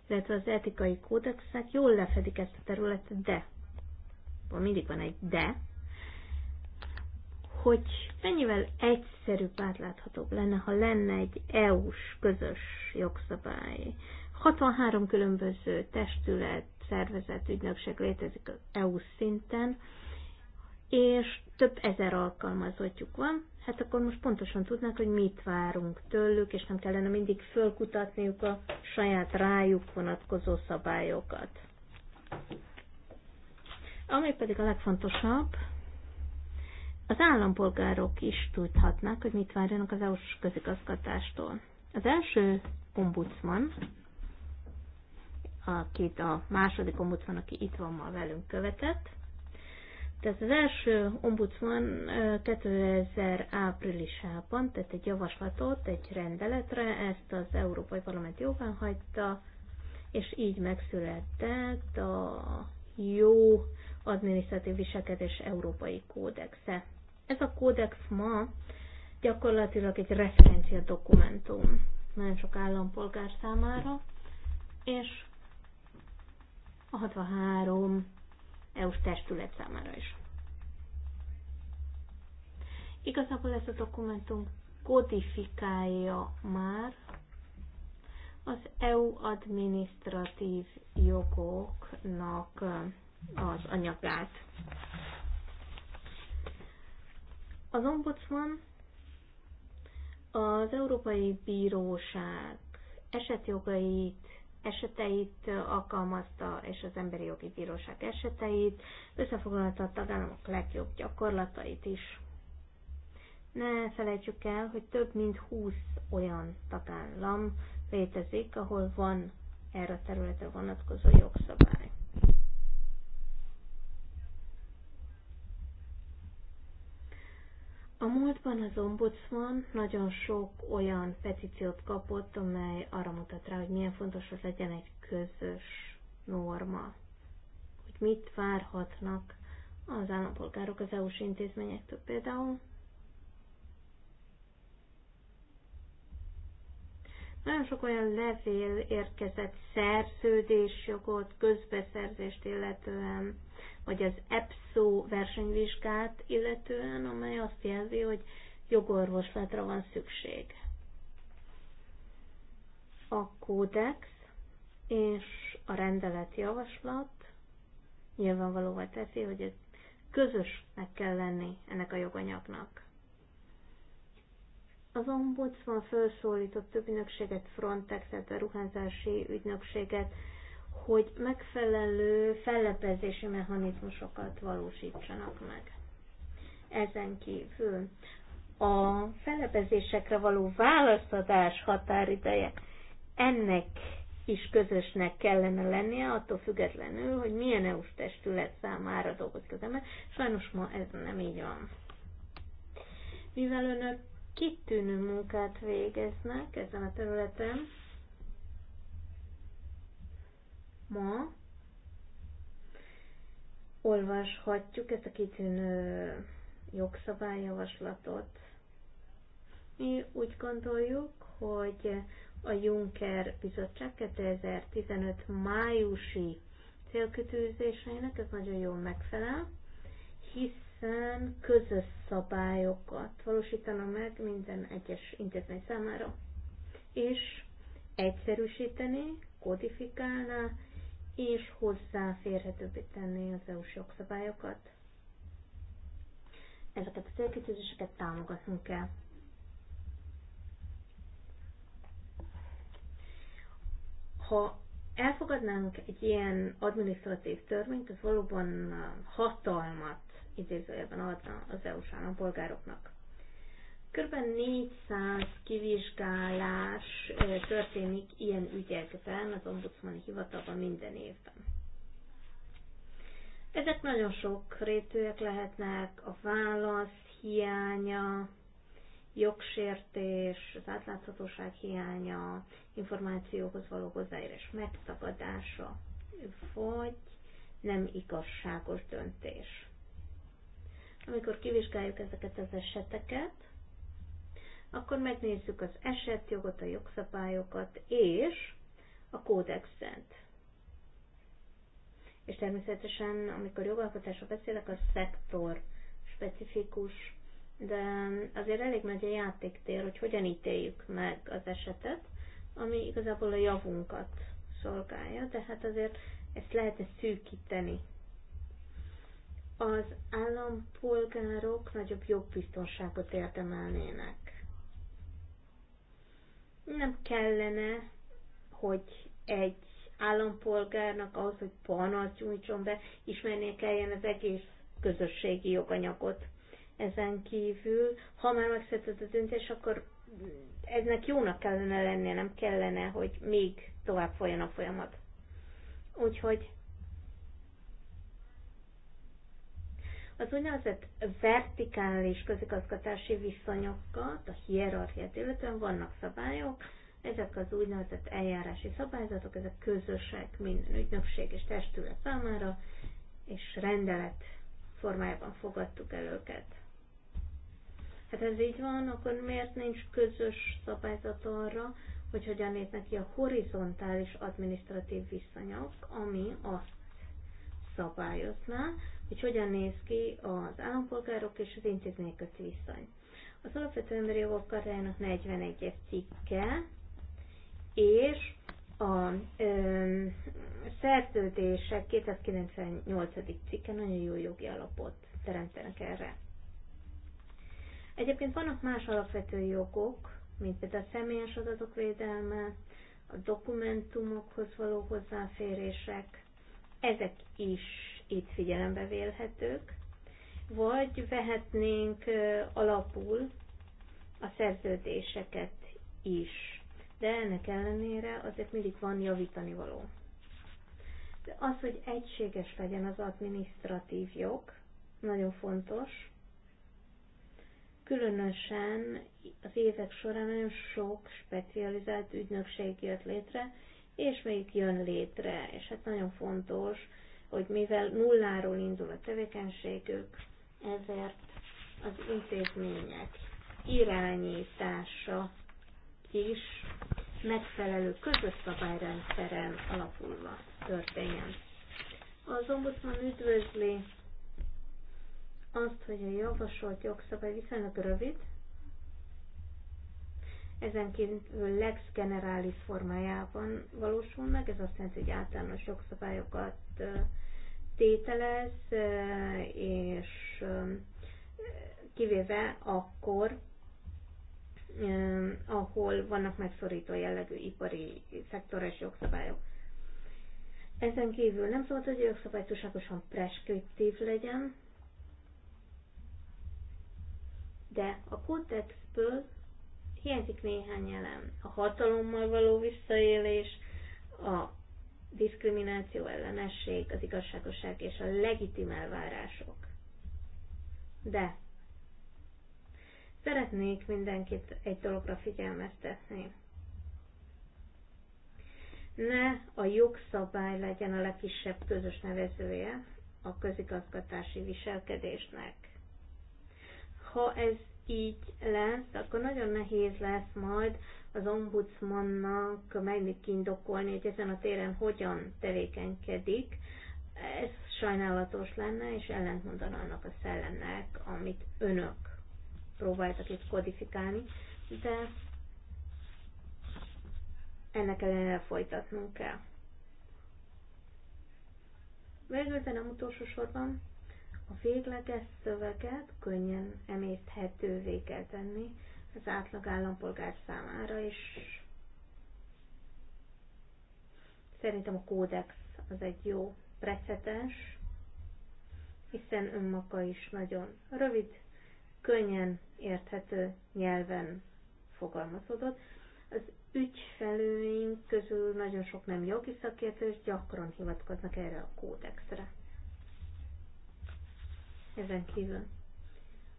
illetve az etikai kódexek jól lefedik ezt a területet, de, van mindig van egy de, hogy mennyivel egyszerűbb, átláthatóbb lenne, ha lenne egy EU-s közös jogszabály. 63 különböző testület, szervezet, ügynökség létezik az e EU szinten, és több ezer alkalmazottjuk van, hát akkor most pontosan tudnák, hogy mit várunk tőlük, és nem kellene mindig fölkutatniuk a saját rájuk vonatkozó szabályokat. Ami pedig a legfontosabb, az állampolgárok is tudhatnák, hogy mit várjanak az EU-s közigazgatástól. Az első ombudsman, akit a második ombudsman, aki itt van ma velünk követett, tehát az első ombudsman 2000 áprilisában tett egy javaslatot, egy rendeletre, ezt az Európai Parlament jóvá hagyta, és így megszületett a jó adminisztratív viselkedés Európai Kódexe. Ez a kódex ma gyakorlatilag egy referencia dokumentum nagyon sok állampolgár számára, és a 63 EU-s testület számára is. Igazából ez a dokumentum kodifikálja már az EU adminisztratív jogoknak az anyagát. Az ombudsman az Európai Bíróság esetjogait eseteit alkalmazta, és az Emberi Jogi Bíróság eseteit, összefoglalta a tagállamok legjobb gyakorlatait is. Ne felejtsük el, hogy több mint 20 olyan tagállam létezik, ahol van erre a területre vonatkozó jogszabály. A múltban az ombudsman nagyon sok olyan petíciót kapott, amely arra mutat rá, hogy milyen fontos, hogy legyen egy közös norma. Hogy mit várhatnak az állampolgárok az EU-s intézményektől például. Nagyon sok olyan levél érkezett szerződésjogot, közbeszerzést illetően, vagy az EPSO versenyvizsgát illetően, amely azt jelzi, hogy jogorvoslatra van szükség. A kódex és a javaslat nyilvánvalóvá teszi, hogy ez közösnek kell lenni ennek a joganyagnak. Az ombudsman felszólított több ügynökséget, Frontexet, a ruházási ügynökséget, hogy megfelelő fellepezési mechanizmusokat valósítsanak meg. Ezen kívül a fellepezésekre való választadás határideje ennek is közösnek kellene lennie, attól függetlenül, hogy milyen eu testület számára dolgozik az ember. Sajnos ma ez nem így van. Mivel önök kitűnő munkát végeznek ezen a területen, ma olvashatjuk ezt a kitűnő jogszabályjavaslatot. Mi úgy gondoljuk, hogy a Juncker Bizottság 2015 májusi célkitűzéseinek ez nagyon jól megfelel, hiszen közös szabályokat valósítana meg minden egyes intézmény számára, és egyszerűsíteni, kodifikálná és hozzáférhetőbbé tenni az EU-s jogszabályokat. Ezeket a célkitűzéseket támogatnunk kell. Ha elfogadnánk egy ilyen adminisztratív törvényt, az valóban hatalmat idézőjelben adna az EU-s állampolgároknak. Kb. 400 kivizsgálás történik ilyen ügyekben az ombudsmani hivatalban minden évben. Ezek nagyon sok rétűek lehetnek, a válasz hiánya, jogsértés, az átláthatóság hiánya, információhoz való hozzáérés megtagadása, vagy nem igazságos döntés. Amikor kivizsgáljuk ezeket az eseteket, akkor megnézzük az esetjogot, a jogszabályokat és a kódexet. És természetesen, amikor jogalkotásról beszélek, a szektor specifikus, de azért elég nagy a játéktér, hogy hogyan ítéljük meg az esetet, ami igazából a javunkat szolgálja, de hát azért ezt lehetne szűkíteni. Az állampolgárok nagyobb jogbiztonságot érdemelnének nem kellene, hogy egy állampolgárnak ahhoz, hogy panaszt nyújtson be, ismernie kelljen az egész közösségi joganyagot. Ezen kívül, ha már megszületett a döntés, akkor eznek jónak kellene lennie, nem kellene, hogy még tovább folyjon a folyamat. Úgyhogy az úgynevezett vertikális közigazgatási viszonyokat, a hierarchiát illetően vannak szabályok, ezek az úgynevezett eljárási szabályzatok, ezek közösek minden ügynökség és testület számára, és rendelet formájában fogadtuk el őket. Hát ez így van, akkor miért nincs közös szabályzat arra, hogy hogyan lépnek ki a horizontális adminisztratív viszonyok, ami azt szabályozná, hogy hogyan néz ki az állampolgárok és az intézmények közti viszony. Az alapvető emberi jogok kartájának 41-es cikke, és a ö, szerződések 298. cikke nagyon jó jogi alapot teremtenek erre. Egyébként vannak más alapvető jogok, mint például a személyes adatok védelme, a dokumentumokhoz való hozzáférések, ezek is itt figyelembe vélhetők, vagy vehetnénk alapul a szerződéseket is. De ennek ellenére azért mindig van javítani való. De az, hogy egységes legyen az adminisztratív jog, nagyon fontos. Különösen az évek során nagyon sok specializált ügynökség jött létre, és még jön létre, és hát nagyon fontos, hogy mivel nulláról indul a tevékenységük, ezért az intézmények irányítása is megfelelő közös szabályrendszeren alapulva történjen. Az ombudsman üdvözli azt, hogy a javasolt jogszabály viszonylag rövid, ezen kívül lex generalis formájában valósul meg, ez azt jelenti, hogy általános jogszabályokat tételez, és kivéve akkor, ahol vannak megszorító jellegű ipari szektoros jogszabályok. Ezen kívül nem szabad, hogy a jogszabály túlságosan preskriptív legyen, de a kódexből hiányzik néhány elem. A hatalommal való visszaélés, a diszkrimináció ellenesség, az igazságosság és a legitim elvárások. De szeretnék mindenkit egy dologra figyelmeztetni. Ne a jogszabály legyen a legkisebb közös nevezője a közigazgatási viselkedésnek. Ha ez így lesz, akkor nagyon nehéz lesz majd az ombudsmannak megint indokolni, hogy ezen a téren hogyan tevékenykedik. Ez sajnálatos lenne, és ellentmondaná annak a szellemnek, amit önök próbáltak itt kodifikálni, de ennek ellenére folytatnunk kell. Végül, de nem utolsó sorban, a végleges szöveget könnyen emészthetővé kell tenni az átlag állampolgár számára, és szerintem a kódex az egy jó precedens, hiszen önmaga is nagyon rövid, könnyen érthető nyelven fogalmazódott. Az ügyfelőink közül nagyon sok nem jogi szakértő, és gyakran hivatkoznak erre a kódexre ezen kívül.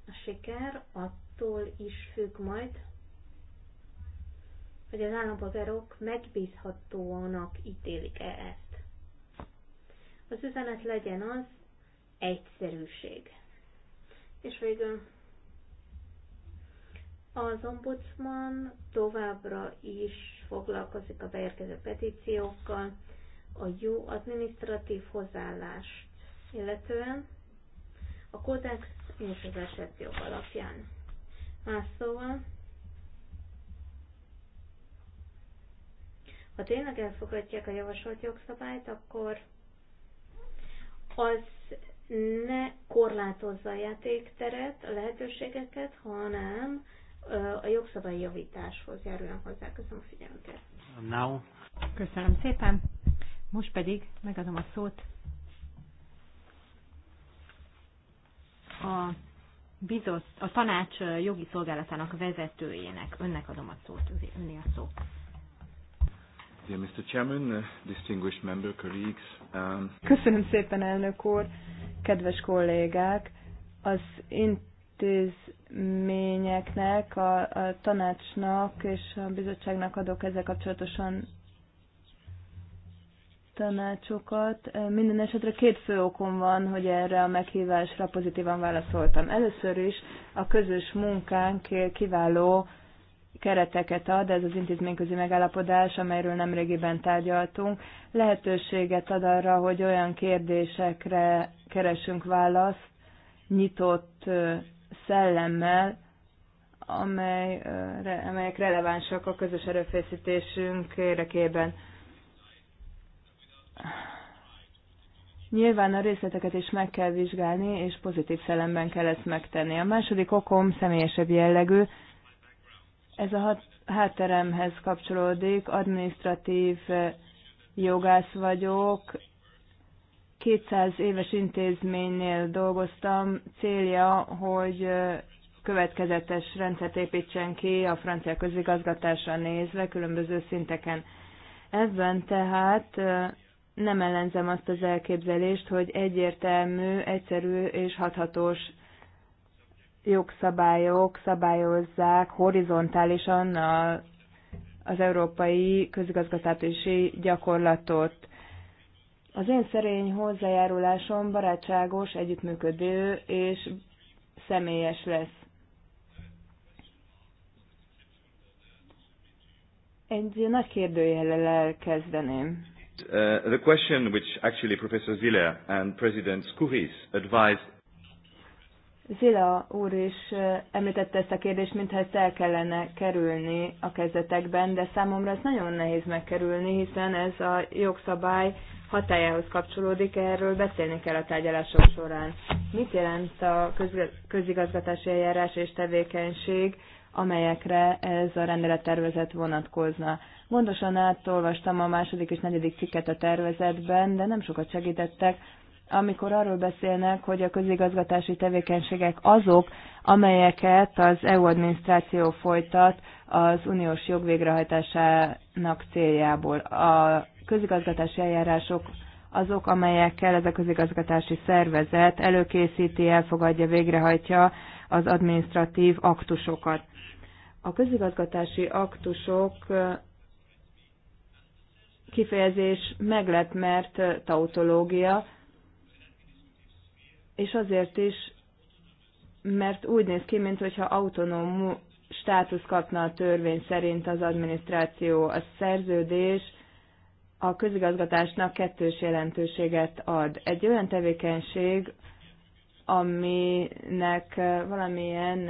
A siker attól is függ majd, hogy az állampolgárok megbízhatóanak ítélik-e ezt. Az üzenet legyen az egyszerűség. És végül az ombudsman továbbra is foglalkozik a beérkező petíciókkal, a jó adminisztratív hozzáállást illetően, a kódex és az esetjog alapján. Más szóval, ha tényleg elfogadják a javasolt jogszabályt, akkor az ne korlátozza a játékteret, a lehetőségeket, hanem a jogszabályi javításhoz járuljon hozzá. Köszönöm a figyelmüket. Now. Köszönöm szépen. Most pedig megadom a szót a, bizot, a tanács jogi szolgálatának vezetőjének. Önnek adom a szót, önné a szó. Dear Mr. Chairman, uh, distinguished member, colleagues. Um... Köszönöm szépen, elnök úr, kedves kollégák. Az intézményeknek, a, a tanácsnak és a bizottságnak adok ezzel kapcsolatosan tanácsokat. Minden esetre két fő okom van, hogy erre a meghívásra pozitívan válaszoltam. Először is a közös munkánk kiváló kereteket ad, ez az intézményközi megállapodás, amelyről nemrégiben tárgyaltunk, lehetőséget ad arra, hogy olyan kérdésekre keresünk választ nyitott szellemmel, amelyek relevánsak a közös erőfészítésünk érdekében. Nyilván a részleteket is meg kell vizsgálni, és pozitív szellemben kell ezt megtenni. A második okom személyesebb jellegű. Ez a hat, hátteremhez kapcsolódik, administratív eh, jogász vagyok, 200 éves intézménynél dolgoztam, célja, hogy eh, következetes rendszert építsen ki a francia közigazgatásra nézve, különböző szinteken. Ebben tehát eh, nem ellenzem azt az elképzelést, hogy egyértelmű, egyszerű és hathatós jogszabályok szabályozzák horizontálisan a, az európai közigazgatási gyakorlatot. Az én szerény hozzájárulásom barátságos, együttműködő és személyes lesz. Egy nagy kérdőjellel kezdeném. Uh, the question which actually Professor Ziller and President Skouris advised Zila úr is uh, említette ezt a kérdést, mintha ezt el kellene kerülni a kezdetekben, de számomra ez nagyon nehéz megkerülni, hiszen ez a jogszabály hatájához kapcsolódik, erről beszélni kell a tárgyalások során. Mit jelent a közigazgatási eljárás és tevékenység, amelyekre ez a rendelettervezet vonatkozna? Gondosan átolvastam a második és negyedik cikket a tervezetben, de nem sokat segítettek, amikor arról beszélnek, hogy a közigazgatási tevékenységek azok, amelyeket az EU adminisztráció folytat az uniós jog végrehajtásának céljából. A közigazgatási eljárások azok, amelyekkel ez a közigazgatási szervezet előkészíti, elfogadja, végrehajtja az adminisztratív aktusokat. A közigazgatási aktusok kifejezés meglett, mert tautológia, és azért is, mert úgy néz ki, mintha autonóm státusz kapna a törvény szerint az adminisztráció. A szerződés a közigazgatásnak kettős jelentőséget ad. Egy olyan tevékenység, aminek valamilyen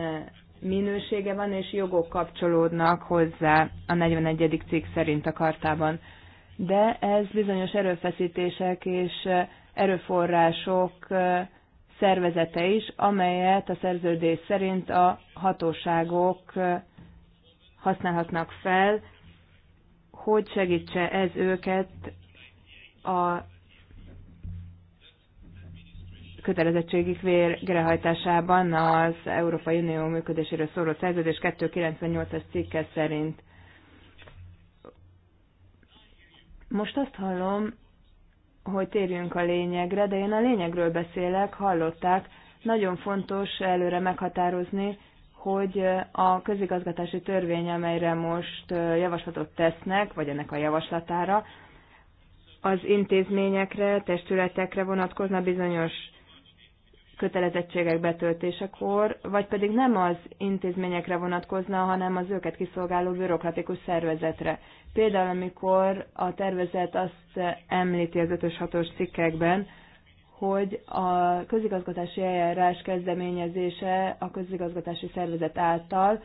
minősége van, és jogok kapcsolódnak hozzá a 41. cikk szerint a kartában de ez bizonyos erőfeszítések és erőforrások szervezete is, amelyet a szerződés szerint a hatóságok használhatnak fel, hogy segítse ez őket a kötelezettségük végrehajtásában az Európai Unió működéséről szóló szerződés 298-as cikke szerint. Most azt hallom, hogy térjünk a lényegre, de én a lényegről beszélek, hallották, nagyon fontos előre meghatározni, hogy a közigazgatási törvény, amelyre most javaslatot tesznek, vagy ennek a javaslatára, az intézményekre, testületekre vonatkozna bizonyos kötelezettségek betöltésekor, vagy pedig nem az intézményekre vonatkozna, hanem az őket kiszolgáló bürokratikus szervezetre. Például, amikor a tervezet azt említi az 5-6-os cikkekben, hogy a közigazgatási eljárás kezdeményezése a közigazgatási szervezet által,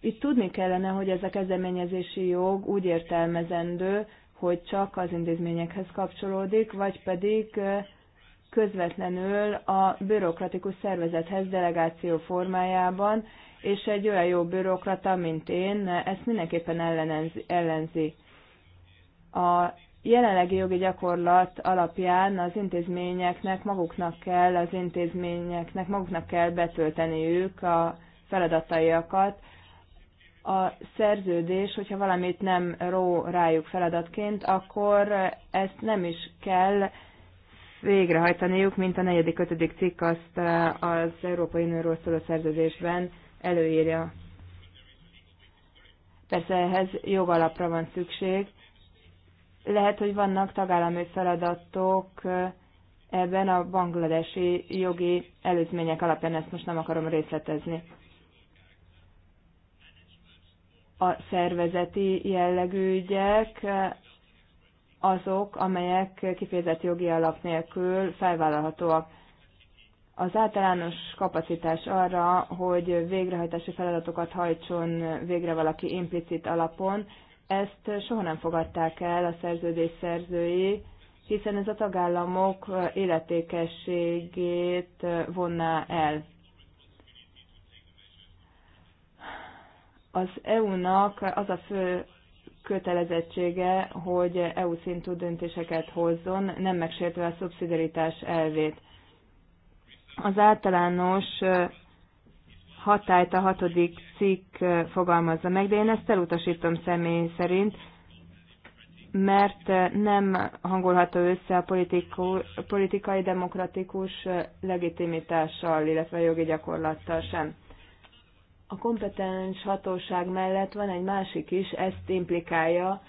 itt tudni kellene, hogy ez a kezdeményezési jog úgy értelmezendő, hogy csak az intézményekhez kapcsolódik, vagy pedig közvetlenül a bürokratikus szervezethez delegáció formájában, és egy olyan jó bürokrata, mint én, ezt mindenképpen ellenzi. ellenzi. A jelenlegi jogi gyakorlat alapján az intézményeknek maguknak kell, az intézményeknek maguknak kell betölteniük a feladataiakat. A szerződés, hogyha valamit nem ró rájuk feladatként, akkor ezt nem is kell végrehajtaniuk, mint a negyedik, ötödik cikk azt az Európai Unióról szóló szerződésben előírja. Persze ehhez jogalapra van szükség. Lehet, hogy vannak tagállami feladatok ebben a bangladesi jogi előzmények alapján, ezt most nem akarom részletezni. A szervezeti jellegű ügyek azok, amelyek kifejezett jogi alap nélkül felvállalhatóak. Az általános kapacitás arra, hogy végrehajtási feladatokat hajtson végre valaki implicit alapon, ezt soha nem fogadták el a szerződés szerzői, hiszen ez a tagállamok életékességét vonná el. Az EU-nak az a fő kötelezettsége, hogy EU szintű döntéseket hozzon, nem megsértve a szubszidiaritás elvét. Az általános hatályt a hatodik cikk fogalmazza meg, de én ezt elutasítom személy szerint, mert nem hangolható össze a politikai demokratikus legitimitással, illetve a jogi gyakorlattal sem a kompetens hatóság mellett van egy másik is, ezt implikálja,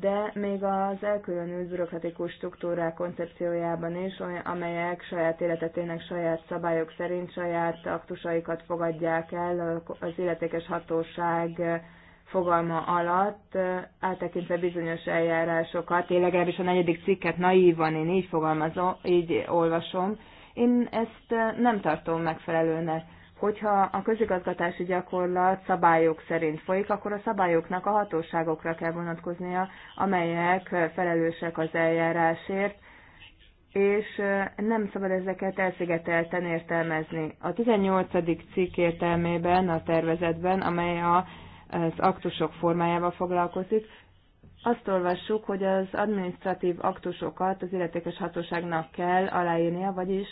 de még az elkülönült bürokratikus struktúrák koncepciójában is, amelyek saját életetének saját szabályok szerint saját aktusaikat fogadják el az illetékes hatóság fogalma alatt, áttekintve bizonyos eljárásokat, én legalábbis a negyedik cikket naívan én így fogalmazom, így olvasom, én ezt nem tartom megfelelőnek hogyha a közigazgatási gyakorlat szabályok szerint folyik, akkor a szabályoknak a hatóságokra kell vonatkoznia, amelyek felelősek az eljárásért, és nem szabad ezeket elszigetelten értelmezni. A 18. cikk értelmében a tervezetben, amely a, az aktusok formájával foglalkozik, azt olvassuk, hogy az administratív aktusokat az illetékes hatóságnak kell aláírnia, vagyis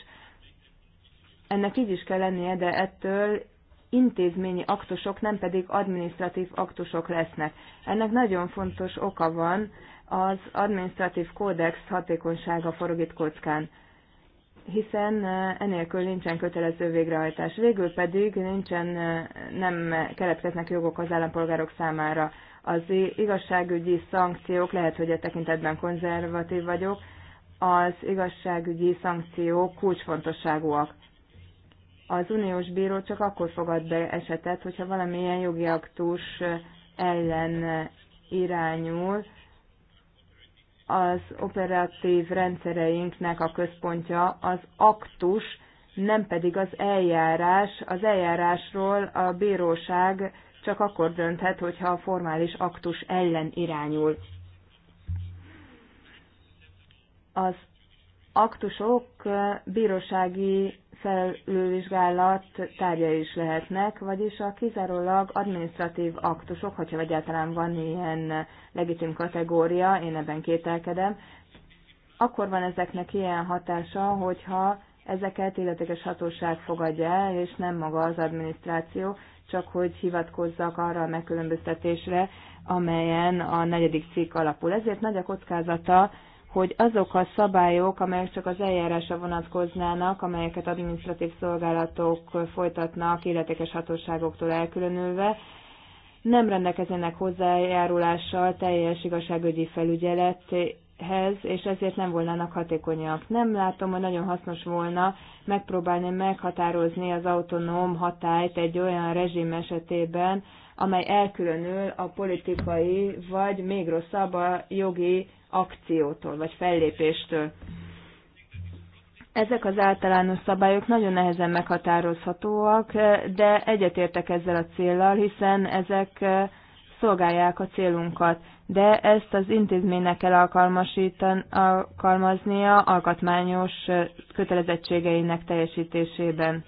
ennek így is kell lennie, de ettől intézményi aktusok, nem pedig administratív aktusok lesznek. Ennek nagyon fontos oka van, az administratív kódex hatékonysága forog itt kockán, hiszen eh, enélkül nincsen kötelező végrehajtás. Végül pedig nincsen, eh, nem keletkeznek jogok az állampolgárok számára. Az igazságügyi szankciók, lehet, hogy a e tekintetben konzervatív vagyok, az igazságügyi szankciók kulcsfontosságúak az uniós bíró csak akkor fogad be esetet, hogyha valamilyen jogi aktus ellen irányul. Az operatív rendszereinknek a központja az aktus, nem pedig az eljárás. Az eljárásról a bíróság csak akkor dönthet, hogyha a formális aktus ellen irányul. Az aktusok bírósági felülvizsgálat tárgya is lehetnek, vagyis a kizárólag administratív aktusok, hogyha egyáltalán van ilyen legitim kategória, én ebben kételkedem, akkor van ezeknek ilyen hatása, hogyha ezeket illetékes hatóság fogadja el, és nem maga az adminisztráció, csak hogy hivatkozzak arra a megkülönböztetésre, amelyen a negyedik cikk alapul. Ezért nagy a kockázata hogy azok a szabályok, amelyek csak az eljárásra vonatkoznának, amelyeket adminisztratív szolgálatok folytatnak illetékes hatóságoktól elkülönülve, nem rendelkezének hozzájárulással teljes igazságügyi felügyelethez, és ezért nem volnának hatékonyak. Nem látom, hogy nagyon hasznos volna megpróbálni meghatározni az autonóm hatályt egy olyan rezsim esetében, amely elkülönül a politikai, vagy még rosszabb a jogi akciótól, vagy fellépéstől. Ezek az általános szabályok nagyon nehezen meghatározhatóak, de egyetértek ezzel a céllal, hiszen ezek eh, szolgálják a célunkat. De ezt az intézménynek kell alkalmaznia alkatmányos eh, kötelezettségeinek teljesítésében.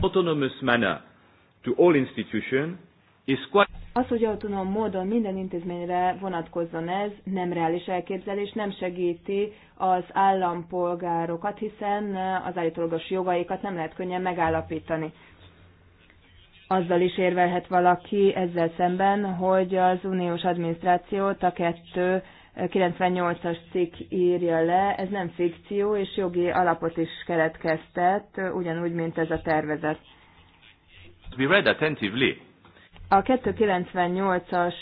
Autonomous manner to all institutions az, hogy autonóm módon minden intézményre vonatkozzon ez, nem reális elképzelés, nem segíti az állampolgárokat, hiszen az állítólagos jogaikat nem lehet könnyen megállapítani. Azzal is érvelhet valaki ezzel szemben, hogy az uniós adminisztrációt a 298 as cikk írja le, ez nem fikció, és jogi alapot is keletkeztet, ugyanúgy, mint ez a tervezet. We read attentively a 298-as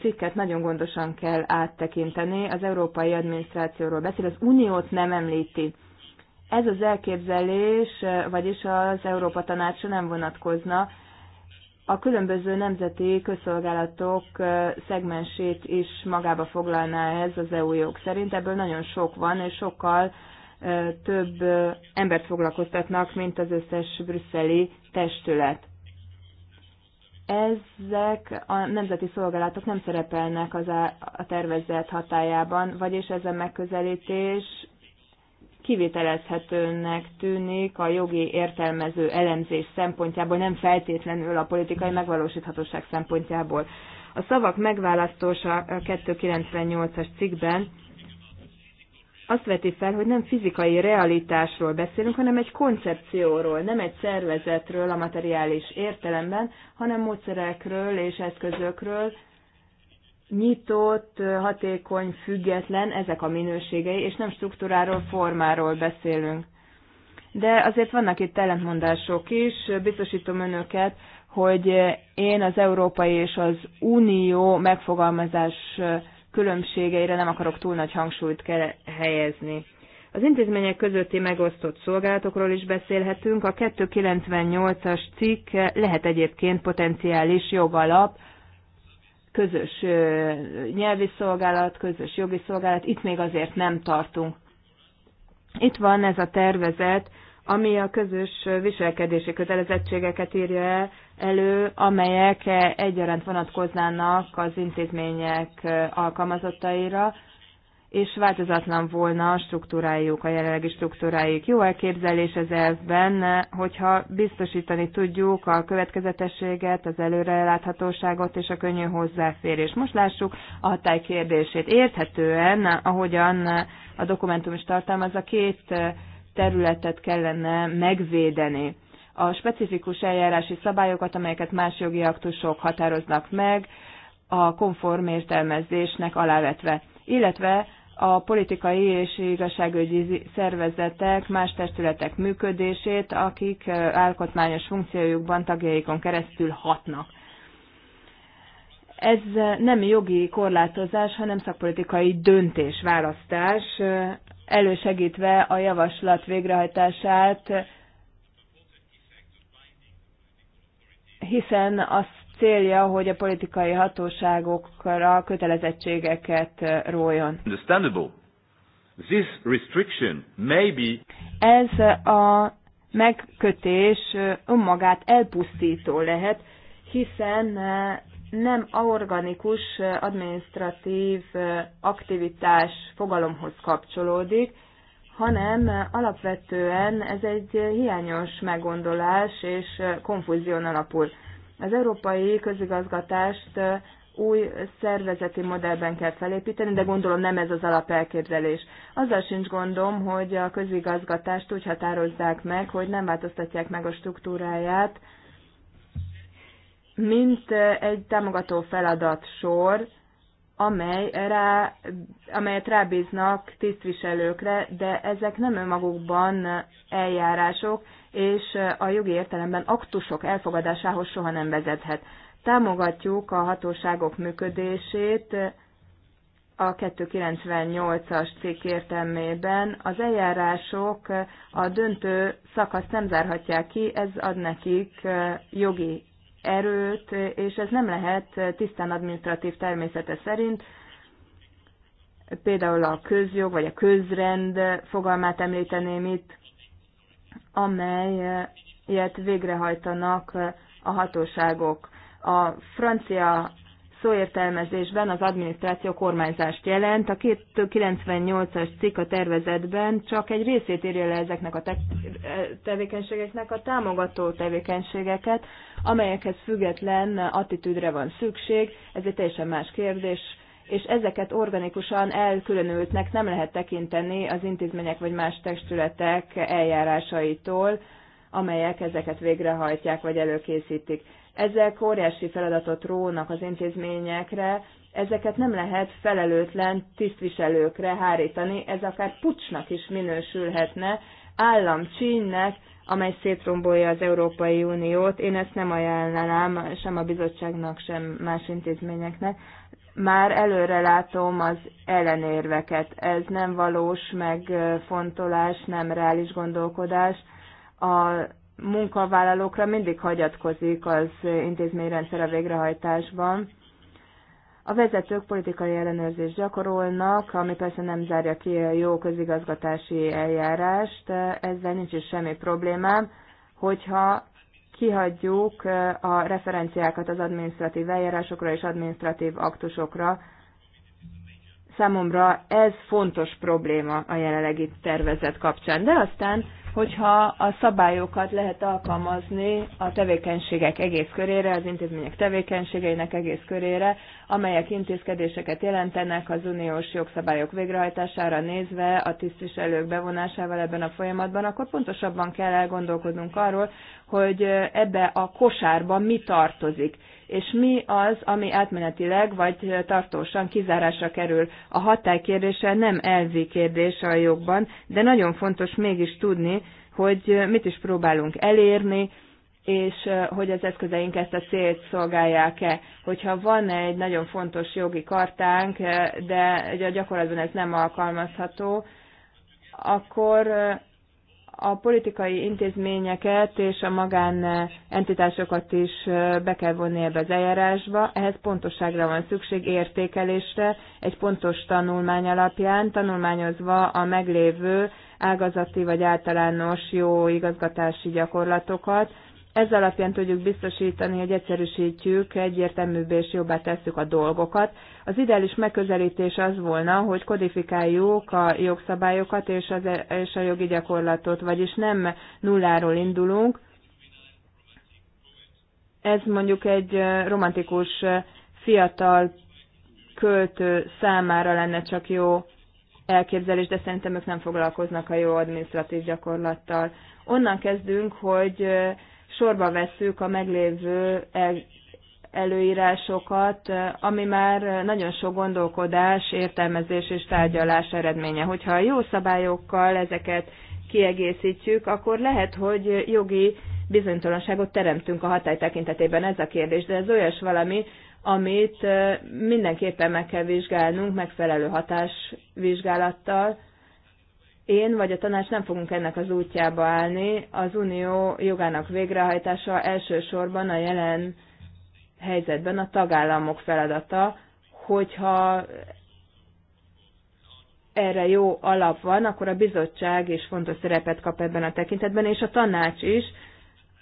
cikket nagyon gondosan kell áttekinteni, az európai adminisztrációról beszél, az uniót nem említi. Ez az elképzelés, vagyis az Európa Tanácsra nem vonatkozna, a különböző nemzeti közszolgálatok szegmensét is magába foglalná ez az EU jog szerint. Ebből nagyon sok van, és sokkal több embert foglalkoztatnak, mint az összes brüsszeli testület ezek a nemzeti szolgálatok nem szerepelnek az a, tervezett hatájában, vagyis ez a megközelítés kivitelezhetőnek tűnik a jogi értelmező elemzés szempontjából, nem feltétlenül a politikai megvalósíthatóság szempontjából. A szavak megválasztósa a 298-as cikkben azt veti fel, hogy nem fizikai realitásról beszélünk, hanem egy koncepcióról, nem egy szervezetről a materiális értelemben, hanem módszerekről és eszközökről, nyitott, hatékony, független, ezek a minőségei, és nem struktúráról, formáról beszélünk. De azért vannak itt ellentmondások is, biztosítom önöket, hogy én az európai és az unió megfogalmazás különbségeire nem akarok túl nagy hangsúlyt kell helyezni. Az intézmények közötti megosztott szolgálatokról is beszélhetünk. A 298-as cikk lehet egyébként potenciális jogalap, közös nyelvi szolgálat, közös jogi szolgálat. Itt még azért nem tartunk. Itt van ez a tervezet, ami a közös viselkedési kötelezettségeket írja el, elő, amelyek egyaránt vonatkoznának az intézmények alkalmazottaira, és változatlan volna a struktúrájuk, a jelenlegi struktúrájuk. Jó elképzelés ez elvben, hogyha biztosítani tudjuk a következetességet, az előreláthatóságot és a könnyű hozzáférés. Most lássuk a hatály kérdését. Érthetően, ahogyan a dokumentum is tartalmaz, a két területet kellene megvédeni a specifikus eljárási szabályokat, amelyeket más jogi aktusok határoznak meg, a konform értelmezésnek alávetve, illetve a politikai és igazságügyi szervezetek, más testületek működését, akik alkotmányos funkciójukban tagjaikon keresztül hatnak. Ez nem jogi korlátozás, hanem szakpolitikai döntés, választás, elősegítve a javaslat végrehajtását hiszen az célja, hogy a politikai hatóságokra kötelezettségeket rójon. This restriction may be... Ez a megkötés önmagát elpusztító lehet, hiszen nem organikus adminisztratív aktivitás fogalomhoz kapcsolódik, hanem eh, alapvetően ez egy hiányos meggondolás és eh, konfúzión alapul. Az európai közigazgatást eh, új szervezeti modellben kell felépíteni, de gondolom nem ez az alapelképzelés. Azzal sincs gondom, hogy a közigazgatást úgy határozzák meg, hogy nem változtatják meg a struktúráját, mint egy támogató feladatsor, amely rá, amelyet rábíznak tisztviselőkre, de ezek nem önmagukban eljárások, és a jogi értelemben aktusok elfogadásához soha nem vezethet. Támogatjuk a hatóságok működését a 298-as cikk értelmében. Az eljárások a döntő szakaszt nem zárhatják ki, ez ad nekik jogi erőt, és ez nem lehet tisztán administratív természete szerint. Például a közjog vagy a közrend fogalmát említeném itt, amelyet végrehajtanak a hatóságok. A francia szóértelmezésben az adminisztráció kormányzást jelent. A 298-as cikk a tervezetben csak egy részét írja le ezeknek a te tevékenységeknek, a támogató tevékenységeket, amelyekhez független attitűdre van szükség. Ez egy teljesen más kérdés, és ezeket organikusan elkülönültnek nem lehet tekinteni az intézmények vagy más testületek eljárásaitól, amelyek ezeket végrehajtják vagy előkészítik. Ezek óriási feladatot rónak az intézményekre, ezeket nem lehet felelőtlen tisztviselőkre hárítani, ez akár pucsnak is minősülhetne, államcsínnek, amely szétrombolja az Európai Uniót. Én ezt nem ajánlanám sem a bizottságnak, sem más intézményeknek. Már előre látom az ellenérveket. Ez nem valós megfontolás, nem reális gondolkodás. A munkavállalókra mindig hagyatkozik az intézményrendszer a végrehajtásban. A vezetők politikai ellenőrzést gyakorolnak, ami persze nem zárja ki a jó közigazgatási eljárást, ezzel nincs is semmi problémám, hogyha kihagyjuk a referenciákat az adminisztratív eljárásokra és adminisztratív aktusokra. Számomra ez fontos probléma a jelenlegi tervezet kapcsán, de aztán hogyha a szabályokat lehet alkalmazni a tevékenységek egész körére, az intézmények tevékenységeinek egész körére, amelyek intézkedéseket jelentenek az uniós jogszabályok végrehajtására nézve a tisztviselők bevonásával ebben a folyamatban, akkor pontosabban kell elgondolkodnunk arról, hogy ebbe a kosárba mi tartozik és mi az, ami átmenetileg vagy tartósan kizárásra kerül. A hatály kérdése nem elvi kérdés a jogban, de nagyon fontos mégis tudni, hogy mit is próbálunk elérni, és eh, hogy az eszközeink ezt a célt szolgálják-e. Hogyha van egy nagyon fontos jogi kartánk, eh, de a gyakorlatban ez nem alkalmazható, akkor eh, a politikai intézményeket és a magán eh, entitásokat is eh, be kell vonni ebbe az eljárásba. Ehhez pontosságra van szükség, értékelésre, egy pontos tanulmány alapján, tanulmányozva a meglévő ágazati vagy általános jó igazgatási gyakorlatokat, ez alapján tudjuk biztosítani, hogy egyszerűsítjük, egyértelműbbé és jobbá tesszük a dolgokat. Az ideális megközelítés az volna, hogy kodifikáljuk a jogszabályokat és, az, e- és a jogi gyakorlatot, vagyis nem nulláról indulunk. Ez mondjuk egy romantikus fiatal költő számára lenne csak jó elképzelés, de szerintem ők nem foglalkoznak a jó administratív gyakorlattal. Onnan kezdünk, hogy sorba vesszük a meglévő előírásokat, ami már nagyon sok gondolkodás, értelmezés és tárgyalás eredménye. Hogyha a jó szabályokkal ezeket kiegészítjük, akkor lehet, hogy jogi bizonytalanságot teremtünk a hatály tekintetében ez a kérdés, de ez olyas valami, amit mindenképpen meg kell vizsgálnunk megfelelő hatásvizsgálattal, én vagy a tanács nem fogunk ennek az útjába állni. Az unió jogának végrehajtása elsősorban a jelen helyzetben a tagállamok feladata, hogyha erre jó alap van, akkor a bizottság is fontos szerepet kap ebben a tekintetben, és a tanács is.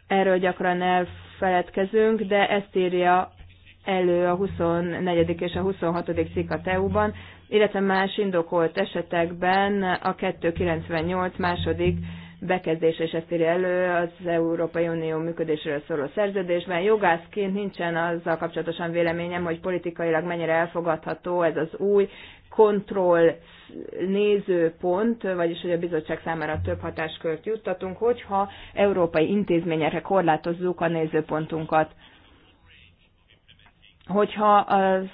Erről gyakran elfeledkezünk, de ezt írja elő a 24. és a 26. cikk a TEU-ban, illetve más indokolt esetekben a 298 második bekezdés, és ezt írja elő az Európai Unió működésről szóló szerződésben. Jogászként nincsen azzal kapcsolatosan véleményem, hogy politikailag mennyire elfogadható ez az új kontroll nézőpont, vagyis hogy a bizottság számára több hatáskört juttatunk, hogyha európai intézményekre korlátozzuk a nézőpontunkat. Hogyha az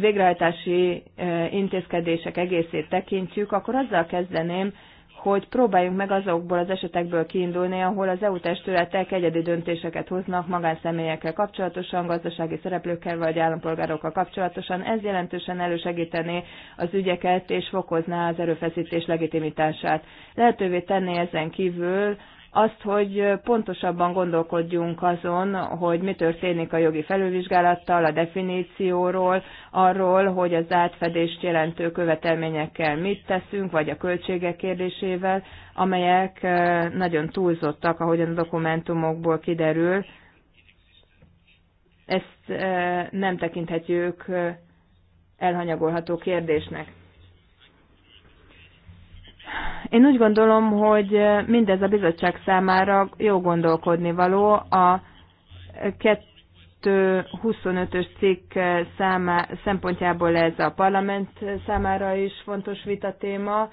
végrehajtási intézkedések egészét tekintjük, akkor azzal kezdeném, hogy próbáljunk meg azokból az esetekből kiindulni, ahol az EU testületek egyedi döntéseket hoznak magánszemélyekkel kapcsolatosan, gazdasági szereplőkkel vagy állampolgárokkal kapcsolatosan. Ez jelentősen elősegítené az ügyeket és fokozná az erőfeszítés legitimitását. Lehetővé tenné ezen kívül azt, hogy pontosabban gondolkodjunk azon, hogy mi történik a jogi felülvizsgálattal, a definícióról, arról, hogy az átfedést jelentő követelményekkel mit teszünk, vagy a költségek kérdésével, amelyek eh, nagyon túlzottak, ahogyan a dokumentumokból kiderül. Ezt eh, nem tekinthetjük eh, elhanyagolható kérdésnek. Én úgy gondolom, hogy mindez a bizottság számára jó gondolkodni való. A 225 ös cikk számá, szempontjából ez a parlament számára is fontos vitatéma,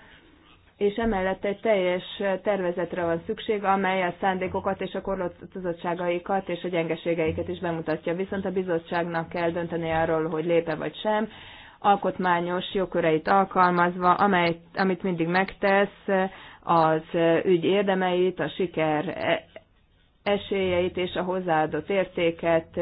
és emellett egy teljes tervezetre van szükség, amely a szándékokat és a korlátozottságaikat és a gyengeségeiket is bemutatja. Viszont a bizottságnak kell dönteni arról, hogy lépe vagy sem, alkotmányos jogköreit alkalmazva, amely, amit mindig megtesz, az ügy érdemeit, a siker e-, esélyeit és a hozzáadott értéket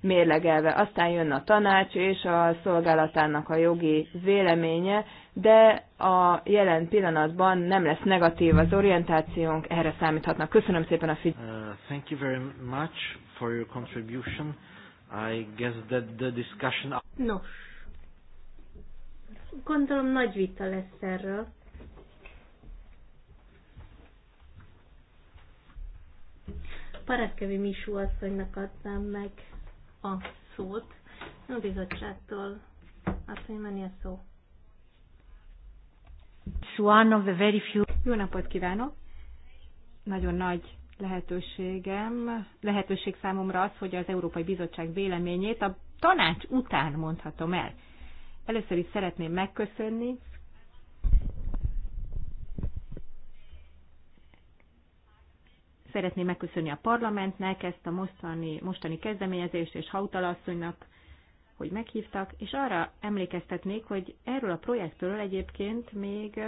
mérlegelve. Aztán jön a tanács és a szolgálatának a jogi véleménye, de a jelen pillanatban nem lesz negatív az orientációnk, erre számíthatnak. Köszönöm szépen a figyelmet. Uh, thank you very much for your contribution. I guess that the discussion... Nos, Gondolom nagy vita lesz erről. Paraszkevi Misú asszonynak adtam meg a szót. A bizottságtól azt mondja, a szó. One of the very few... Jó napot kívánok! Nagyon nagy lehetőségem, lehetőség számomra az, hogy az Európai Bizottság véleményét a tanács után mondhatom el. Először is szeretném megköszönni Szeretném megköszönni a parlamentnek ezt a mostani, mostani kezdeményezést, és Hautala asszonynak, hogy meghívtak, és arra emlékeztetnék, hogy erről a projektről egyébként még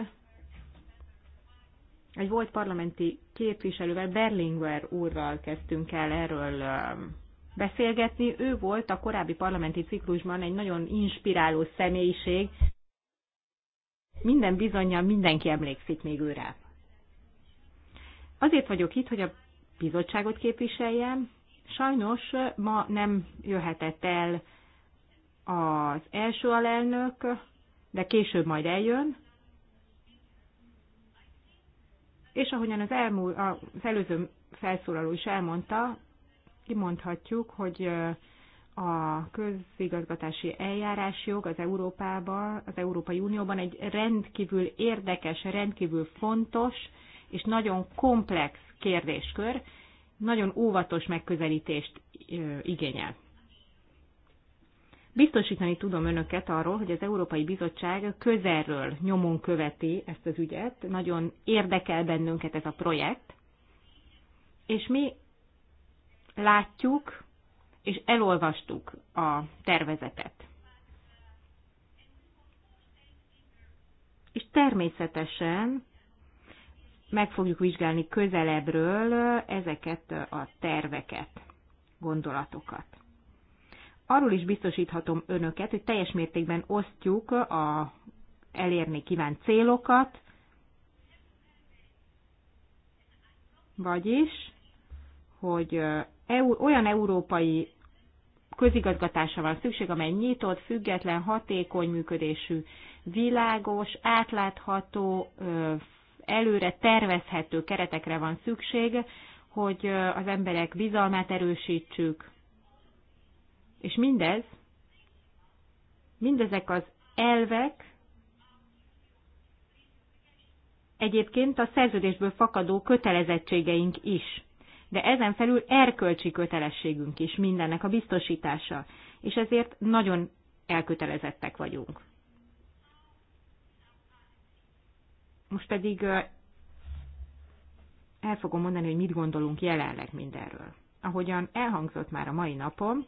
egy volt parlamenti képviselővel, Berlinguer úrral kezdtünk el erről um, beszélgetni. Ő volt a korábbi parlamenti ciklusban egy nagyon inspiráló személyiség. Minden bizonyja mindenki emlékszik még őre. Azért vagyok itt, hogy a bizottságot képviseljem. Sajnos ma nem jöhetett el az első alelnök, de később majd eljön. És ahogyan az, elmúl, az előző felszólaló is elmondta, kimondhatjuk, hogy a közigazgatási eljárásjog az Európában, az Európai Unióban egy rendkívül érdekes, rendkívül fontos és nagyon komplex kérdéskör, nagyon óvatos megközelítést igényel. Biztosítani tudom önöket arról, hogy az Európai Bizottság közelről nyomon követi ezt az ügyet, nagyon érdekel bennünket ez a projekt, és mi látjuk és elolvastuk a tervezetet. És természetesen meg fogjuk vizsgálni közelebbről ezeket a terveket, gondolatokat. Arról is biztosíthatom önöket, hogy teljes mértékben osztjuk a elérni kívánt célokat, vagyis hogy olyan európai közigazgatásra van szükség, amely nyitott, független, hatékony működésű, világos, átlátható, előre tervezhető keretekre van szükség, hogy az emberek bizalmát erősítsük. És mindez, mindezek az elvek egyébként a szerződésből fakadó kötelezettségeink is de ezen felül erkölcsi kötelességünk is mindennek a biztosítása, és ezért nagyon elkötelezettek vagyunk. Most pedig el fogom mondani, hogy mit gondolunk jelenleg mindenről. Ahogyan elhangzott már a mai napon,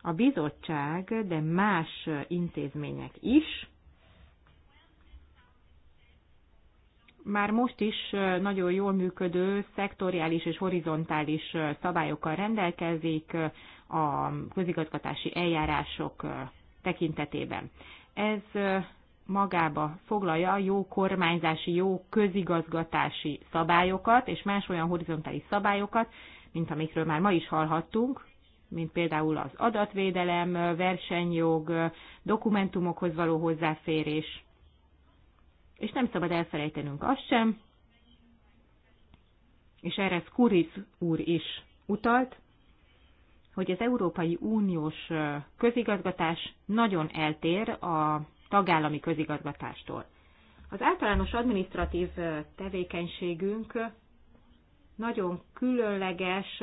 a bizottság, de más intézmények is már most is nagyon jól működő szektoriális és horizontális szabályokkal rendelkezik a közigazgatási eljárások tekintetében. Ez magába foglalja jó kormányzási, jó közigazgatási szabályokat, és más olyan horizontális szabályokat, mint amikről már ma is hallhattunk, mint például az adatvédelem, versenyjog, dokumentumokhoz való hozzáférés, és nem szabad elfelejtenünk azt sem, és erre Skuris úr is utalt, hogy az Európai Uniós közigazgatás nagyon eltér a tagállami közigazgatástól. Az általános administratív tevékenységünk nagyon különleges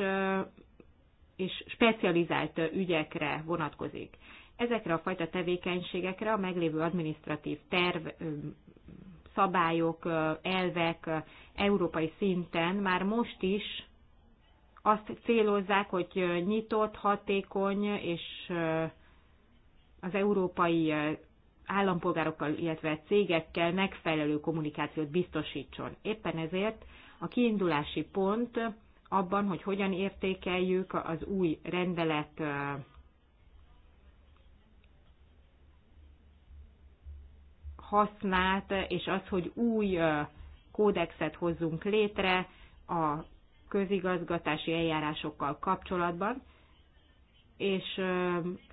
és specializált ügyekre vonatkozik. Ezekre a fajta tevékenységekre a meglévő administratív terv szabályok, elvek európai szinten már most is azt célozzák, hogy nyitott, hatékony és az európai állampolgárokkal, illetve cégekkel megfelelő kommunikációt biztosítson. Éppen ezért a kiindulási pont abban, hogy hogyan értékeljük az új rendelet hasznát, és az, hogy új kódexet hozzunk létre a közigazgatási eljárásokkal kapcsolatban, és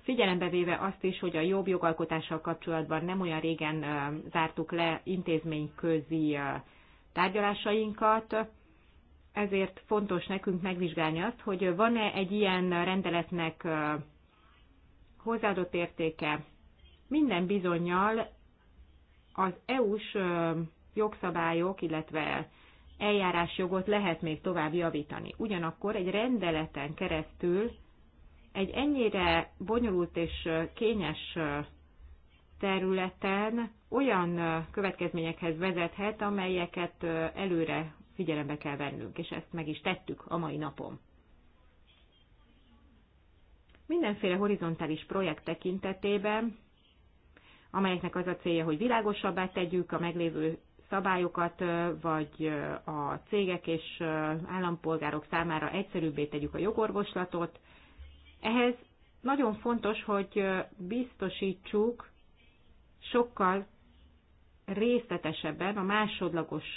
figyelembe véve azt is, hogy a jobb jogalkotással kapcsolatban nem olyan régen zártuk le intézményközi tárgyalásainkat, ezért fontos nekünk megvizsgálni azt, hogy van-e egy ilyen rendeletnek hozzáadott értéke. Minden bizonyal az EU-s jogszabályok, illetve eljárásjogot lehet még tovább javítani. Ugyanakkor egy rendeleten keresztül egy ennyire bonyolult és kényes területen olyan következményekhez vezethet, amelyeket előre figyelembe kell vennünk, és ezt meg is tettük a mai napon. Mindenféle horizontális projekt tekintetében amelyeknek az a célja, hogy világosabbá tegyük a meglévő szabályokat, vagy a cégek és állampolgárok számára egyszerűbbé tegyük a jogorvoslatot. Ehhez nagyon fontos, hogy biztosítsuk sokkal részletesebben a másodlagos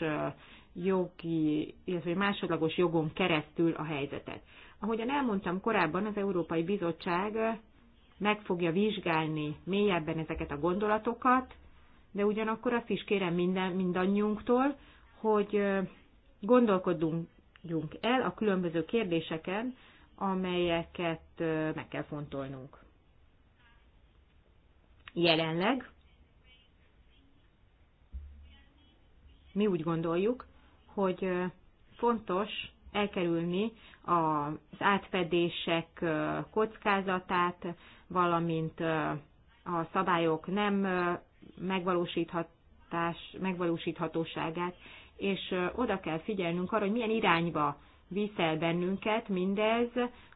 jogi, illetve másodlagos jogon keresztül a helyzetet. Ahogyan elmondtam korábban, az Európai Bizottság meg fogja vizsgálni mélyebben ezeket a gondolatokat, de ugyanakkor azt is kérem minden, mindannyiunktól, hogy gondolkodjunk el a különböző kérdéseken, amelyeket meg kell fontolnunk. Jelenleg mi úgy gondoljuk, hogy fontos elkerülni az átfedések kockázatát, valamint a szabályok nem megvalósíthatás, megvalósíthatóságát, és oda kell figyelnünk arra, hogy milyen irányba viszel bennünket mindez,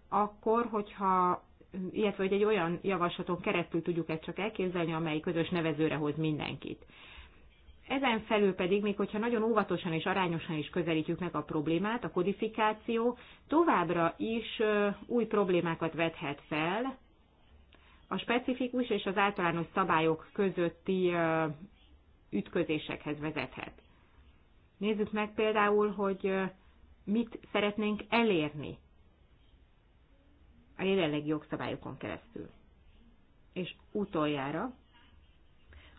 akkor, hogyha illetve hogy egy olyan javaslaton keresztül tudjuk ezt csak elképzelni, amely közös nevezőre hoz mindenkit. Ezen felül pedig, még hogyha nagyon óvatosan és arányosan is közelítjük meg a problémát, a kodifikáció továbbra is új problémákat vethet fel, a specifikus és az általános szabályok közötti ütközésekhez vezethet. Nézzük meg például, hogy mit szeretnénk elérni a jelenlegi jogszabályokon keresztül. És utoljára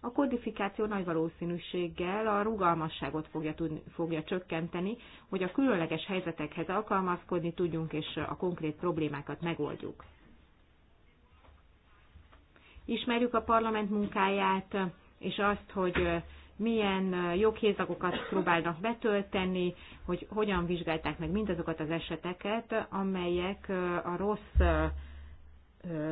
a kodifikáció nagy valószínűséggel a rugalmasságot fogja, tudni, fogja csökkenteni, hogy a különleges helyzetekhez alkalmazkodni tudjunk és a konkrét problémákat megoldjuk ismerjük a parlament munkáját, és azt, hogy milyen joghézagokat próbálnak betölteni, hogy hogyan vizsgálták meg mindazokat az eseteket, amelyek a rossz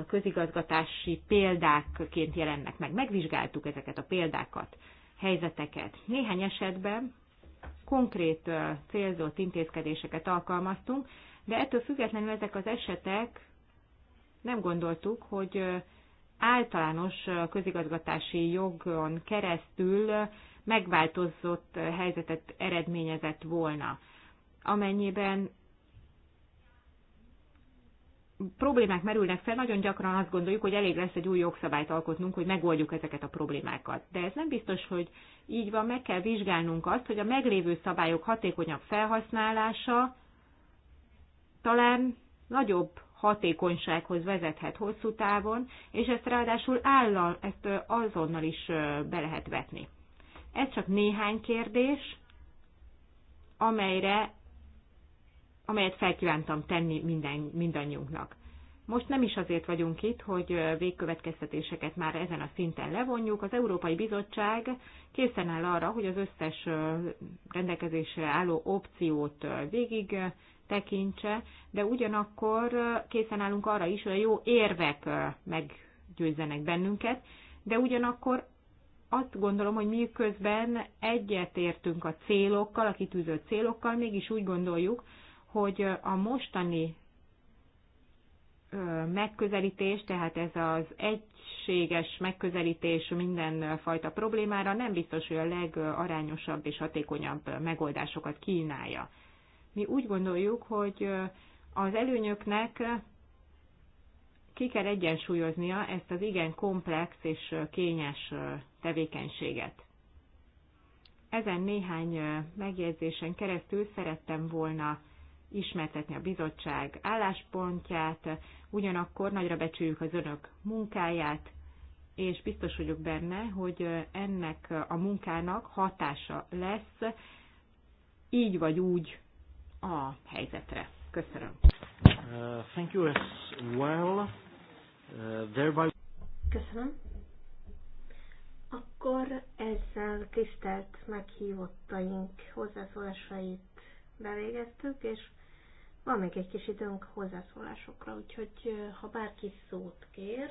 közigazgatási példákként jelennek meg. Megvizsgáltuk ezeket a példákat, helyzeteket. Néhány esetben konkrét célzott intézkedéseket alkalmaztunk, de ettől függetlenül ezek az esetek nem gondoltuk, hogy általános közigazgatási jogon keresztül megváltozott helyzetet eredményezett volna. Amennyiben problémák merülnek fel, nagyon gyakran azt gondoljuk, hogy elég lesz egy új jogszabályt alkotnunk, hogy megoldjuk ezeket a problémákat. De ez nem biztos, hogy így van, meg kell vizsgálnunk azt, hogy a meglévő szabályok hatékonyabb felhasználása talán nagyobb hatékonysághoz vezethet hosszú távon, és ezt ráadásul állal, ezt azonnal is be lehet vetni. Ez csak néhány kérdés, amelyre, amelyet felkívántam tenni minden, mindannyiunknak. Most nem is azért vagyunk itt, hogy végkövetkeztetéseket már ezen a szinten levonjuk. Az Európai Bizottság készen áll arra, hogy az összes rendelkezésre álló opciót végig tekintse, de ugyanakkor készen állunk arra is, hogy a jó érvek meggyőzzenek bennünket, de ugyanakkor azt gondolom, hogy mi közben egyetértünk a célokkal, a kitűzött célokkal, mégis úgy gondoljuk, hogy a mostani megközelítés, tehát ez az egységes megközelítés minden fajta problémára nem biztos, hogy a legarányosabb és hatékonyabb megoldásokat kínálja. Mi úgy gondoljuk, hogy az előnyöknek ki kell egyensúlyoznia ezt az igen komplex és kényes tevékenységet. Ezen néhány megjegyzésen keresztül szerettem volna ismertetni a bizottság álláspontját, ugyanakkor nagyra becsüljük az önök munkáját, és biztos vagyok benne, hogy ennek a munkának hatása lesz, így vagy úgy a helyzetre. Köszönöm. Uh, thank you as well. Uh, thereby... Köszönöm. Akkor ezzel tisztelt meghívottaink hozzászólásait bevégeztük, és van még egy kis időnk hozzászólásokra, úgyhogy ha bárki szót kér,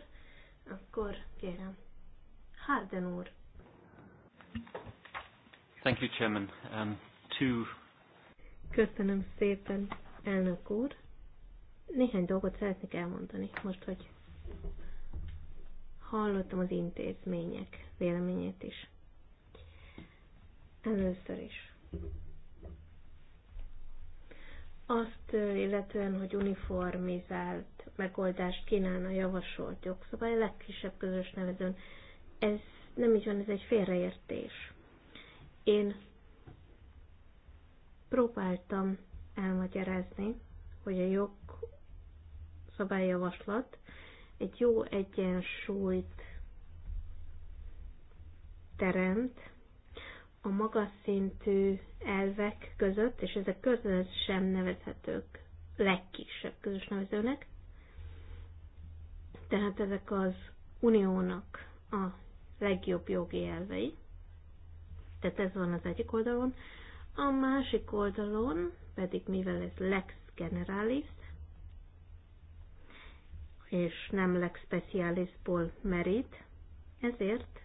akkor kérem. Harden úr. Thank you, Chairman. Um, two Köszönöm szépen, elnök úr. Néhány dolgot szeretnék elmondani most, hogy hallottam az intézmények véleményét is. Először is. Azt illetően, hogy uniformizált megoldást kínálna a javasolt jogszabály, a legkisebb közös nevezőn, ez nem így van, ez egy félreértés. Én Próbáltam elmagyarázni, hogy a jog szabályjavaslat egy jó egyensúlyt teremt a magas szintű elvek között, és ezek között sem nevezhetők legkisebb közös nevezőnek. Tehát ezek az uniónak a legjobb jogi elvei. Tehát ez van az egyik oldalon. A másik oldalon pedig, mivel ez lex generalis, és nem lex specialisból merít, ezért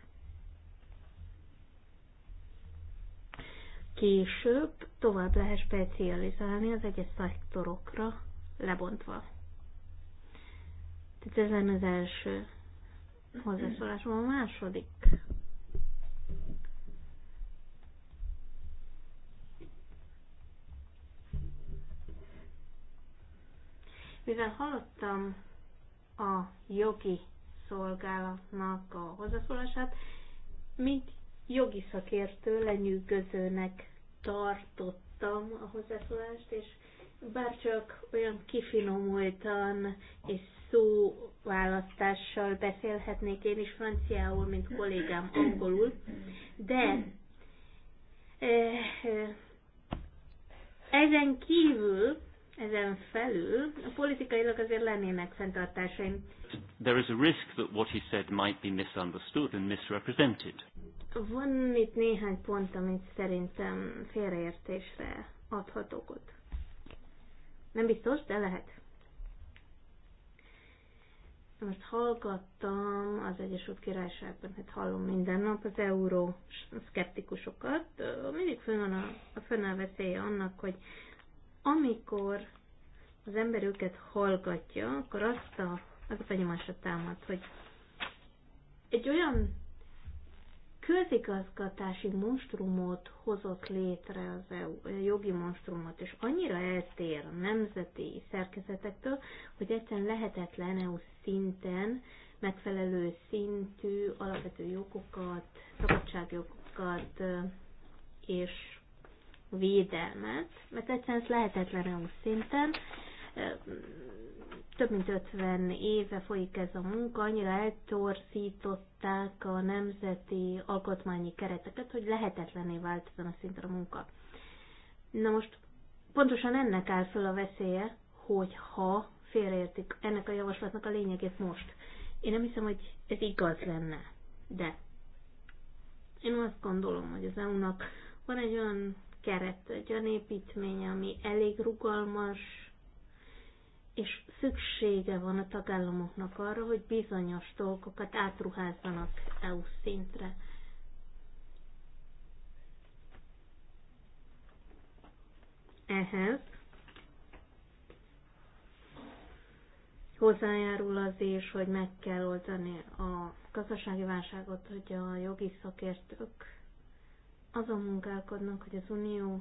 később tovább lehet specializálni az egyes szektorokra lebontva. Tehát ez lenne az első hozzászólásom. A második Mivel hallottam a jogi szolgálatnak a hozzászólását, mint jogi szakértő lenyűgözőnek tartottam a hozzászólást, és bárcsak olyan kifinomultan és szóválasztással beszélhetnék én is franciául, mint kollégám angolul, de eh, eh, ezen kívül ezen felül a politikailag azért lennének fenntartásaim. There is a risk that what he said might be misunderstood and misrepresented. Van itt néhány pont, amit szerintem félreértésre adhatok okot. Nem biztos, de lehet. Most hallgattam az Egyesült Királyságban, hát hallom minden nap az euró szkeptikusokat. Mindig fönn, van a, fönn a veszélye annak, hogy amikor az ember őket hallgatja, akkor azt a, az a benyomásra támad, hogy egy olyan közigazgatási monstrumot hozott létre az EU, a jogi monstrumot, és annyira eltér a nemzeti szerkezetektől, hogy egyszerűen lehetetlen EU szinten megfelelő szintű alapvető jogokat, szabadságjogokat és védelmet, mert egyszerűen ez lehetetlen EU szinten. Több mint 50 éve folyik ez a munka, annyira eltorzították a nemzeti alkotmányi kereteket, hogy lehetetlené vált ezen a szinten a munka. Na most pontosan ennek áll föl a veszélye, hogy ha félreértik ennek a javaslatnak a lényegét most. Én nem hiszem, hogy ez igaz lenne, de én azt gondolom, hogy az EU-nak van egy olyan keret, egy olyan építmény, ami elég rugalmas, és szüksége van a tagállamoknak arra, hogy bizonyos dolgokat átruházzanak EU szintre. Ehhez hozzájárul az is, hogy meg kell oldani a gazdasági válságot, hogy a jogi szakértők azon munkálkodnak, hogy az Unió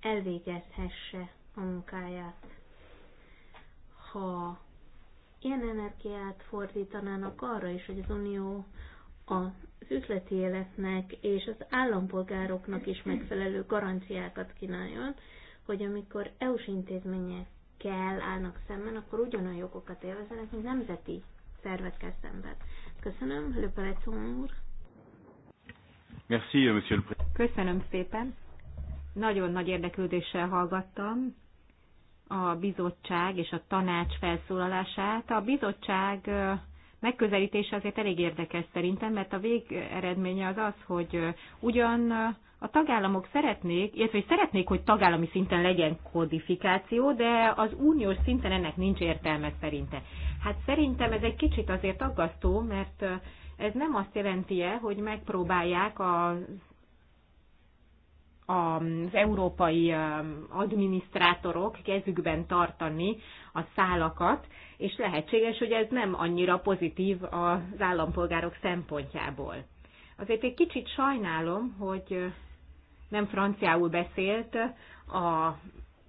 elvégezhesse a munkáját. Ha ilyen energiát fordítanának arra is, hogy az Unió az üzleti életnek és az állampolgároknak is megfelelő garanciákat kínáljon, hogy amikor EU-s intézményekkel állnak szemben, akkor ugyanolyan jogokat élvezenek, mint nemzeti szervekkel szemben. Köszönöm, Löpelecon úr! Merci, euh, monsieur le Köszönöm szépen. Nagyon nagy érdeklődéssel hallgattam a bizottság és a tanács felszólalását. A bizottság megközelítése azért elég érdekes szerintem, mert a végeredménye az az, hogy ugyan a tagállamok szeretnék, illetve hogy szeretnék, hogy tagállami szinten legyen kodifikáció, de az uniós szinten ennek nincs értelme szerinte. Hát szerintem ez egy kicsit azért aggasztó, mert ez nem azt jelenti-e, hogy megpróbálják az az európai um, adminisztrátorok kezükben tartani a szálakat, és lehetséges, hogy ez nem annyira pozitív az állampolgárok szempontjából. Azért egy kicsit sajnálom, hogy nem franciául beszélt a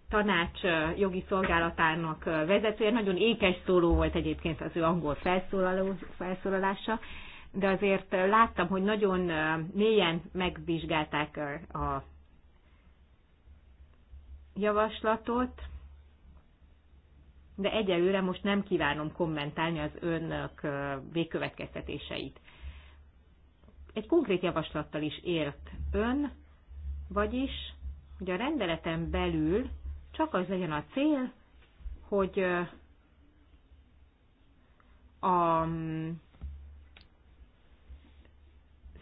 tanács jogi szolgálatának vezetője, nagyon ékes szóló volt egyébként az ő angol felszólalása, de azért láttam, hogy nagyon mélyen megvizsgálták a javaslatot, de egyelőre most nem kívánom kommentálni az önök végkövetkeztetéseit. Egy konkrét javaslattal is ért ön, vagyis, hogy a rendeleten belül csak az legyen a cél, hogy a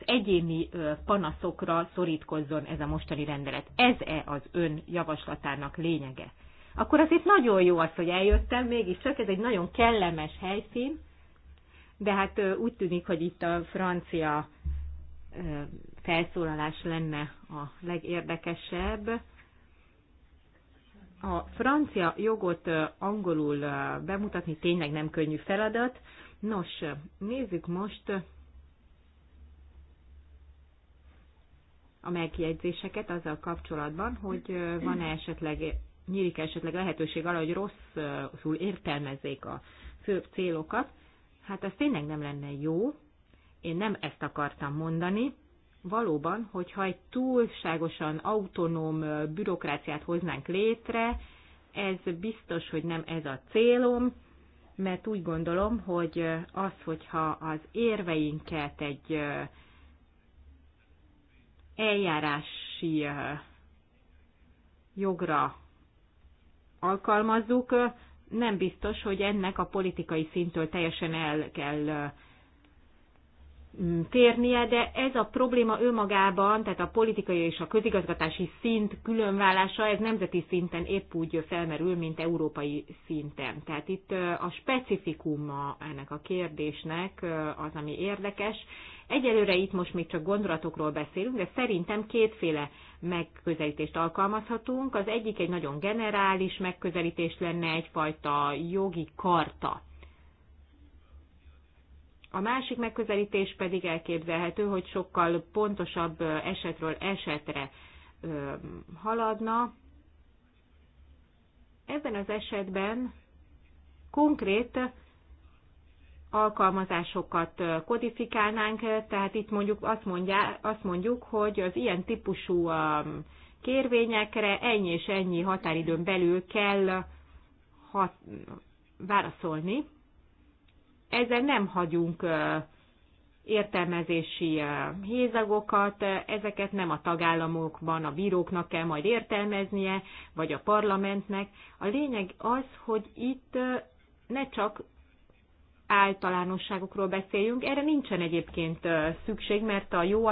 egyéni panaszokra szorítkozzon ez a mostani rendelet. Ez-e az ön javaslatának lényege? Akkor azért nagyon jó az, hogy eljöttem, mégiscsak ez egy nagyon kellemes helyszín, de hát úgy tűnik, hogy itt a francia felszólalás lenne a legérdekesebb. A francia jogot angolul bemutatni tényleg nem könnyű feladat. Nos, nézzük most a megjegyzéseket azzal kapcsolatban, hogy van-e esetleg, nyílik -e esetleg lehetőség arra, hogy rosszul értelmezzék a fő célokat. Hát ez tényleg nem lenne jó. Én nem ezt akartam mondani. Valóban, hogyha egy túlságosan autonóm bürokráciát hoznánk létre, ez biztos, hogy nem ez a célom, mert úgy gondolom, hogy az, hogyha az érveinket egy eljárási jogra alkalmazzuk, nem biztos, hogy ennek a politikai szintől teljesen el kell térnie, de ez a probléma önmagában, tehát a politikai és a közigazgatási szint különválása, ez nemzeti szinten épp úgy felmerül, mint európai szinten. Tehát itt a specifikuma ennek a kérdésnek az, ami érdekes, Egyelőre itt most még csak gondolatokról beszélünk, de szerintem kétféle megközelítést alkalmazhatunk. Az egyik egy nagyon generális megközelítés lenne, egyfajta jogi karta. A másik megközelítés pedig elképzelhető, hogy sokkal pontosabb esetről esetre haladna. Ebben az esetben konkrét alkalmazásokat kodifikálnánk, tehát itt mondjuk azt, mondja, azt mondjuk, hogy az ilyen típusú kérvényekre ennyi és ennyi határidőn belül kell hat, válaszolni. Ezzel nem hagyunk értelmezési hézagokat, ezeket nem a tagállamokban a bíróknak kell majd értelmeznie, vagy a parlamentnek. A lényeg az, hogy itt ne csak általánosságokról beszéljünk. Erre nincsen egyébként szükség, mert a jó,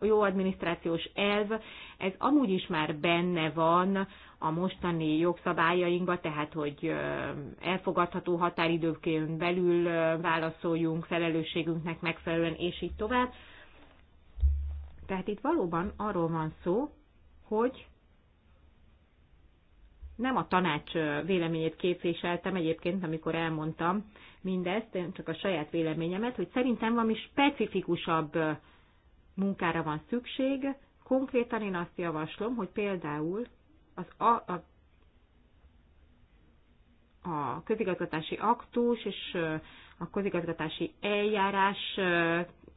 jó adminisztrációs elv, ez amúgy is már benne van a mostani jogszabályainkba, tehát hogy elfogadható határidőként belül válaszoljunk felelősségünknek megfelelően, és így tovább. Tehát itt valóban arról van szó, hogy nem a tanács véleményét képviseltem egyébként, amikor elmondtam mindezt, én csak a saját véleményemet, hogy szerintem valami specifikusabb munkára van szükség. Konkrétan én azt javaslom, hogy például az a, a, a közigazgatási aktus és a közigazgatási eljárás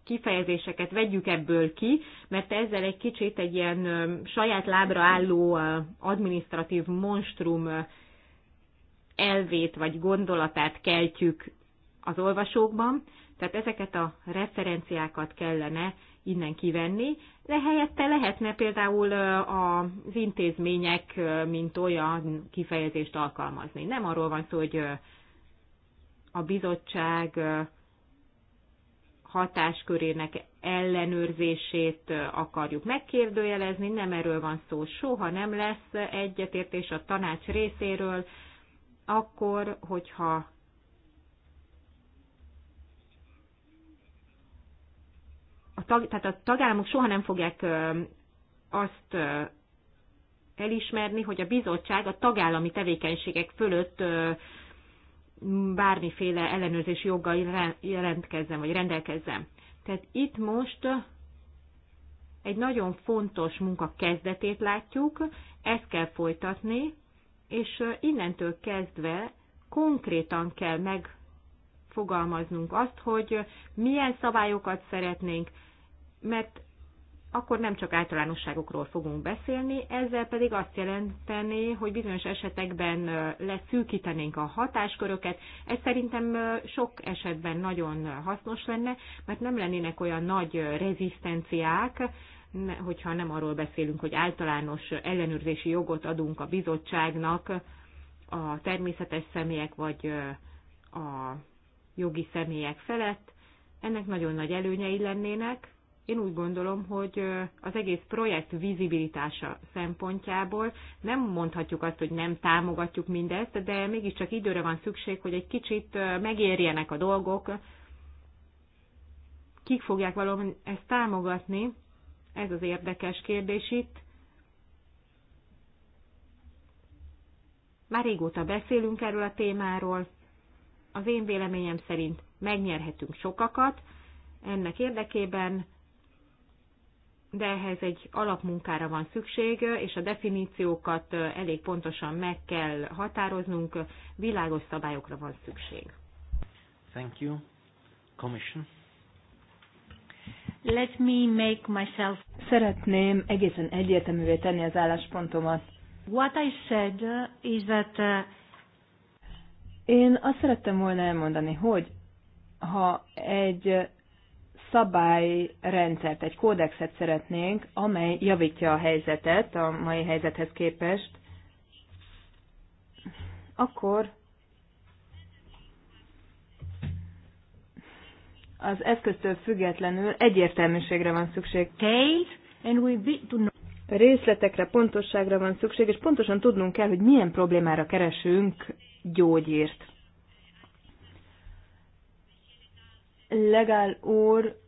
kifejezéseket vegyük ebből ki, mert ezzel egy kicsit egy ilyen saját lábra álló administratív monstrum elvét vagy gondolatát keltjük az olvasókban, tehát ezeket a referenciákat kellene innen kivenni, de helyette lehetne például az intézmények, mint olyan kifejezést alkalmazni. Nem arról van szó, hogy a bizottság hatáskörének ellenőrzését akarjuk megkérdőjelezni, nem erről van szó, soha nem lesz egyetértés a tanács részéről, akkor, hogyha a tag, tehát a tagállamok soha nem fogják azt elismerni, hogy a bizottság a tagállami tevékenységek fölött bármiféle ellenőrzés joga jelentkezzen, vagy rendelkezzen. Tehát itt most egy nagyon fontos munka kezdetét látjuk, ezt kell folytatni, és innentől kezdve konkrétan kell megfogalmaznunk azt, hogy milyen szabályokat szeretnénk, mert akkor nem csak általánosságokról fogunk beszélni, ezzel pedig azt jelenteni, hogy bizonyos esetekben leszűkítenénk a hatásköröket. Ez szerintem sok esetben nagyon hasznos lenne, mert nem lennének olyan nagy rezisztenciák, hogyha nem arról beszélünk, hogy általános ellenőrzési jogot adunk a bizottságnak a természetes személyek vagy a jogi személyek felett. Ennek nagyon nagy előnyei lennének, én úgy gondolom, hogy az egész projekt vizibilitása szempontjából nem mondhatjuk azt, hogy nem támogatjuk mindezt, de mégiscsak időre van szükség, hogy egy kicsit megérjenek a dolgok, kik fogják valóban ezt támogatni, ez az érdekes kérdés itt. Már régóta beszélünk erről a témáról. Az én véleményem szerint megnyerhetünk sokakat. Ennek érdekében de ehhez egy alapmunkára van szükség, és a definíciókat elég pontosan meg kell határoznunk, világos szabályokra van szükség. Thank you. Commission. Let me make myself. Szeretném egészen egyértelművé tenni az álláspontomat. What I said is that uh... Én azt szerettem volna elmondani, hogy ha egy szabályrendszert, egy kódexet szeretnénk, amely javítja a helyzetet a mai helyzethez képest, akkor az eszköztől függetlenül egyértelműségre van szükség. Részletekre, pontosságra van szükség, és pontosan tudnunk kell, hogy milyen problémára keresünk gyógyírt Legál úr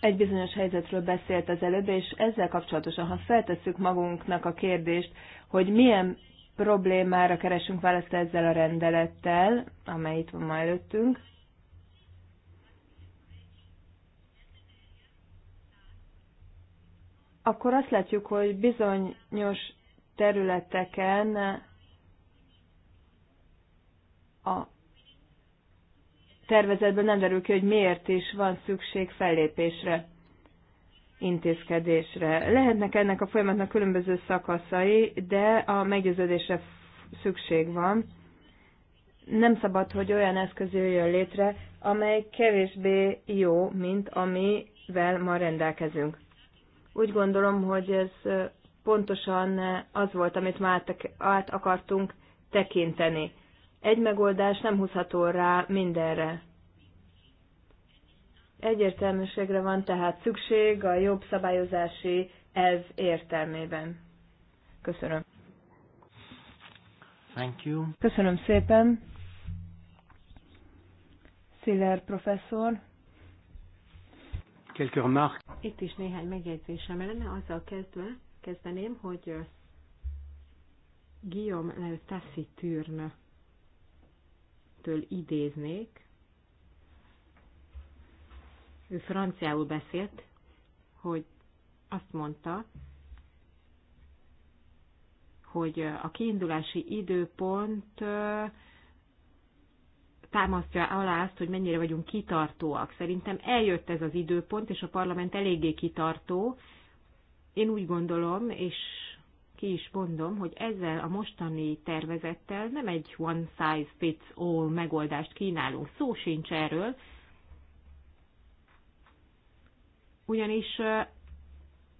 egy bizonyos helyzetről beszélt az előbb, és ezzel kapcsolatosan, ha feltesszük magunknak a kérdést, hogy milyen problémára keresünk választ ezzel a rendelettel, amely itt van ma előttünk, akkor azt látjuk, hogy bizonyos területeken a tervezetben nem derül ki, hogy miért is van szükség fellépésre, intézkedésre. Lehetnek ennek a folyamatnak különböző szakaszai, de a meggyőződésre szükség van. Nem szabad, hogy olyan eszköz jöjjön létre, amely kevésbé jó, mint amivel ma rendelkezünk. Úgy gondolom, hogy ez pontosan az volt, amit már át akartunk tekinteni. Egy megoldás nem húzható rá mindenre. Egyértelműségre van tehát szükség a jobb szabályozási elv értelmében. Köszönöm. Thank you. Köszönöm szépen. Sziller professzor. Itt is néhány megjegyzésem lenne, azzal kezdve, kezdeném, hogy uh, Guillaume Tassitűrne től idéznék. Ő franciául beszélt, hogy azt mondta, hogy a kiindulási időpont támasztja alá azt, hogy mennyire vagyunk kitartóak. Szerintem eljött ez az időpont, és a parlament eléggé kitartó. Én úgy gondolom, és ki is mondom, hogy ezzel a mostani tervezettel nem egy one size fits all megoldást kínálunk, szó sincs erről, ugyanis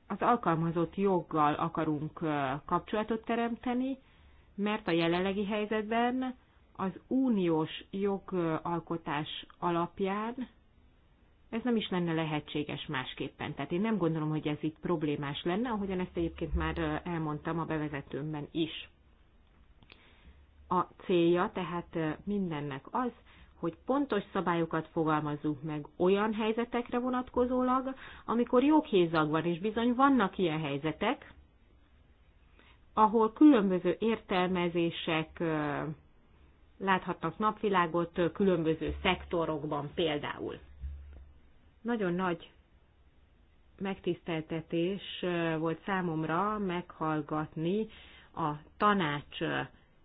az alkalmazott joggal akarunk kapcsolatot teremteni, mert a jelenlegi helyzetben az uniós jogalkotás alapján ez nem is lenne lehetséges másképpen. Tehát én nem gondolom, hogy ez itt problémás lenne, ahogyan ezt egyébként már elmondtam a bevezetőmben is. A célja tehát mindennek az, hogy pontos szabályokat fogalmazzunk meg olyan helyzetekre vonatkozólag, amikor joghézag van, és bizony vannak ilyen helyzetek, ahol különböző értelmezések láthatnak napvilágot különböző szektorokban például. Nagyon nagy megtiszteltetés volt számomra meghallgatni a tanács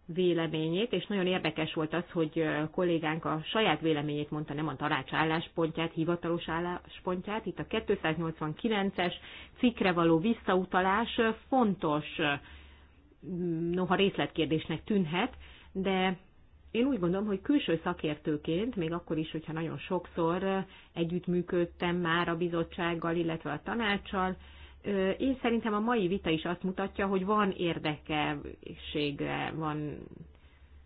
véleményét, és nagyon érdekes volt az, hogy kollégánk a saját véleményét mondta, nem a tanács álláspontját, hivatalos álláspontját. Itt a 289-es cikkre való visszautalás fontos, noha részletkérdésnek tűnhet, de én úgy gondolom, hogy külső szakértőként, még akkor is, hogyha nagyon sokszor eh, együttműködtem már a bizottsággal, illetve a tanácssal, eh, én szerintem a mai vita is azt mutatja, hogy van érdekeségre, van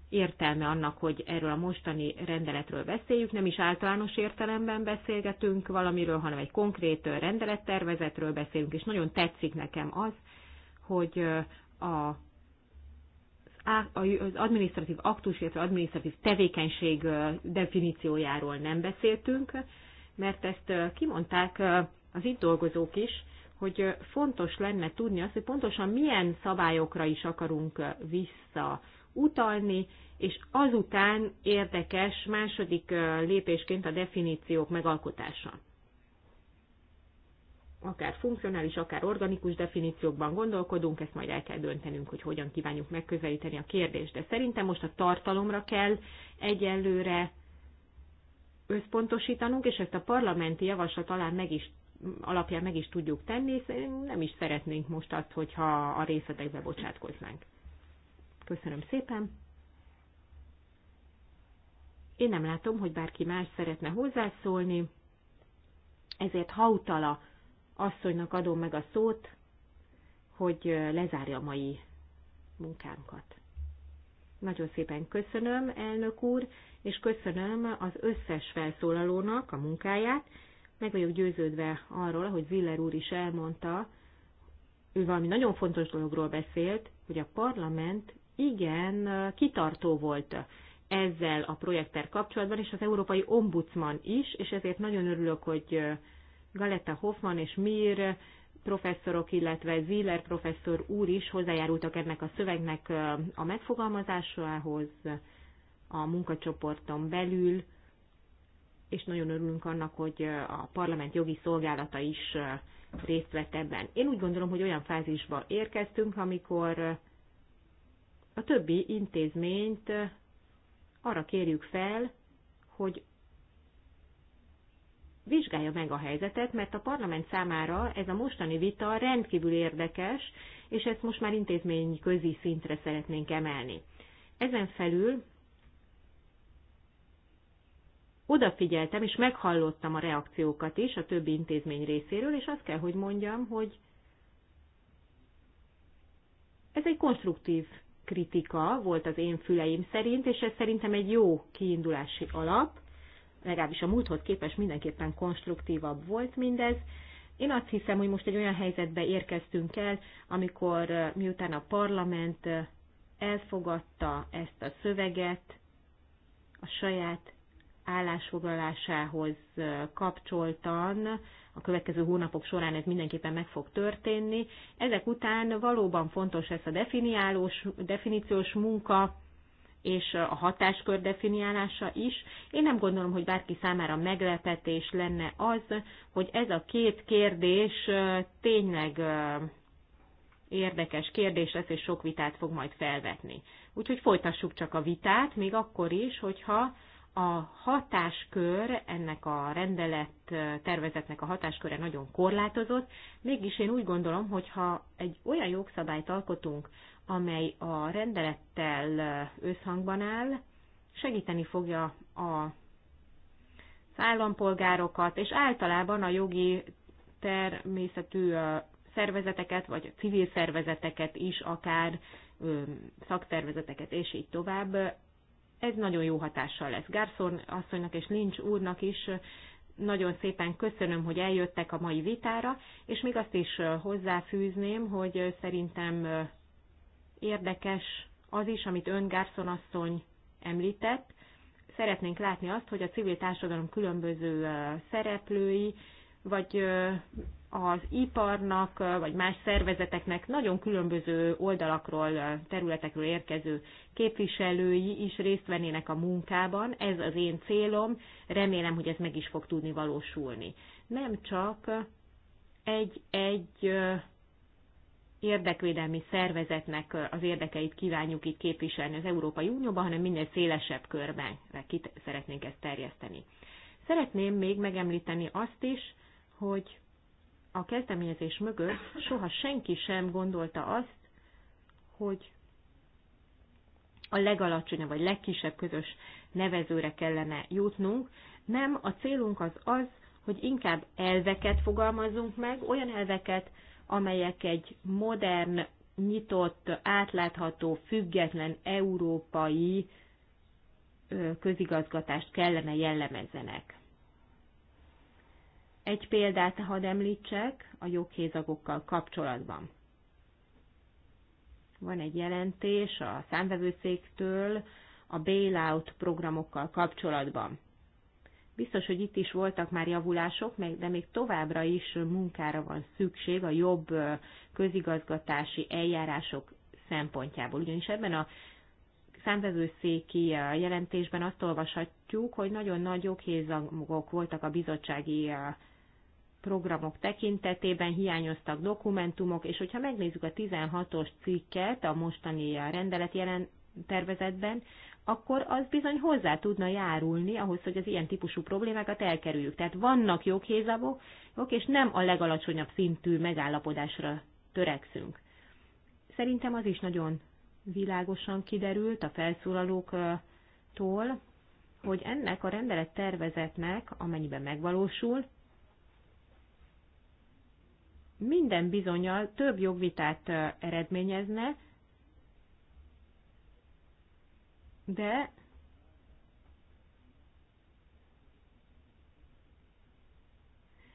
értelme annak, hogy erről a mostani rendeletről beszéljük, nem is általános értelemben beszélgetünk valamiről, hanem egy konkrét eh, rendelettervezetről beszélünk, és nagyon tetszik nekem az, hogy a az adminisztratív aktus, illetve adminisztratív tevékenység definíciójáról nem beszéltünk, mert ezt kimondták az itt dolgozók is, hogy fontos lenne tudni azt, hogy pontosan milyen szabályokra is akarunk visszautalni, és azután érdekes második lépésként a definíciók megalkotása akár funkcionális, akár organikus definíciókban gondolkodunk, ezt majd el kell döntenünk, hogy hogyan kívánjuk megközelíteni a kérdést. De szerintem most a tartalomra kell egyelőre összpontosítanunk, és ezt a parlamenti javaslat talán meg is, alapján meg is tudjuk tenni, nem is szeretnénk most azt, hogyha a részletekbe bocsátkoznánk. Köszönöm szépen! Én nem látom, hogy bárki más szeretne hozzászólni, ezért Hautala asszonynak adom meg a szót, hogy lezárja a mai munkánkat. Nagyon szépen köszönöm, elnök úr, és köszönöm az összes felszólalónak a munkáját. Meg vagyok győződve arról, hogy Ziller úr is elmondta, ő valami nagyon fontos dologról beszélt, hogy a parlament igen kitartó volt ezzel a projekter kapcsolatban, és az Európai Ombudsman is, és ezért nagyon örülök, hogy Galetta Hoffman és Mir professzorok, illetve Ziller professzor úr is hozzájárultak ennek a szövegnek a megfogalmazásához a munkacsoporton belül, és nagyon örülünk annak, hogy a parlament jogi szolgálata is részt vett ebben. Én úgy gondolom, hogy olyan fázisba érkeztünk, amikor a többi intézményt arra kérjük fel, hogy vizsgálja meg a helyzetet, mert a parlament számára ez a mostani vita rendkívül érdekes, és ezt most már intézményi közi szintre szeretnénk emelni. Ezen felül odafigyeltem és meghallottam a reakciókat is a többi intézmény részéről, és azt kell, hogy mondjam, hogy ez egy konstruktív kritika volt az én füleim szerint, és ez szerintem egy jó kiindulási alap, legalábbis a múlthoz képest mindenképpen konstruktívabb volt mindez. Én azt hiszem, hogy most egy olyan helyzetbe érkeztünk el, amikor miután a parlament elfogadta ezt a szöveget, a saját állásfoglalásához kapcsoltan, a következő hónapok során ez mindenképpen meg fog történni. Ezek után valóban fontos lesz a definiálós, definíciós munka, és a hatáskör definiálása is. Én nem gondolom, hogy bárki számára meglepetés lenne az, hogy ez a két kérdés tényleg érdekes kérdés lesz, és sok vitát fog majd felvetni. Úgyhogy folytassuk csak a vitát, még akkor is, hogyha a hatáskör, ennek a rendelet tervezetnek a hatásköre nagyon korlátozott, mégis én úgy gondolom, hogy ha egy olyan jogszabályt alkotunk, amely a rendelettel összhangban áll, segíteni fogja a állampolgárokat, és általában a jogi természetű szervezeteket, vagy civil szervezeteket is akár, szaktervezeteket és így tovább ez nagyon jó hatással lesz. Gárszorn asszonynak és Lincs úrnak is nagyon szépen köszönöm, hogy eljöttek a mai vitára, és még azt is hozzáfűzném, hogy szerintem érdekes az is, amit ön Gárszon asszony említett. Szeretnénk látni azt, hogy a civil társadalom különböző szereplői, vagy az iparnak vagy más szervezeteknek nagyon különböző oldalakról, területekről érkező képviselői is részt vennének a munkában. Ez az én célom, remélem, hogy ez meg is fog tudni valósulni. Nem csak egy-egy érdekvédelmi szervezetnek az érdekeit kívánjuk itt képviselni az Európai Unióban, hanem minél szélesebb körben ki szeretnénk ezt terjeszteni. Szeretném még megemlíteni azt is, hogy a kezdeményezés mögött soha senki sem gondolta azt, hogy a legalacsonyabb vagy legkisebb közös nevezőre kellene jutnunk. Nem, a célunk az az, hogy inkább elveket fogalmazunk meg, olyan elveket, amelyek egy modern, nyitott, átlátható, független európai közigazgatást kellene jellemezzenek. Egy példát hadd említsek a joghézagokkal kapcsolatban. Van egy jelentés a számvevőszéktől a bailout programokkal kapcsolatban. Biztos, hogy itt is voltak már javulások, de még továbbra is munkára van szükség a jobb közigazgatási eljárások szempontjából. Ugyanis ebben a számvevőszéki jelentésben azt olvashatjuk, hogy nagyon nagy joghézagok voltak a bizottsági programok tekintetében hiányoztak dokumentumok, és hogyha megnézzük a 16-os cikket a mostani rendelet jelen tervezetben, akkor az bizony hozzá tudna járulni ahhoz, hogy az ilyen típusú problémákat elkerüljük. Tehát vannak joghézabok, és nem a legalacsonyabb szintű megállapodásra törekszünk. Szerintem az is nagyon világosan kiderült a felszólalóktól, hogy ennek a rendelet tervezetnek, amennyiben megvalósul, minden bizonyal több jogvitát eredményezne, de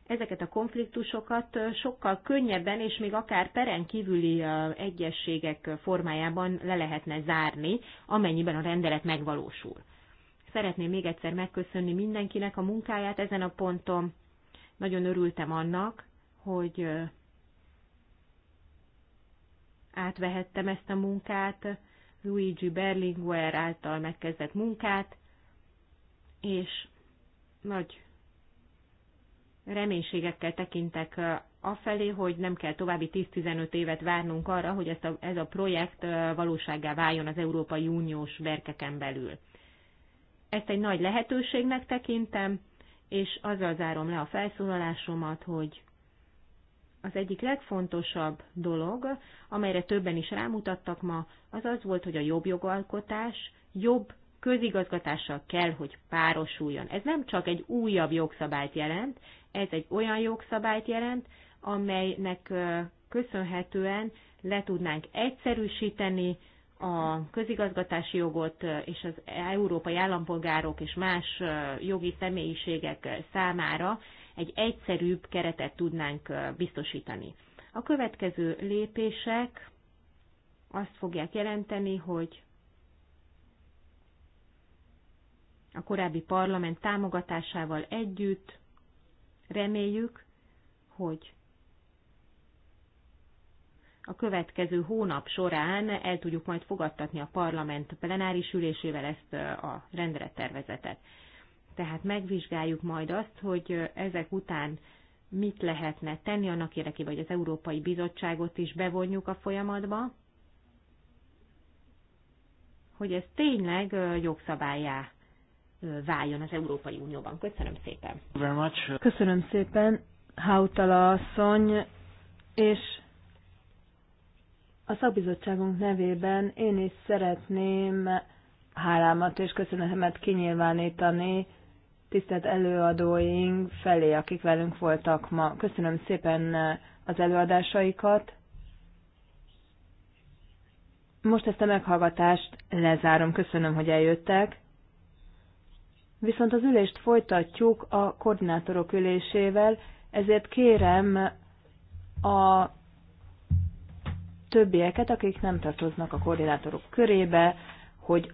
ezeket a konfliktusokat sokkal könnyebben és még akár peren kívüli egyességek formájában le lehetne zárni, amennyiben a rendelet megvalósul. Szeretném még egyszer megköszönni mindenkinek a munkáját ezen a ponton. Nagyon örültem annak, hogy átvehettem ezt a munkát, Luigi Berlinguer által megkezdett munkát, és nagy reménységekkel tekintek afelé, hogy nem kell további 10-15 évet várnunk arra, hogy ez a, ez a projekt valósággá váljon az Európai Uniós berkeken belül. Ezt egy nagy lehetőségnek tekintem, és azzal zárom le a felszólalásomat, hogy az egyik legfontosabb dolog, amelyre többen is rámutattak ma, az az volt, hogy a jobb jogalkotás jobb közigazgatással kell, hogy párosuljon. Ez nem csak egy újabb jogszabályt jelent, ez egy olyan jogszabályt jelent, amelynek köszönhetően le tudnánk egyszerűsíteni a közigazgatási jogot és az európai állampolgárok és más jogi személyiségek számára egy egyszerűbb keretet tudnánk biztosítani. A következő lépések azt fogják jelenteni, hogy a korábbi parlament támogatásával együtt reméljük, hogy a következő hónap során el tudjuk majd fogadtatni a parlament plenáris ülésével ezt a rendelettervezetet. Tehát megvizsgáljuk majd azt, hogy ezek után mit lehetne tenni annak érdekében, hogy az Európai Bizottságot is bevonjuk a folyamatba, hogy ez tényleg jogszabályá váljon az Európai Unióban. Köszönöm szépen. Köszönöm szépen, Hautala asszony, és a szakbizottságunk nevében én is szeretném hálámat és köszönetemet kinyilvánítani tisztelt előadóink felé, akik velünk voltak ma. Köszönöm szépen eh, az előadásaikat. Most ezt a meghallgatást lezárom. Köszönöm, hogy eljöttek. Viszont az ülést folytatjuk a koordinátorok ülésével, ezért kérem a többieket, akik nem tartoznak a koordinátorok körébe, hogy